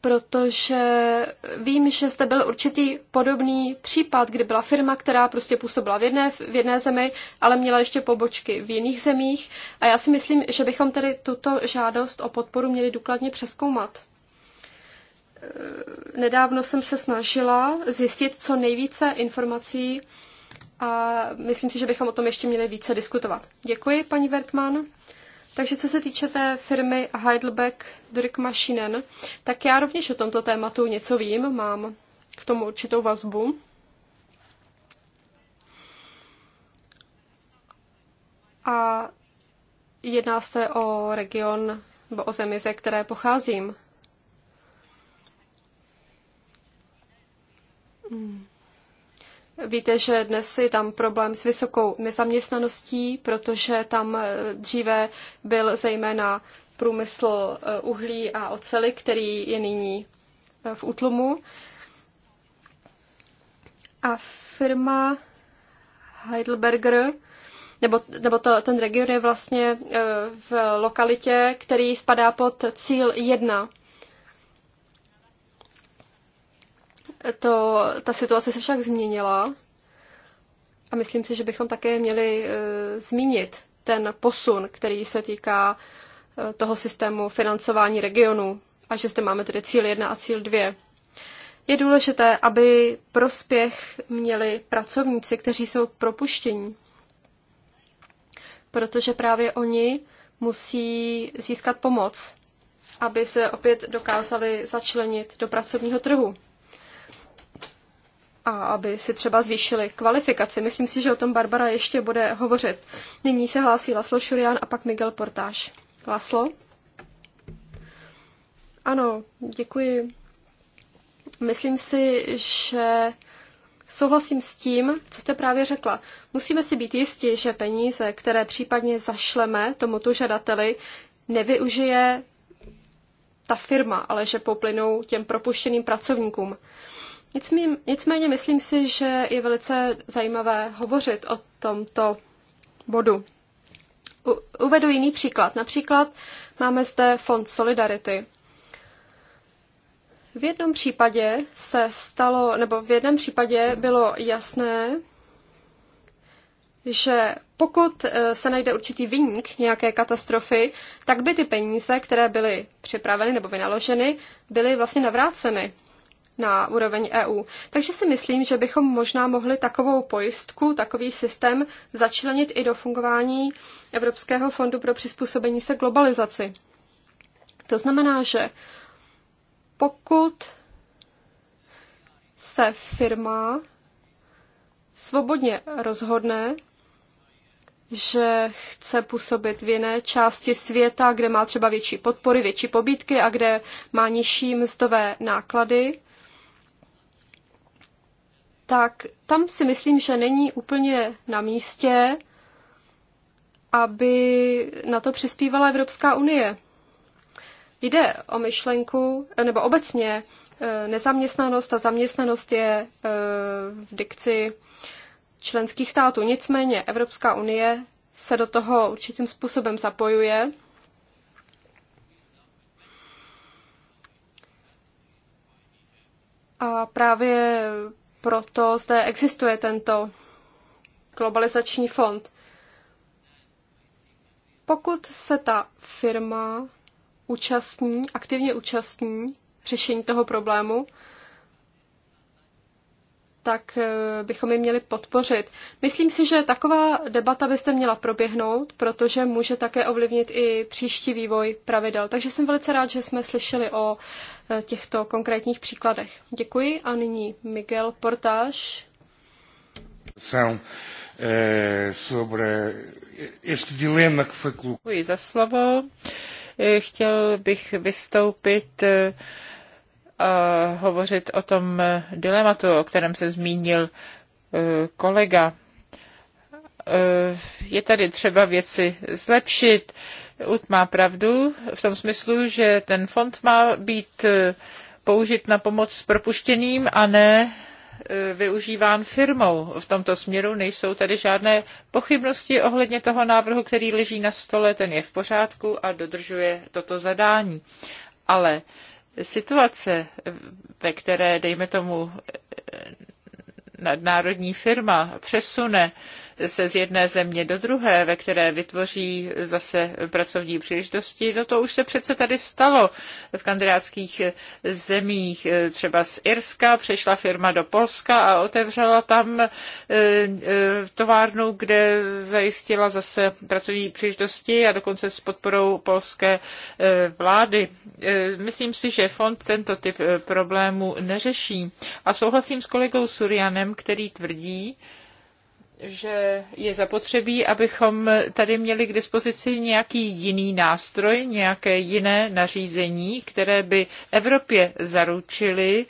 protože vím, že jste byl určitý podobný případ, kdy byla firma, která prostě působila v jedné, v jedné zemi, ale měla ještě pobočky v jiných zemích. A já si myslím, že bychom tedy tuto žádost o podporu měli důkladně přeskoumat. E, nedávno jsem se snažila zjistit co nejvíce informací a myslím si, že bychom o tom ještě měli více diskutovat. Děkuji, paní Vertman. Takže co se týče té firmy Heidelberg Maschinen, tak já rovněž o tomto tématu něco vím, mám k tomu určitou vazbu. A jedná se o region nebo o zemi, ze které pocházím. Hmm. Víte, že dnes je tam problém s vysokou nezaměstnaností, protože tam eh, dříve byl zejména průmysl eh, uhlí a ocely, který je nyní eh, v útlumu. A firma Heidelberger, nebo, nebo to, ten region je vlastně v lokalitě, který spadá pod cíl 1. To, ta situace se však změnila a myslím si, že bychom také měli uh, zmínit ten posun, který se týká uh, toho systému financování regionu a že zde máme tedy cíl 1 a cíl 2. Je důležité, aby prospěch měli pracovníci, kteří jsou propuštění, protože právě oni musí získat pomoc, aby se opět dokázali začlenit do pracovního trhu a aby si třeba zvýšili kvalifikaci. Myslím si, že o tom Barbara ještě bude hovořit. Nyní se hlásí Laslo Šurian a pak Miguel Portáš. Laslo? Ano, děkuji. Myslím si, že souhlasím s tím, co jste právě řekla. Musíme si být jistí, že peníze, které případně zašleme tomuto žadateli, nevyužije ta firma, ale že poplynou těm propuštěným pracovníkům. Nicméně myslím si, že je velice zajímavé hovořit o tomto bodu. Uvedu jiný příklad. Například máme zde fond Solidarity. V jednom případě se stalo, nebo v jednom případě bylo jasné, že pokud e, se najde určitý vyník nějaké katastrofy, tak by ty peníze, které byly připraveny nebo vynaloženy, byly vlastně navráceny na úroveň EU. Takže si myslím, že bychom možná mohli takovou pojistku, takový systém začlenit i do fungování Evropského fondu pro přizpůsobení se globalizaci. To znamená, že pokud se firma svobodně rozhodne, že chce působit v jiné části světa, kde má třeba větší podpory, větší pobídky a kde má nižší mzdové náklady, tak tam si myslím, že není úplně na místě, aby na to přispívala Evropská unie. Jde o myšlenku, eh, nebo obecně eh, nezaměstnanost a zaměstnanost je eh, v dikci členských států. Nicméně Evropská unie se do toho určitým způsobem zapojuje. A právě proto zde existuje tento globalizační fond. Pokud se ta firma účastní, aktivně účastní řešení toho problému, tak eh, bychom ji měli podpořit. Myslím si, že taková debata byste měla proběhnout, protože může také ovlivnit i příští vývoj pravidel. Takže jsem velice rád, že jsme slyšeli o eh, těchto konkrétních příkladech. Děkuji a nyní Miguel Portáž. Jsem eh, sobre este dilema que foi colocado. Děkuji za slovo. Chtěl bych vystoupit hovořit o tom dilematu, o kterém se zmínil e, kolega. E, je tady třeba věci zlepšit. Ut má pravdu v tom smyslu, že ten fond má být e, použit na pomoc propuštěným a ne využíván firmou. V tomto směru nejsou tady žádné pochybnosti ohledně toho návrhu, který leží na stole, ten je v pořádku a dodržuje toto zadání. Ale situace, ve které, dejme tomu, nadnárodní firma přesune se z jedné země do druhé, ve které vytvoří zase pracovní příležitosti, no to už se přece tady stalo v kandidátských zemích. Třeba z Irska přešla firma do Polska a otevřela tam eh, eh, továrnu, kde zajistila zase pracovní příležitosti a dokonce s podporou polské eh, vlády. Myslím si, že fond tento typ problémů neřeší. A souhlasím s kolegou Surianem, který tvrdí, že je zapotřebí, abychom tady měli k dispozici nějaký jiný nástroj, nějaké jiné nařízení, které by Evropě zaručili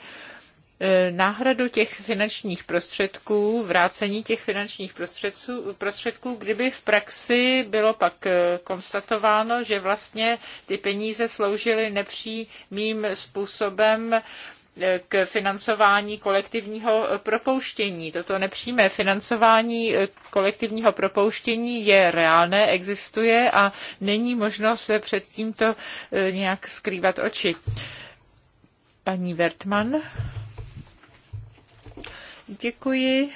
eh, náhradu těch finančních prostředků, vrácení těch finančních prostředků, prostředků, kdyby v praxi bylo pak eh, konstatováno, že vlastně ty peníze sloužily nepřímým způsobem k financování kolektivního propouštění. Toto nepřímé financování kolektivního propouštění je reálné, existuje a není možno se před tímto eh, nějak skrývat oči. Paní Wertmann. Děkuji.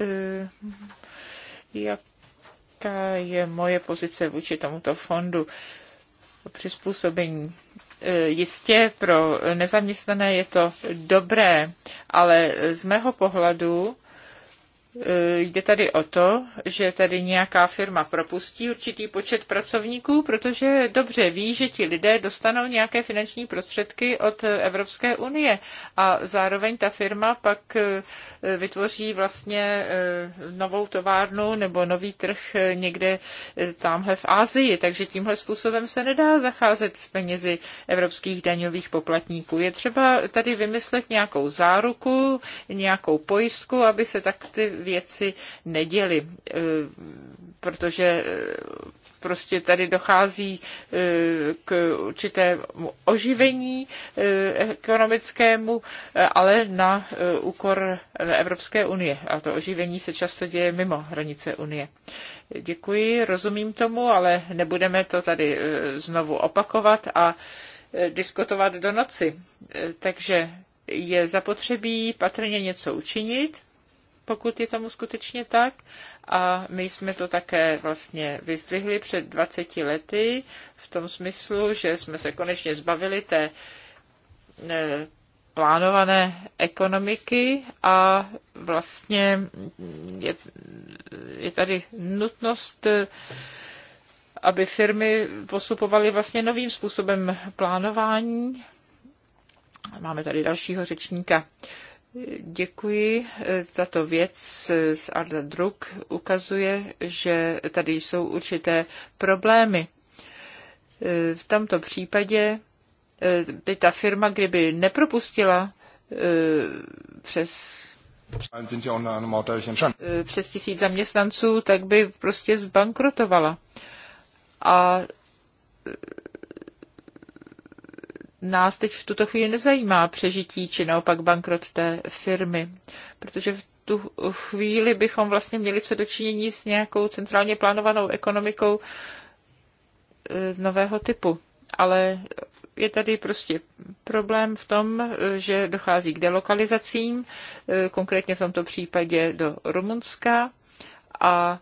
Eh, jaká je moje pozice vůči tomuto fondu přizpůsobení? Eh, jistě pro nezaměstnané je to dobré, ale z mého pohledu Eh, jde tady o to, že tady nějaká firma propustí určitý počet pracovníků, protože dobře ví, že ti lidé dostanou nějaké finanční prostředky od Evropské unie a zároveň ta firma pak eh, vytvoří vlastně eh, novou továrnu nebo nový trh někde tamhle v Asii. Takže tímhle způsobem se nedá zacházet s penězi evropských daňových poplatníků. Je třeba tady vymyslet nějakou záruku, nějakou pojistku, aby se tak ty věci neděli, eh, protože eh, prostě tady dochází eh, k určitému oživení ekonomickému, ale na úkor Evropské unie. A to oživení se často děje mimo hranice unie. Děkuji, rozumím tomu, ale nebudeme to tady znovu opakovat a diskutovat do noci. Takže je zapotřebí patrně něco učinit pokud je tomu skutečně tak. A my jsme to také vlastně vyzdvihli před 20 lety v tom smyslu, že jsme se konečně zbavili té e, plánované ekonomiky a vlastně je, je tady nutnost e, aby firmy postupovaly vlastně novým způsobem plánování. Máme tady dalšího řečníka. Děkuji. Tato věc z Arda Druk ukazuje, že tady jsou určité problémy. V tomto případě by eh, ta firma, kdyby nepropustila eh, přes eh, přes tisíc zaměstnanců, tak by prostě zbankrotovala. A nás teď v tuto chvíli nezajímá přežití či naopak bankrot té firmy, protože v tu chvíli bychom vlastně měli co dočinění s nějakou centrálně plánovanou ekonomikou e, z nového typu. Ale je tady prostě problém v tom, e, že dochází k delokalizacím, e, konkrétně v tomto případě do Rumunska a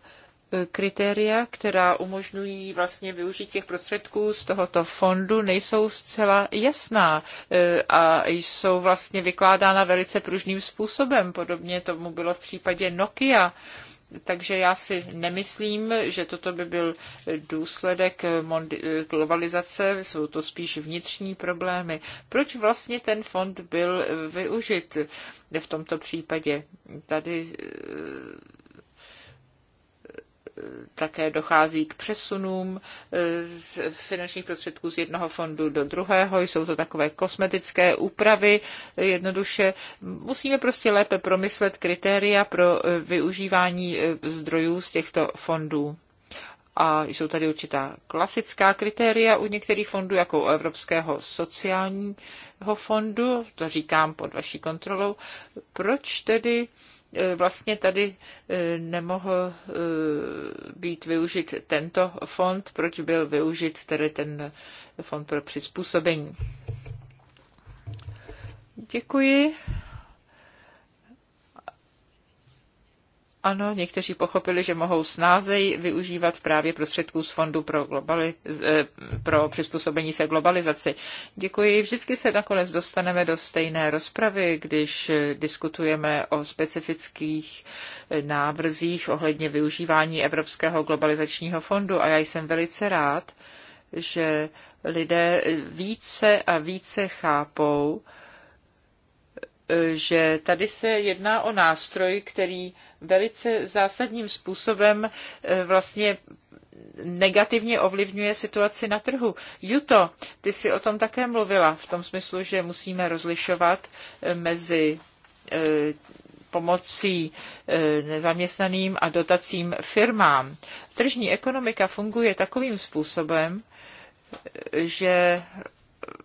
kritéria, která umožňují vlastně využít těch prostředků z tohoto fondu, nejsou zcela jasná eh, a jsou vlastně vykládána velice pružným způsobem. Podobně tomu bylo v případě Nokia. Takže já si nemyslím, že toto by byl důsledek globalizace, jsou to spíš vnitřní problémy. Proč vlastně ten fond byl využit v tomto případě? Tady eh, také dochází k přesunům e, z finančních prostředků z jednoho fondu do druhého. Jsou to takové kosmetické úpravy. E, jednoduše musíme prostě lépe promyslet kritéria pro e, využívání zdrojů z těchto fondů. A jsou tady určitá klasická kritéria u některých fondů, jako u Evropského sociálního fondu, to říkám pod vaší kontrolou. Proč tedy Eh, vlastně tady eh, nemohl eh, být využit tento fond, proč byl využit tedy ten fond pro přizpůsobení. Děkuji Ano, někteří pochopili, že mohou snázeji využívat právě prostředků z Fondu pro, globali, eh, pro přizpůsobení se globalizaci. Děkuji. Vždycky se nakonec dostaneme do stejné rozpravy, když eh, diskutujeme o specifických eh, návrzích ohledně využívání Evropského globalizačního fondu. A já jsem velice rád, že lidé více a více chápou, že tady se jedná o nástroj, který velice zásadním způsobem eh, vlastně negativně ovlivňuje situaci na trhu. Juto, ty jsi o tom také mluvila, v tom smyslu, že musíme rozlišovat eh, mezi eh, pomocí nezaměstnaným a dotacím firmám. Tržní ekonomika funguje takovým způsobem, že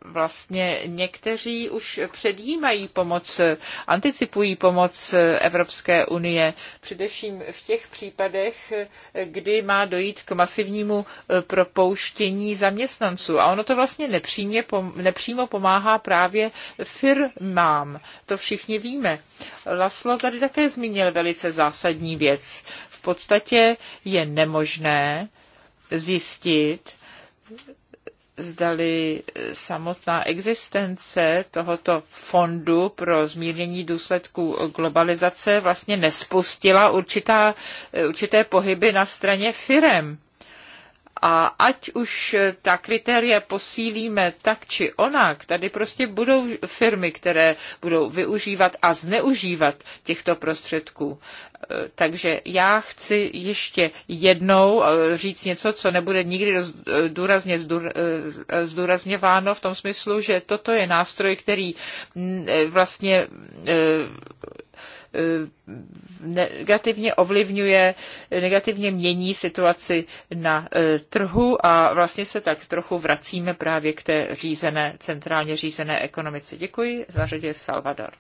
vlastně někteří už předjímají pomoc, anticipují pomoc Evropské unie, především v těch případech, kdy má dojít k masivnímu eh, propouštění zaměstnanců. A ono to vlastně nepřímě, nepřímo pomáhá právě firmám. To všichni víme. Laslo tady také zmínil velice zásadní věc. V podstatě je nemožné zjistit, zdali eh, samotná existence tohoto fondu pro zmírnění důsledků globalizace vlastně nespustila určitá, eh, určité pohyby na straně firem. A ať už ta kritéria posílíme tak či onak, tady prostě budou firmy, které budou využívat a zneužívat těchto prostředků. E, takže já chci ještě jednou e, říct něco, co nebude nikdy e, důrazně zdůrazněváno v tom smyslu, že toto je nástroj, který vlastně Eh, negativně ovlivňuje, eh, negativně mění situaci na eh, trhu a vlastně se tak trochu vracíme právě k té řízené, centrálně řízené ekonomice. Děkuji. za řadě Salvador.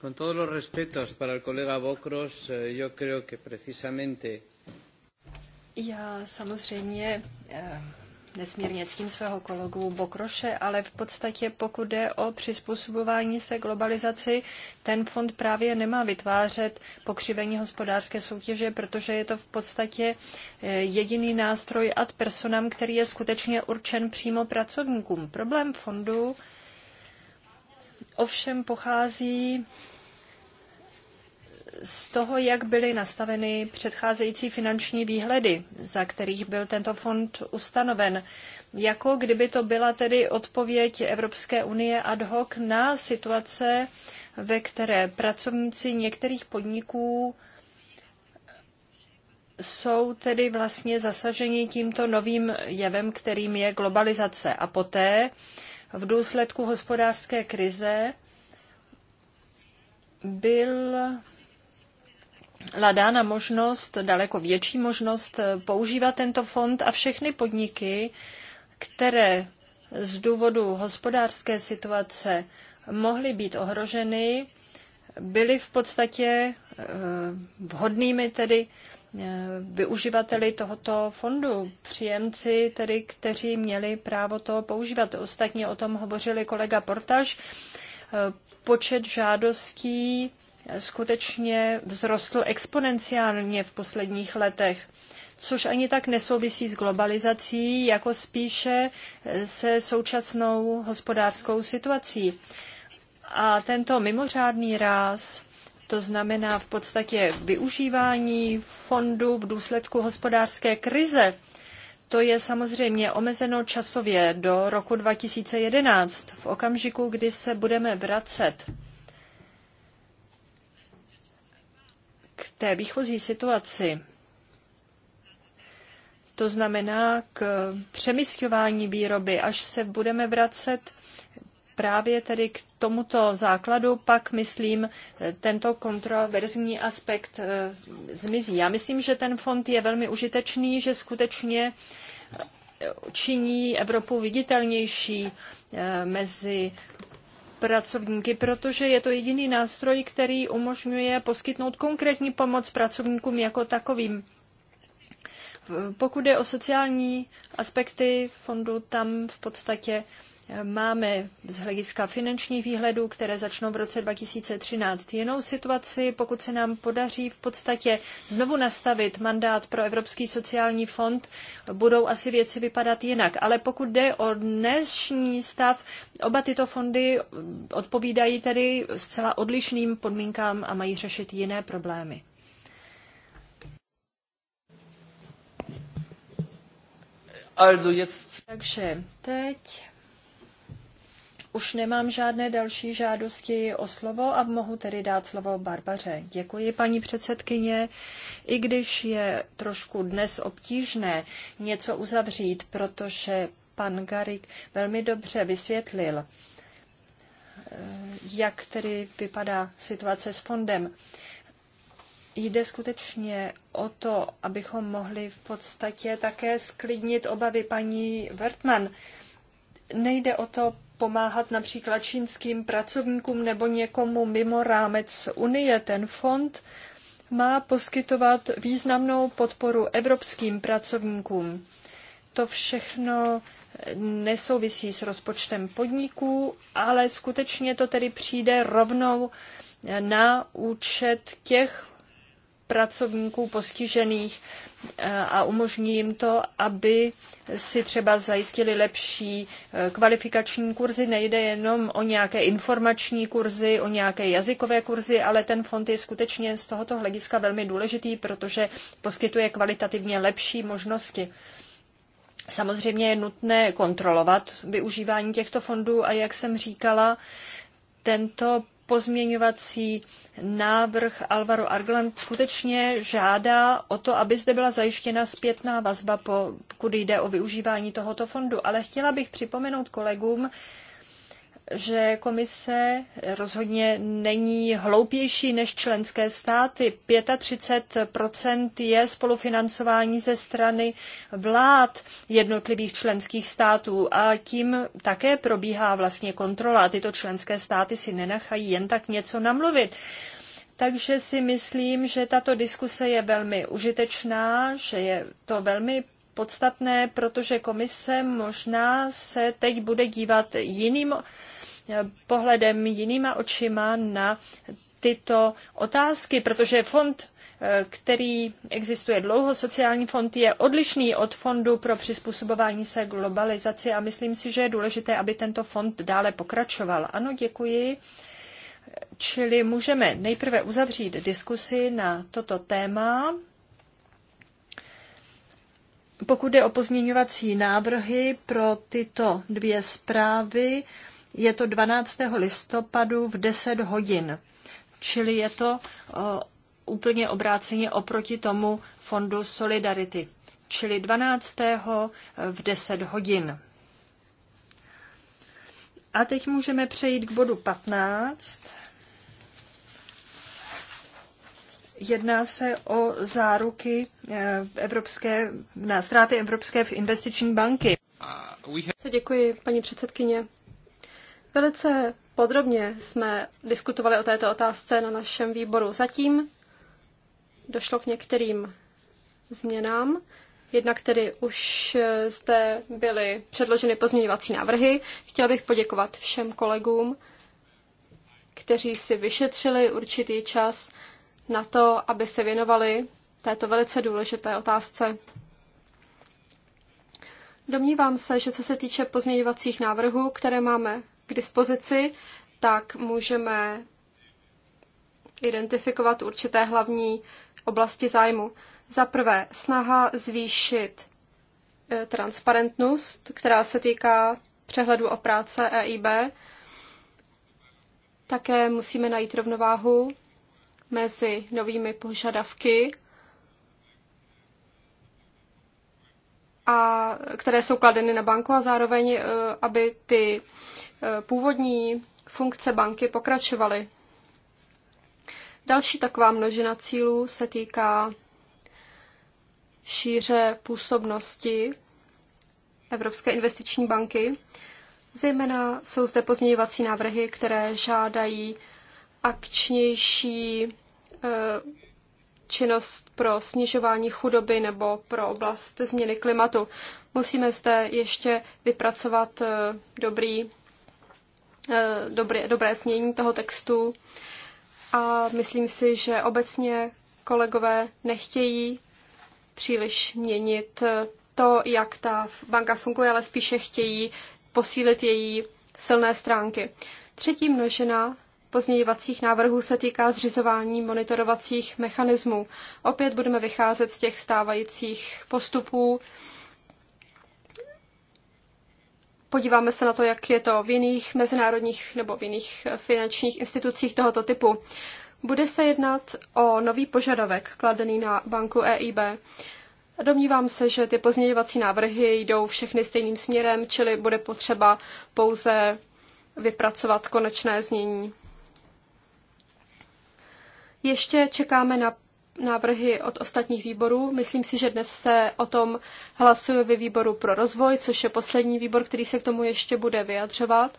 Con todos los respetos para el colega Bocros, yo creo que precisamente. Já samozřejmě eh nesmírně ctím svého kolegu Bokroše, ale v podstatě pokud jde o přizpůsobování se globalizaci, ten fond právě nemá vytvářet pokřivení hospodářské soutěže, protože je to v podstatě eh, jediný nástroj ad personam, který je skutečně určen přímo pracovníkům. Problém fondu ovšem pochází z toho, jak byly nastaveny předcházející finanční výhledy, za kterých byl tento fond ustanoven. Jako kdyby to byla tedy odpověď Evropské unie ad hoc na situace, ve které pracovníci některých podniků jsou tedy vlastně zasaženi tímto novým jevem, kterým je globalizace. A poté v důsledku hospodářské krize byl dána možnost, daleko větší možnost eh, používat tento fond a všechny podniky, které z důvodu hospodářské situace mohly být ohroženy, byly v podstatě eh, vhodnými tedy eh, využivateli tohoto fondu, příjemci tedy, kteří měli právo to používat. Ostatně o tom hovořili kolega Portaž. Počet žádostí skutečně vzrostl exponenciálně v posledních letech což ani tak nesouvisí s globalizací, jako spíše se současnou hospodářskou situací. A tento mimořádný ráz, to znamená v podstatě využívání fondu v důsledku hospodářské krize, to je samozřejmě omezeno časově do roku 2011, v okamžiku, kdy se budeme vracet té výchozí situaci, to znamená k přemysťování výroby, až se budeme vracet právě tedy k tomuto základu, pak myslím, tento kontroverzní aspekt eh, zmizí. Já myslím, že ten fond je velmi užitečný, že skutečně eh, činí Evropu viditelnější eh, mezi pracovníky, protože je to jediný nástroj, který umožňuje poskytnout konkrétní pomoc pracovníkům jako takovým. Pokud je o sociální aspekty fondu, tam v podstatě máme z hlediska finančních výhledů, které začnou v roce 2013, jinou situaci, pokud se nám podaří v podstatě znovu nastavit mandát pro Evropský sociální fond, budou asi věci vypadat jinak. Ale pokud jde o dnešní stav, oba tyto fondy odpovídají tedy zcela odlišným podmínkám a mají řešit jiné problémy. Also jetzt. Takže teď už nemám žádné další žádosti o slovo a mohu tedy dát slovo Barbaře. Děkuji, paní předsedkyně. I když je trošku dnes obtížné něco uzavřít, protože pan Garik velmi dobře vysvětlil, eh, jak tedy vypadá situace s fondem. Jde skutečně o to, abychom mohli v podstatě také sklidnit obavy paní Wertmann. Nejde o to pomáhat například čínským pracovníkům nebo někomu mimo rámec Unie. Ten fond má poskytovat významnou podporu evropským pracovníkům. To všechno nesouvisí s rozpočtem podniků, ale skutečně to tedy přijde rovnou na účet těch pracovníků postižených eh, a umožní jim to, aby si třeba zajistili lepší eh, kvalifikační kurzy. Nejde jenom o nějaké informační kurzy, o nějaké jazykové kurzy, ale ten fond je skutečně z tohoto hlediska velmi důležitý, protože poskytuje kvalitativně lepší možnosti. Samozřejmě je nutné kontrolovat využívání těchto fondů a jak jsem říkala, tento pozměňovací návrh Alvaro Argland skutečně žádá o to, aby zde byla zajištěna zpětná vazba, pokud jde o využívání tohoto fondu. Ale chtěla bych připomenout kolegům, že komise rozhodně není hloupější než členské státy. 35 je spolufinancování ze strany vlád jednotlivých členských států a tím také probíhá vlastně kontrola. Tyto členské státy si nenechají jen tak něco namluvit. Takže si myslím, že tato diskuse je velmi užitečná, že je to velmi podstatné, protože komise možná se teď bude dívat jiným eh, pohledem, jinýma očima na tyto otázky, protože fond eh, který existuje dlouho. Sociální fond je odlišný od fondu pro přizpůsobování se globalizaci a myslím si, že je důležité, aby tento fond dále pokračoval. Ano, děkuji. Čili můžeme nejprve uzavřít diskusi na toto téma. Pokud jde o pozměňovací návrhy pro tyto dvě zprávy, je to 12. listopadu v 10 hodin, čili je to úplně obráceně oproti tomu fondu Solidarity, čili 12. v 10 hodin. A teď můžeme přejít k bodu 15 Jedná se o záruky eh, evropské, na ztráty Evropské v investiční banky. Děkuji, paní předsedkyně. Velice podrobně jsme diskutovali o této otázce na našem výboru. Zatím došlo k některým změnám. Jednak tedy už eh, zde byly předloženy pozměňovací návrhy. Chtěla bych poděkovat všem kolegům, kteří si vyšetřili určitý čas na to, aby se věnovali této velice důležité otázce. Domnívám se, že co se týče pozměňovacích návrhů, které máme k dispozici, tak můžeme identifikovat určité hlavní oblasti zájmu. Za prvé, snaha zvýšit eh, transparentnost, která se týká přehledu o práce EIB. Také musíme najít rovnováhu mezi novými požadavky, a, které jsou kladeny na banku a zároveň, eh, aby ty eh, původní funkce banky pokračovaly. Další taková množina cílů se týká šíře působnosti Evropské investiční banky. Zejména jsou zde pozměňovací návrhy, které žádají akčnější eh, činnost pro snižování chudoby nebo pro oblast změny klimatu. Musíme zde ještě vypracovat eh, dobrý, eh, dobré, dobré znění toho textu a myslím si, že obecně kolegové nechtějí příliš měnit to, jak ta banka funguje, ale spíše chtějí posílit její silné stránky. Třetí množina pozměňovacích návrhů se týká zřizování monitorovacích mechanismů. Opět budeme vycházet z těch stávajících postupů. Podíváme se na to, jak je to v jiných mezinárodních nebo v jiných finančních institucích tohoto typu. Bude se jednat o nový požadavek kladený na banku EIB. Domnívám se, že ty pozměňovací návrhy jdou všechny stejným směrem, čili bude potřeba pouze vypracovat konečné znění. Ještě čekáme na návrhy od ostatních výborů. Myslím si, že dnes se o tom hlasuje ve výboru pro rozvoj, což je poslední výbor, který se k tomu ještě bude vyjadřovat.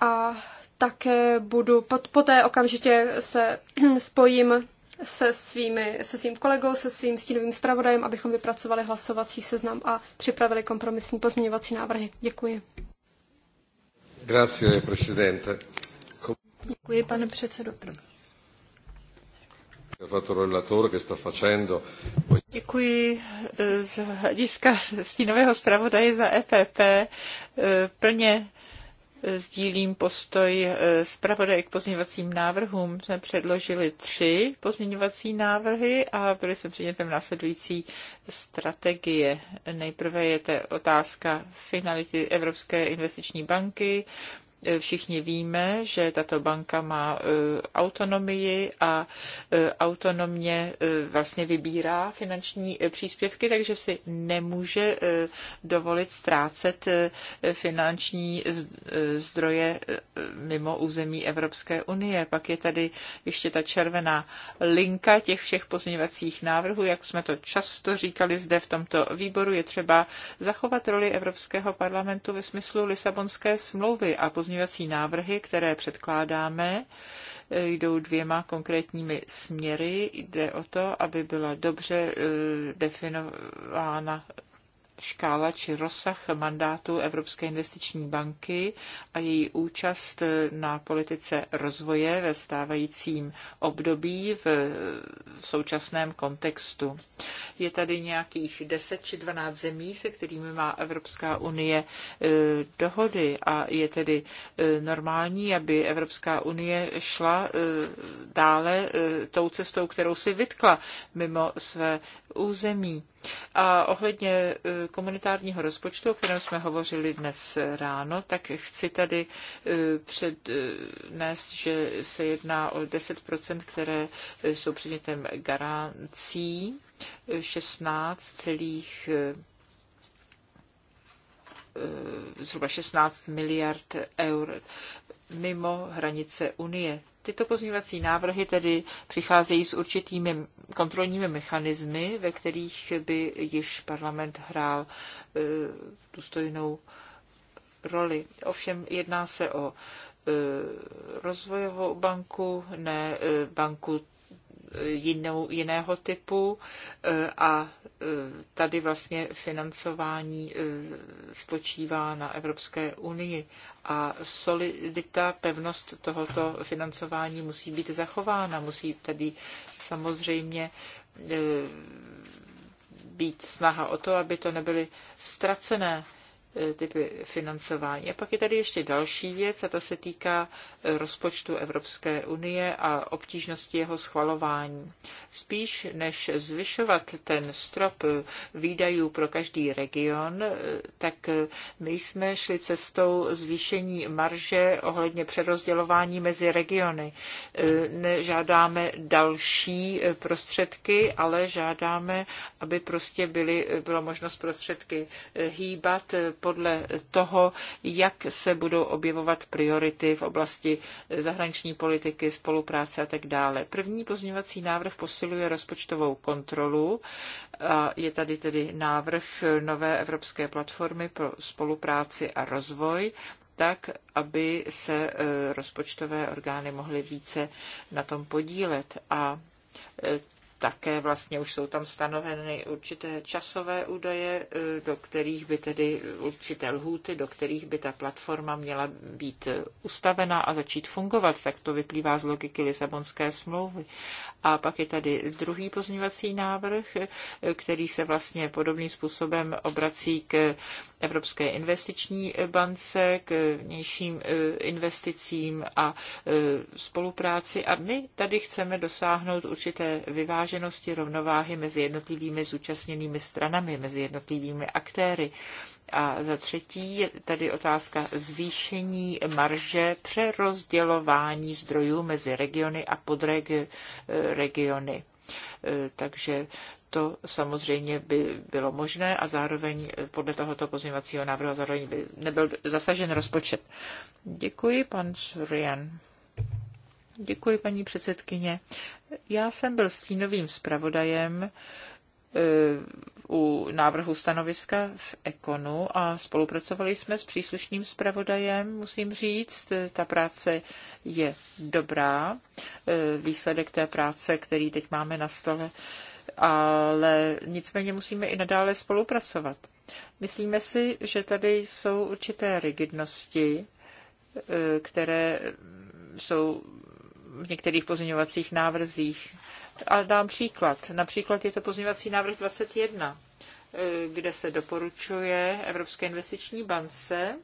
A také budu, pot, poté okamžitě se spojím se, svými, se svým kolegou, se svým stínovým zpravodajem, abychom vypracovali hlasovací seznam a připravili kompromisní pozměňovací návrhy. Děkuji. Grazie, presidente. Děkuji, pane předsedo. Děkuji eh, z hlediska stínového zpravodaje za EPP. Eh, plně eh, sdílím postoj zpravodaje k pozměňovacím návrhům. Jsme předložili tři pozměňovací návrhy a byly jsme předmětem následující strategie. Nejprve je to otázka finality Evropské investiční banky, Eh, všichni víme, že tato banka má eh, autonomii a eh, autonomně vlastně vybírá finanční příspěvky, takže si nemůže dovolit ztrácet finanční zdroje mimo území Evropské unie. Pak je tady ještě ta červená linka těch všech pozměňovacích návrhů, jak jsme to často říkali zde v tomto výboru, je třeba zachovat roli Evropského parlamentu ve smyslu Lisabonské smlouvy a pozměňovací pozměňovací návrhy, které předkládáme, e, jdou dvěma konkrétními směry. Jde o to, aby byla dobře e, definována škála či rozsah mandátu Evropské investiční banky a její účast na politice rozvoje ve stávajícím období v, v současném kontextu. Je tady nějakých 10 či 12 zemí, se kterými má Evropská unie e, dohody a je tedy e, normální, aby Evropská unie šla e, dále tou cestou, kterou si vytkla mimo své území. A ohledně e, komunitárního rozpočtu, o kterém jsme hovořili dnes ráno, tak chci tady e, přednést, že se jedná o 10 které jsou předmětem garancí, 16,5 e, zhruba 16 miliard eur mimo hranice Unie. Tyto pozměňovací návrhy tedy přicházejí s určitými kontrolními mechanismy, ve kterých by již parlament hrál e, důstojnou roli. Ovšem jedná se o e, rozvojovou banku, ne e, banku e, jinou, jiného typu e, a e, tady vlastně financování spočívá na Evropské unii a solidita, pevnost tohoto financování musí být zachována. Musí tedy samozřejmě eh, být snaha o to, aby to nebyly ztracené E, typy financování. A pak je tady ještě další věc, a ta se týká e, rozpočtu Evropské unie a obtížnosti jeho schvalování. Spíš než zvyšovat ten strop výdajů pro každý region, e, tak my jsme šli cestou zvýšení marže ohledně přerozdělování mezi regiony. Nežádáme další prostředky, ale žádáme, aby prostě byly, bylo možnost prostředky hýbat podle toho, jak se budou objevovat priority v oblasti zahraniční politiky, spolupráce a tak dále. První pozměňovací návrh posiluje rozpočtovou kontrolu. Je tady tedy návrh nové evropské platformy pro spolupráci a rozvoj tak, aby se e, rozpočtové orgány mohly více na tom podílet. A e, také vlastně už jsou tam stanoveny určité časové údaje, e, do kterých by tedy určité lhůty, do kterých by ta platforma měla být ustavena a začít fungovat. Tak to vyplývá z logiky Lisabonské smlouvy. A pak je tady druhý pozměňovací návrh, který se vlastně podobným způsobem obrací k Evropské investiční bance, k vnějším eh, investicím a eh, spolupráci. A my tady chceme dosáhnout určité vyváženosti, rovnováhy mezi jednotlivými zúčastněnými stranami, mezi jednotlivými aktéry. A za třetí je tady otázka zvýšení marže přerozdělování zdrojů mezi regiony a podregiony. E, takže to samozřejmě by bylo možné a zároveň podle tohoto pozměňovacího návrhu zároveň by nebyl zasažen rozpočet. Děkuji, pan Surian. Děkuji, paní předsedkyně. Já jsem byl stínovým zpravodajem u návrhu stanoviska v Ekonu a spolupracovali jsme s příslušným zpravodajem, musím říct. Ta práce je dobrá. E, výsledek té práce, který teď máme na stole, ale nicméně musíme i nadále spolupracovat. Myslíme si, že tady jsou určité rigidnosti, e, které jsou v některých pozměňovacích návrzích a dám příklad. Například je to pozměňovací návrh 21, eh, kde se doporučuje Evropské investiční bance,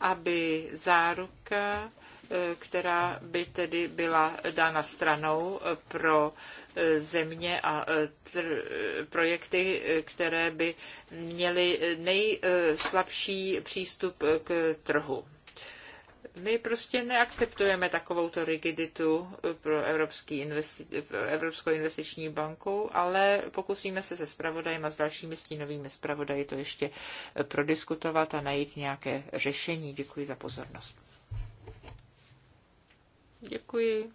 aby záruka, eh, která by tedy byla dána stranou eh, pro země a projekty, které by měly nejslabší přístup k trhu. My prostě neakceptujeme takovouto rigiditu eh, pro, Evropský investi- pro Evropskou investiční banku, ale pokusíme se se spravodajem a s dalšími stínovými spravodají to ještě eh, prodiskutovat a najít nějaké řešení. Děkuji za pozornost. Děkuji.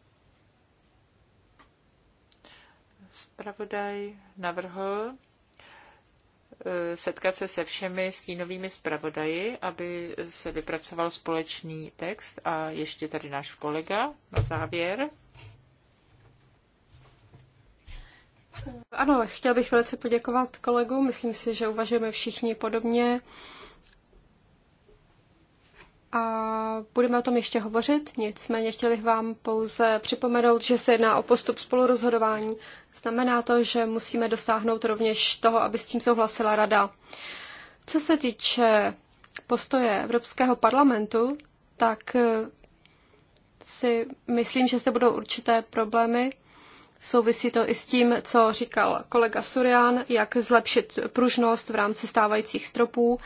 Spravodaj navrhl setkat se se všemi stínovými zpravodaji, aby se vypracoval společný text a ještě tady náš kolega na závěr. Ano, chtěl bych velice poděkovat kolegům. Myslím si, že uvažujeme všichni podobně a budeme o tom ještě hovořit. Nicméně chtěli bych vám pouze připomenout, že se jedná o postup spolurozhodování. Znamená to, že musíme dosáhnout rovněž toho, aby s tím souhlasila rada. Co se týče postoje Evropského parlamentu, tak si myslím, že se budou určité problémy Souvisí to i s tím, co říkal kolega Surian, jak zlepšit pružnost v rámci stávajících stropů.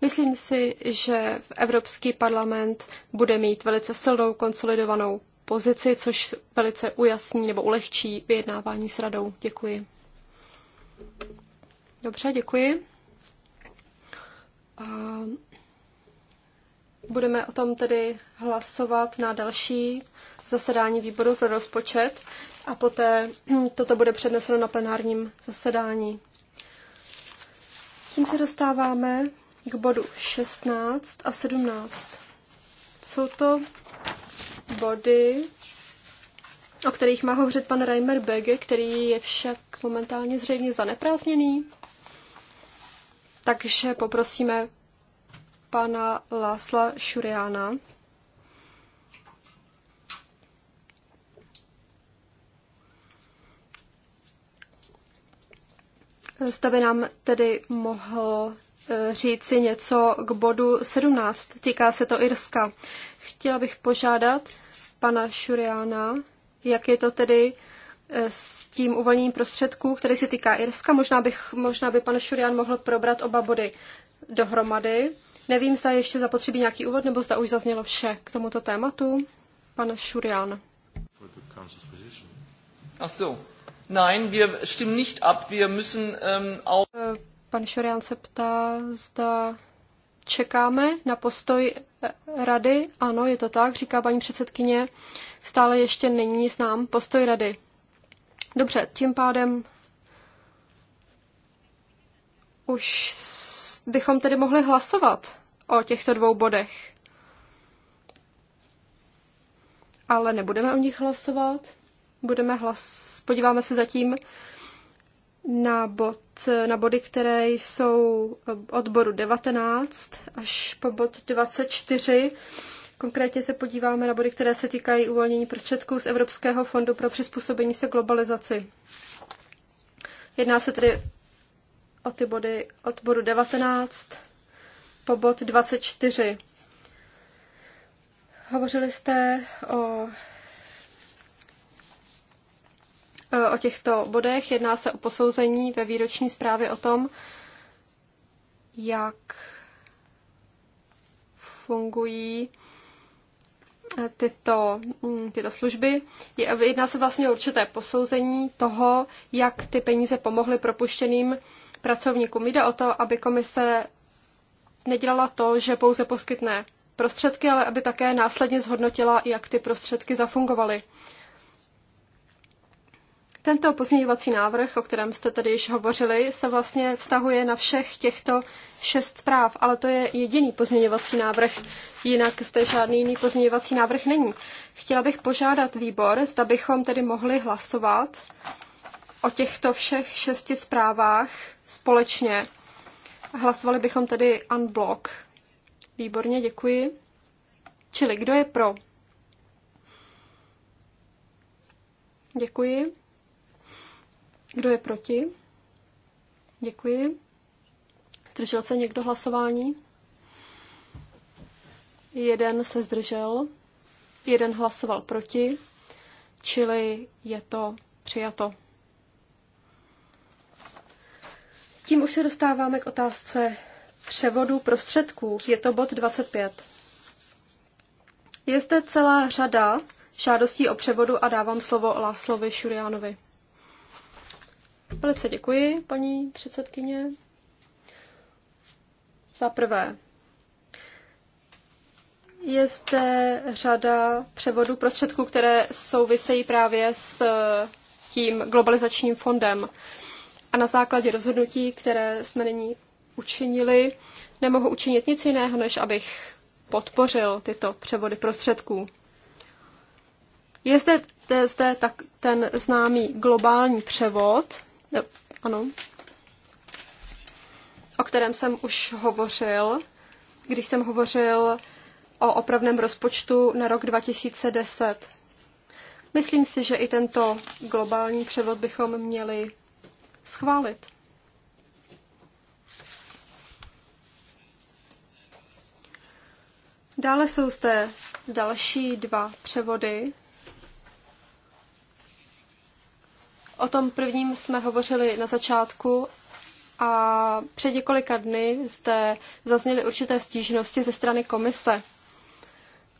Myslím si, že Evropský parlament bude mít velice silnou konsolidovanou pozici, což velice ujasní nebo ulehčí vyjednávání s radou. Děkuji. Dobře, děkuji. A budeme o tom tedy hlasovat na další zasedání výboru pro rozpočet a poté toto bude předneseno na plenárním zasedání. Tím se dostáváme k bodu 16 a 17. Jsou to body, o kterých má hovořit pan Reimer Bege, který je však momentálně zřejmě zaneprázdněný. Takže poprosíme pana Lásla Šuriána, Zda by nám tedy mohl e, říci něco k bodu 17. Týká se to Irska. Chtěla bych požádat pana Šuriána, jak je to tedy e, s tím uvolněním prostředků, který se týká Irska. Možná, bych, možná by pan Šurian mohl probrat oba body dohromady. Nevím, zda ještě zapotřebí nějaký úvod, nebo zda už zaznělo vše k tomuto tématu. Pan Šurian. Ach so, Nein, wir stimmen nicht ab. Wir müssen ähm, auch... Eh, pan Šorian se ptá, zda čekáme na postoj eh, rady. Ano, je to tak, říká paní předsedkyně. Stále ještě není znám postoj rady. Dobře, tím pádem už bychom tedy mohli hlasovat o těchto dvou bodech. Ale nebudeme o nich hlasovat budeme hlas, podíváme se zatím na, bod, na body, které jsou od bodu 19 až po bod 24. Konkrétně se podíváme na body, které se týkají uvolnění prostředků z Evropského fondu pro přizpůsobení se globalizaci. Jedná se tedy o ty body od bodu 19 po bod 24. Hovořili jste o Eh, o těchto bodech. Jedná se o posouzení ve výroční zprávě o tom, jak fungují eh, tyto, mm, tyto služby. Eh, jedná se vlastně o určité posouzení toho, jak ty peníze pomohly propuštěným pracovníkům. Jde o to, aby komise nedělala to, že pouze poskytne prostředky, ale aby také následně zhodnotila, jak ty prostředky zafungovaly. Tento pozměňovací návrh, o kterém jste tady již hovořili, se vlastně vztahuje na všech těchto šest zpráv, ale to je jediný pozměňovací návrh, jinak zde žádný jiný pozměňovací návrh není. Chtěla bych požádat výbor, zda bychom tedy mohli hlasovat o těchto všech šesti zprávách společně. Hlasovali bychom tedy unblock. Výborně, děkuji. Čili kdo je pro? Děkuji. Kdo je proti? Děkuji. Zdržel se někdo hlasování? Jeden se zdržel, jeden hlasoval proti, čili je to přijato. Tím už se dostáváme k otázce převodu prostředků. Je to bod 25. Je zde celá řada žádostí o převodu a dávám slovo Láslovi Šuriánovi. Velice děkuji, paní předsedkyně. Za prvé, je zde řada převodů prostředků, které souvisejí právě s tím globalizačním fondem. A na základě rozhodnutí, které jsme nyní učinili, nemohu učinit nic jiného, než abych podpořil tyto převody prostředků. Je zde, je zde tak ten známý globální převod, Jo, no, ano. O kterém jsem už hovořil, když jsem hovořil o opravném rozpočtu na rok 2010. Myslím si, že i tento globální převod bychom měli schválit. Dále jsou zde další dva převody, O tom prvním jsme hovořili na začátku a před několika dny zde zazněly určité stížnosti ze strany komise.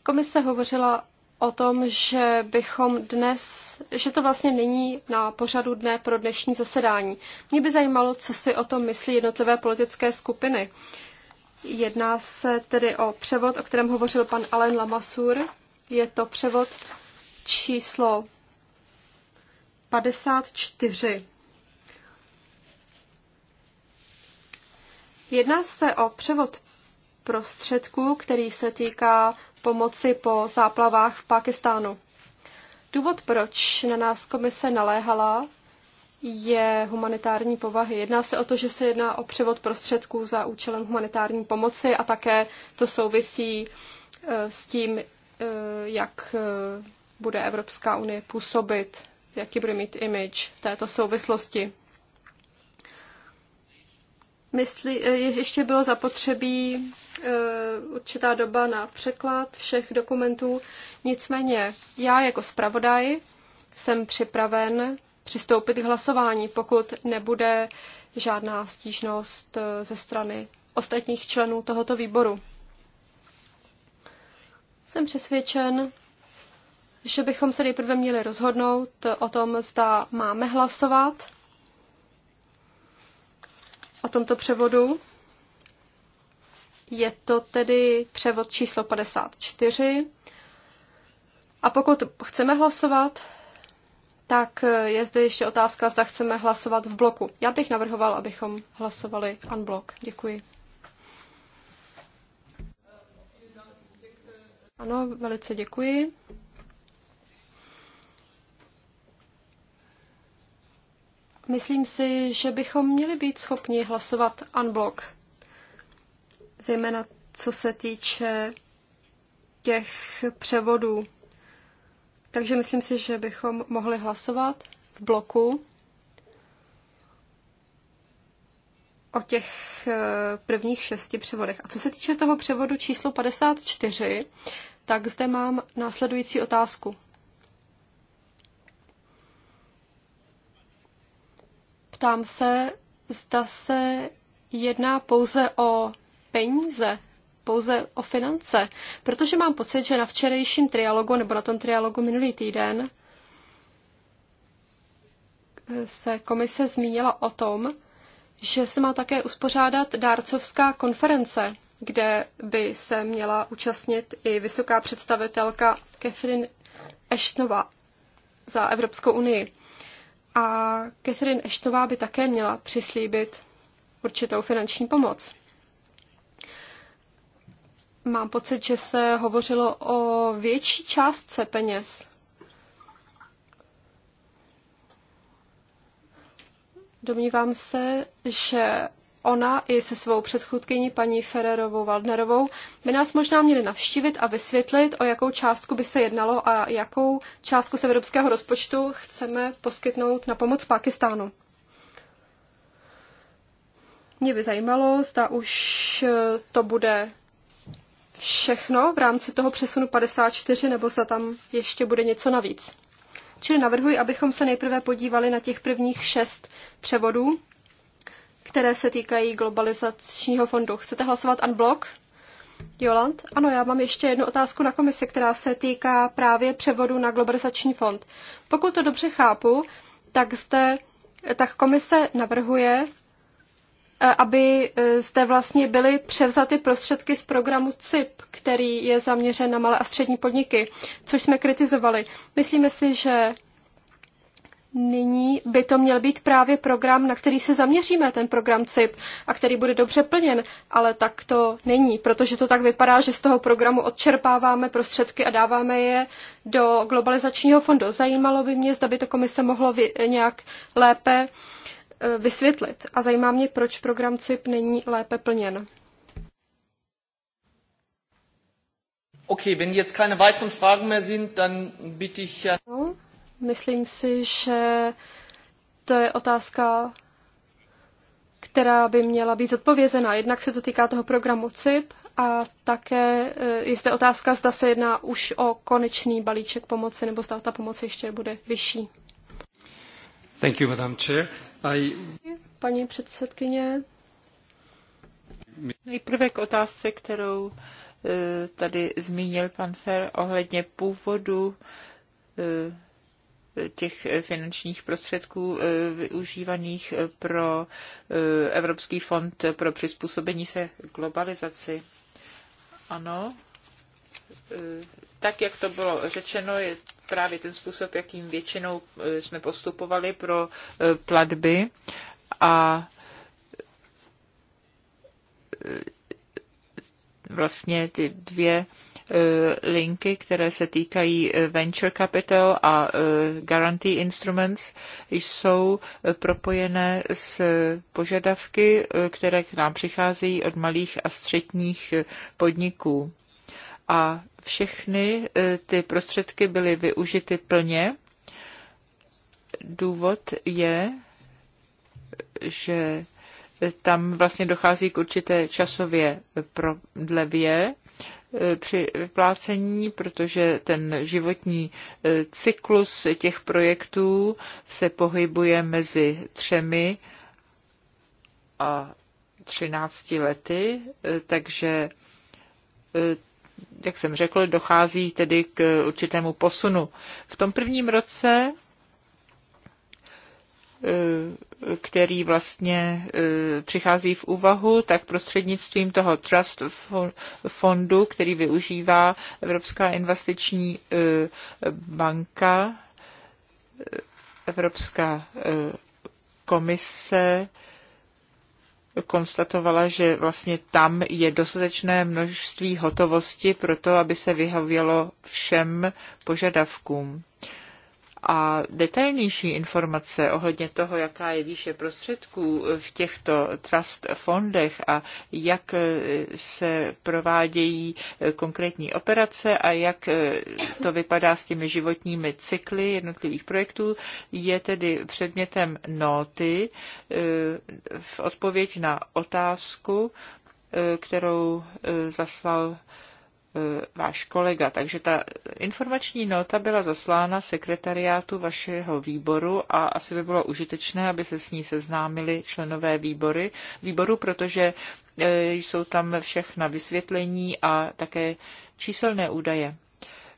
Komise hovořila o tom, že bychom dnes, že to vlastně není na pořadu dne pro dnešní zasedání. Mě by zajímalo, co si o tom myslí jednotlivé politické skupiny. Jedná se tedy o převod, o kterém hovořil pan Alain Lamassur. Je to převod číslo 54. Jedná se o převod prostředků, který se týká pomoci po záplavách v Pákistánu. Důvod, proč na nás komise naléhala, je humanitární povahy. Jedná se o to, že se jedná o převod prostředků za účelem humanitární pomoci a také to souvisí e, s tím, e, jak e, bude Evropská unie působit jaký bude mít image v této souvislosti. Myslí, eh, ještě bylo zapotřebí eh, určitá doba na překlad všech dokumentů. Nicméně já jako zpravodaj jsem připraven přistoupit k hlasování, pokud nebude žádná stížnost eh, ze strany ostatních členů tohoto výboru. Jsem přesvědčen, že bychom se nejprve měli rozhodnout o tom, zda máme hlasovat o tomto převodu. Je to tedy převod číslo 54. A pokud chceme hlasovat, tak je zde ještě otázka, zda chceme hlasovat v bloku. Já bych navrhoval, abychom hlasovali unblock. Děkuji. Ano, velice děkuji. Myslím si, že bychom měli být schopni hlasovat unblock, zejména co se týče těch převodů. Takže myslím si, že bychom mohli hlasovat v bloku o těch eh, prvních šesti převodech. A co se týče toho převodu číslo 54, tak zde mám následující otázku. Ptám se, zda se jedná pouze o peníze, pouze o finance, protože mám pocit, že na včerejším trialogu nebo na tom trialogu minulý týden se komise zmínila o tom, že se má také uspořádat dárcovská konference, kde by se měla účastnit i vysoká představitelka Catherine Ashtonová za Evropskou unii. A Catherine Ashtonová by také měla přislíbit určitou finanční pomoc. Mám pocit, že se hovořilo o větší částce peněz. Domnívám se, že ona i se svou předchůdkyní paní Fererovou Waldnerovou by nás možná měli navštívit a vysvětlit, o jakou částku by se jednalo a jakou částku z evropského rozpočtu chceme poskytnout na pomoc Pakistánu. Mě by zajímalo, zda už eh, to bude všechno v rámci toho přesunu 54, nebo zda tam ještě bude něco navíc. Čili navrhuji, abychom se nejprve podívali na těch prvních šest převodů, které se týkají globalizačního fondu. Chcete hlasovat unblock? Joland? Ano, já mám ještě jednu otázku na komisi, která se týká právě převodu na globalizační fond. Pokud to dobře chápu, tak zde tak komise navrhuje, eh, aby eh, zde vlastně byly převzaty prostředky z programu CIP, který je zaměřen na malé a střední podniky, což jsme kritizovali. Myslíme si, že nyní by to měl být právě program, na který se zaměříme, ten program CIP, a který bude dobře plněn, ale tak to není, protože to tak vypadá, že z toho programu odčerpáváme prostředky a dáváme je do globalizačního fondu. Zajímalo by mě, zda by to komise mohlo vy, nějak lépe e, vysvětlit. A zajímá mě, proč program CIP není lépe plněn. Okay, wenn jetzt keine weiteren Fragen mehr sind, dann bitte ich ja... No. Myslím si, že to je otázka, která by měla být zodpovězena. Jednak se to týká toho programu CIP a také eh, je zde otázka, zda se jedná už o konečný balíček pomoci, nebo zda ta pomoc ještě bude vyšší. Thank you, Madam Chair. I... Paní předsedkyně. Nejprve k otázce, kterou eh, tady zmínil pan Fer ohledně původu eh, těch finančních prostředků eh, využívaných eh, pro eh, Evropský fond pro přizpůsobení se globalizaci. Ano, tak jak to bylo řečeno, je právě ten způsob, jakým většinou jsme postupovali pro platby a vlastně ty dvě Eh, linky, které se týkají eh, venture capital a eh, guarantee instruments, jsou propojené s požadavky, které k nám přicházejí od malých a středních podniků. A všechny ty prostředky byly využity plně. Důvod je, že tam vlastně dochází k určité časově prodlevě při vyplácení, protože ten životní e, cyklus těch projektů se pohybuje mezi třemi a třinácti lety, e, takže e, jak jsem řekl, dochází tedy k určitému posunu. V tom prvním roce Eh, který vlastně eh, přichází v úvahu, tak prostřednictvím toho Trust fondu, který využívá Evropská investiční eh, banka, Evropská komise konstatovala, že vlastně tam je dostatečné množství hotovosti pro to, aby se vyhovělo všem požadavkům a detailnější informace ohledně toho, jaká je výše prostředků v těchto trust fondech a jak eh, se provádějí eh, konkrétní operace a jak eh, to vypadá s těmi životními cykly jednotlivých projektů, je tedy předmětem nóty v odpověď na otázku, kterou zaslal E, váš kolega. Takže ta informační nota byla zaslána sekretariátu vašeho výboru a asi by bylo užitečné, aby se s ní seznámili členové výbory, výboru, protože e, jsou tam všechna vysvětlení a také číselné údaje.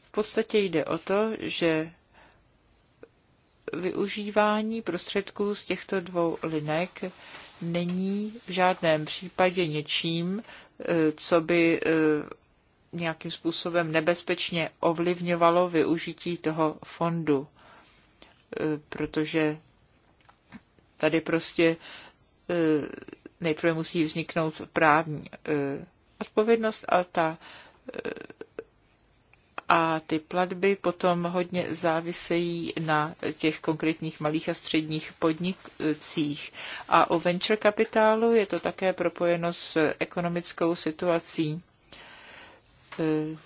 V podstatě jde o to, že využívání prostředků z těchto dvou linek není v žádném případě něčím, e, co by nějakým způsobem nebezpečně ovlivňovalo využití toho fondu, e, protože tady prostě e, nejprve musí vzniknout právní e, odpovědnost a ta a ty platby potom hodně závisejí na těch konkrétních malých a středních podnicích. A o venture kapitálu je to také propojeno s ekonomickou situací Eh,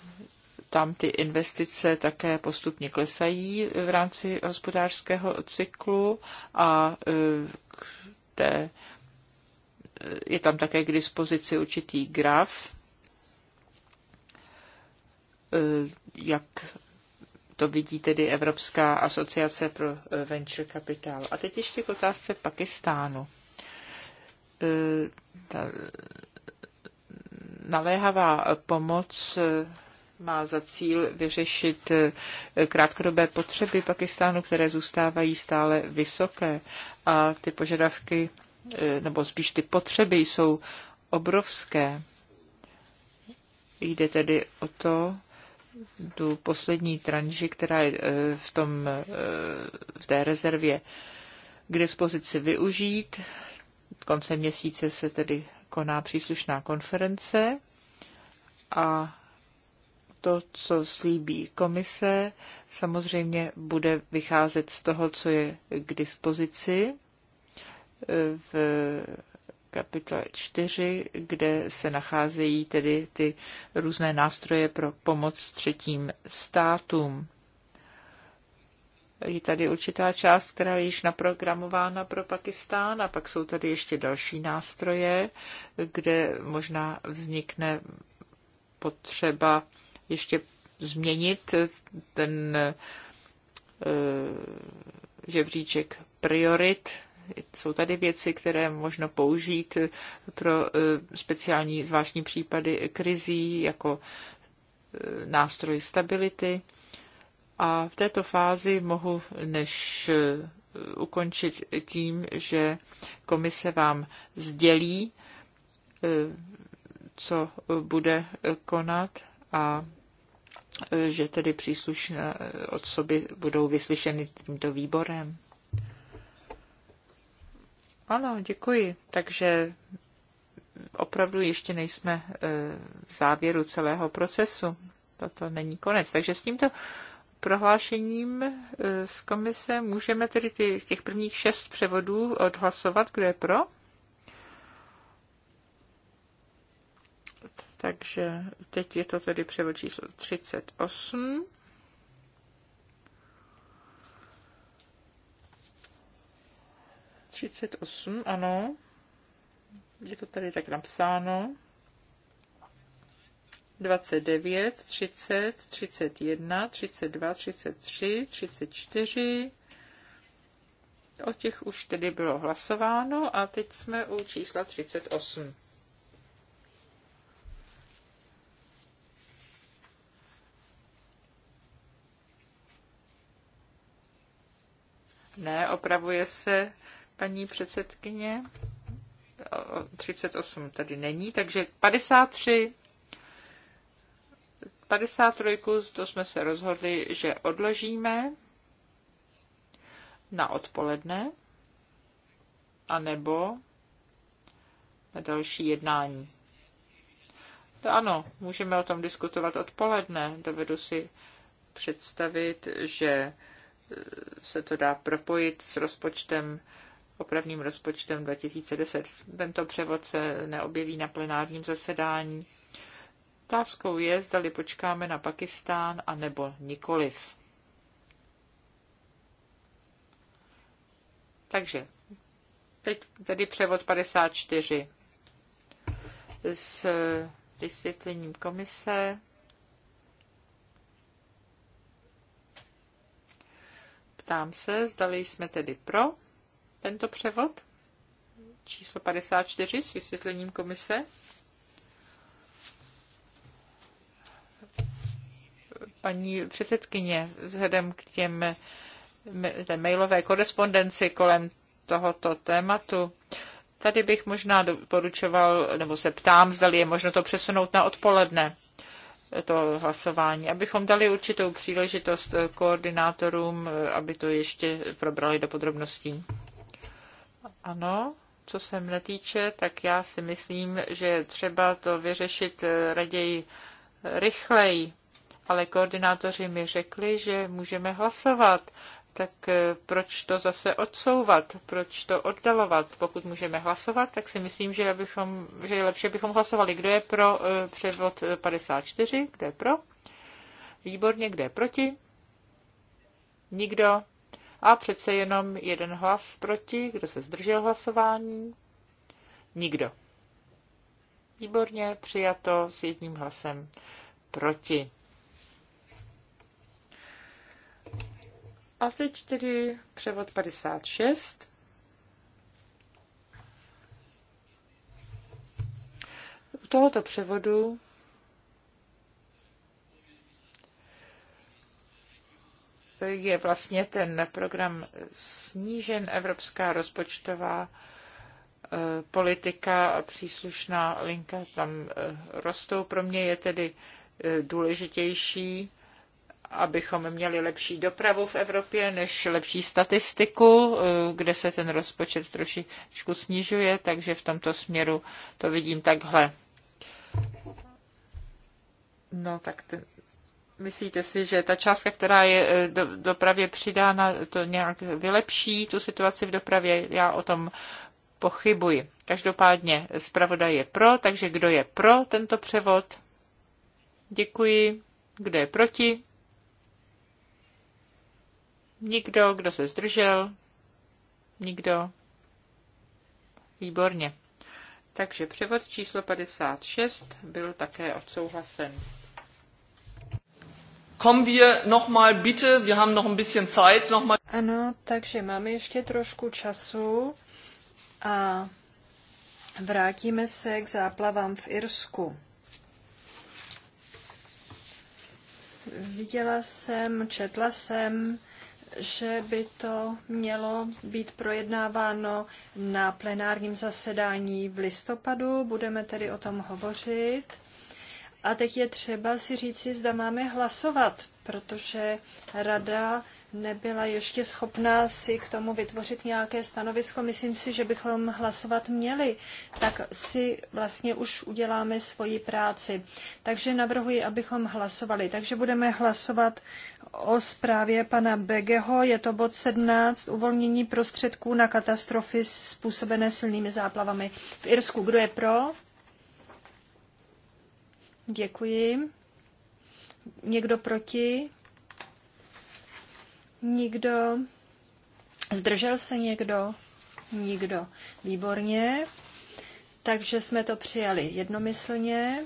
tam ty investice také postupně klesají v rámci hospodářského cyklu a eh, té, eh, je tam také k dispozici určitý graf, jak to vidí tedy Evropská asociace pro venture kapitál. A teď ještě k otázce Pakistánu. Ta naléhavá pomoc eh, má za cíl vyřešit eh, krátkodobé potřeby Pakistánu, které zůstávají stále vysoké. A ty požadavky, eh, nebo spíš ty potřeby jsou obrovské. Jde tedy o to, tu poslední tranži, která je v, tom, v té rezervě k dispozici využít. Koncem měsíce se tedy koná příslušná konference a to, co slíbí komise, samozřejmě bude vycházet z toho, co je k dispozici eh, v kapitole 4, kde se nacházejí tedy ty různé nástroje pro pomoc třetím státům je tady určitá část, která je již naprogramována pro Pakistán a pak jsou tady ještě další nástroje, kde možná vznikne potřeba ještě změnit ten eh, žebříček priorit. Jsou tady věci, které možno použít pro eh, speciální zvláštní případy krizí jako eh, nástroj stability. A v této fázi mohu než eh, ukončit tím, že komise vám sdělí, eh, co bude konat a eh, že tedy příslušné osoby budou vyslyšeny tímto výborem. Ano, děkuji. Takže opravdu ještě nejsme v závěru celého procesu. Toto není konec. Takže s tímto prohlášením e, z komise můžeme tedy ty, těch prvních šest převodů odhlasovat, kdo je pro. Takže teď je to tedy převod číslo 38. Třicet osm, ano. Je to tady tak napsáno. 29, 30, 31, 32, 33, 34. O těch už tedy bylo hlasováno a teď jsme u čísla 38. Ne, opravuje se paní předsedkyně. 38 tady není, takže 53 53, to jsme se rozhodli, že odložíme na odpoledne, a nebo na další jednání. To ano, můžeme o tom diskutovat odpoledne. Dovedu si představit, že e, se to dá propojit s rozpočtem, opravným rozpočtem 2010. Tento převod se neobjeví na plenárním zasedání Otázkou je, zdali počkáme na Pakistán a nebo nikoliv. Takže teď tedy převod 54 s vysvětlením komise. Ptám se, zdali jsme tedy pro tento převod číslo 54 s vysvětlením komise. paní předsedkyně, vzhledem k těm té mailové korespondenci kolem tohoto tématu. Tady bych možná doporučoval, nebo se ptám, zda je možno to přesunout na odpoledne, to hlasování, abychom dali určitou příležitost koordinátorům, aby to ještě probrali do podrobností. Ano, co se mne týče, tak já si myslím, že třeba to vyřešit raději rychleji, ale koordinátoři mi řekli, že můžeme hlasovat tak eh, proč to zase odsouvat, proč to oddalovat? Pokud můžeme hlasovat, tak si myslím, že, abychom, že je lepší, abychom hlasovali. Kdo je pro eh, převod 54? Kdo je pro? Výborně, kdo je proti? Nikdo. A přece jenom jeden hlas proti. Kdo se zdržel hlasování? Nikdo. Výborně, přijato s jedním hlasem proti. A teď tedy převod 56. U tohoto převodu je vlastně ten program snížen Evropská rozpočtová eh, politika a příslušná linka tam eh, rostou. Pro mě je tedy eh, důležitější abychom měli lepší dopravu v Evropě než lepší statistiku, eh, kde se ten rozpočet trošičku snižuje, takže v tomto směru to vidím takhle. No tak ten, myslíte si, že ta částka, která je eh, do, dopravě přidána, to nějak vylepší tu situaci v dopravě? Já o tom pochybuji. Každopádně zpravodaj je pro, takže kdo je pro tento převod? Děkuji. Kdo je proti? Nikdo, kdo se zdržel? Nikdo? Výborně. Takže převod číslo 56 byl také odsouhlasen. Kommen wir nochmal bitte, wir haben noch ein bisschen Zeit, nochmal. Ano, takže máme ještě trošku času a vrátíme se k záplavám v Irsku. Viděla jsem, četla jsem, že by to mělo být projednáváno na plenárním zasedání v listopadu. Budeme tedy o tom hovořit. A teď je třeba si říci, zda máme hlasovat, protože rada nebyla ještě schopná si k tomu vytvořit nějaké stanovisko. Myslím si, že bychom hlasovat měli, tak si vlastně už uděláme svoji práci. Takže navrhuji, abychom hlasovali. Takže budeme hlasovat o zprávě pana Begeho. Je to bod 17, uvolnění prostředků na katastrofy způsobené silnými záplavami v Irsku. Kdo je pro? Děkuji. Někdo proti? Nikdo? Zdržel se někdo? Nikdo. Výborně. Takže jsme to přijali jednomyslně.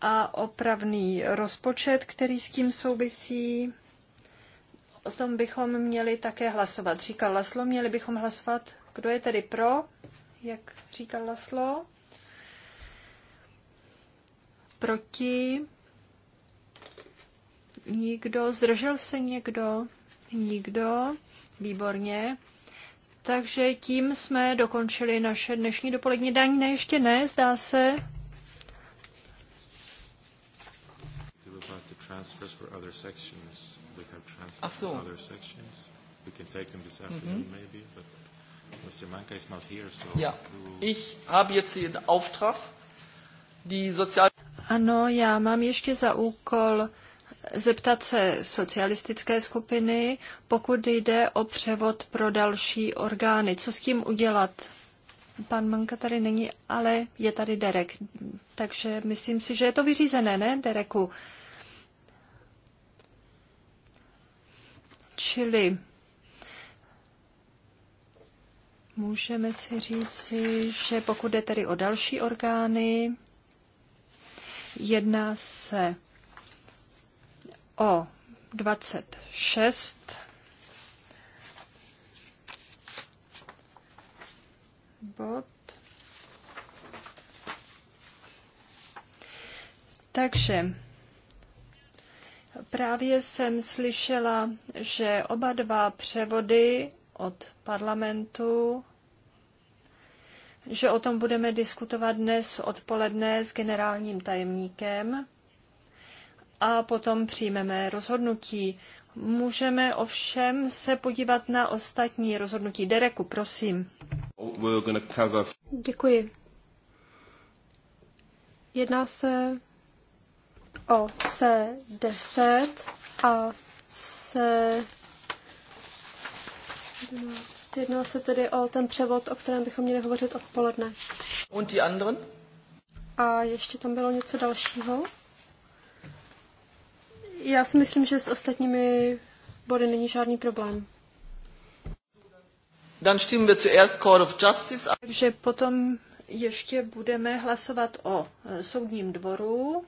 A opravný rozpočet, který s tím souvisí, o tom bychom měli také hlasovat. Říkal Laslo, měli bychom hlasovat, kdo je tedy pro, jak říkal Laslo. Proti nikdo, zdržel se někdo, nikdo, výborně. Takže tím jsme dokončili naše dnešní dopolední daní, Ne, ještě ne, zdá se. Ach ah, mhm. ich habe jetzt den Auftrag, die Sozial... Ano, já mám ještě za úkol zeptat se socialistické skupiny, pokud jde o převod pro další orgány. Co s tím udělat? Pan Manka tady není, ale je tady Derek. Takže myslím si, že je to vyřízené, ne, Dereku? Čili můžeme si říci, že pokud jde tedy o další orgány, jedná se o 26 bod. Takže právě jsem slyšela, že oba dva převody od parlamentu že o tom budeme diskutovat dnes odpoledne s generálním tajemníkem a potom přijmeme rozhodnutí. Můžeme ovšem se podívat na ostatní rozhodnutí. Dereku, prosím. Děkuji. Jedná se o C10 a C... Jedná se tedy o ten převod, o kterém bychom měli hovořit odpoledne. Und die anderen? A ještě tam bylo něco dalšího. Já si myslím, že s ostatními body není žádný problém. Dann stimmen wir zuerst Court of Justice. Takže potom ještě budeme hlasovat o e, soudním dvoru.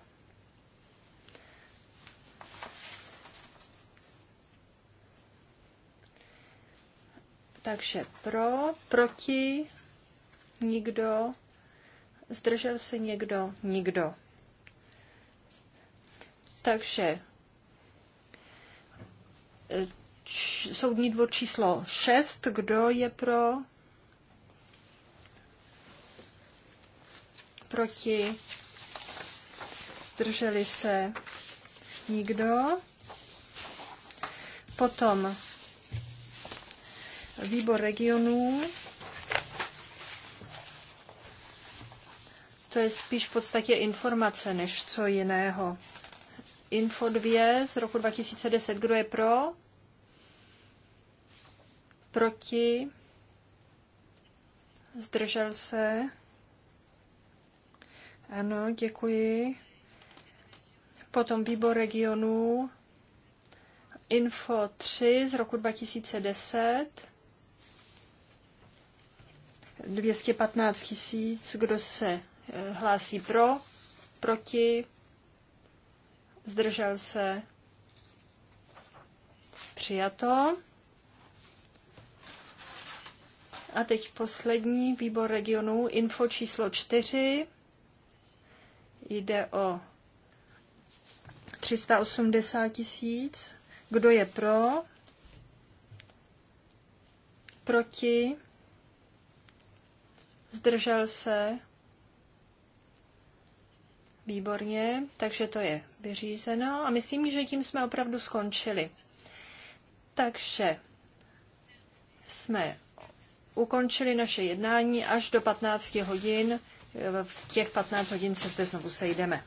Takže pro, proti, nikdo, zdržel se někdo, nikdo. Takže soudní dvor číslo 6. Kdo je pro? Proti? Zdrželi se? Nikdo? Potom výbor regionů. To je spíš v podstatě informace než co jiného. Info 2 z roku 2010. Kdo je pro? Proti? Zdržel se? Ano, děkuji. Potom výbor regionů Info 3 z roku 2010. 215 tisíc, kdo se eh, hlásí pro, proti, zdržel se, přijato. A teď poslední výbor regionů, info číslo 4. Jde o 380 tisíc. Kdo je pro? Proti? Zdržel se? Výborně, takže to je vyřízeno a myslím, že tím jsme opravdu skončili. Takže jsme ukončili naše jednání až do 15 hodin. V těch 15 hodin se zde znovu sejdeme.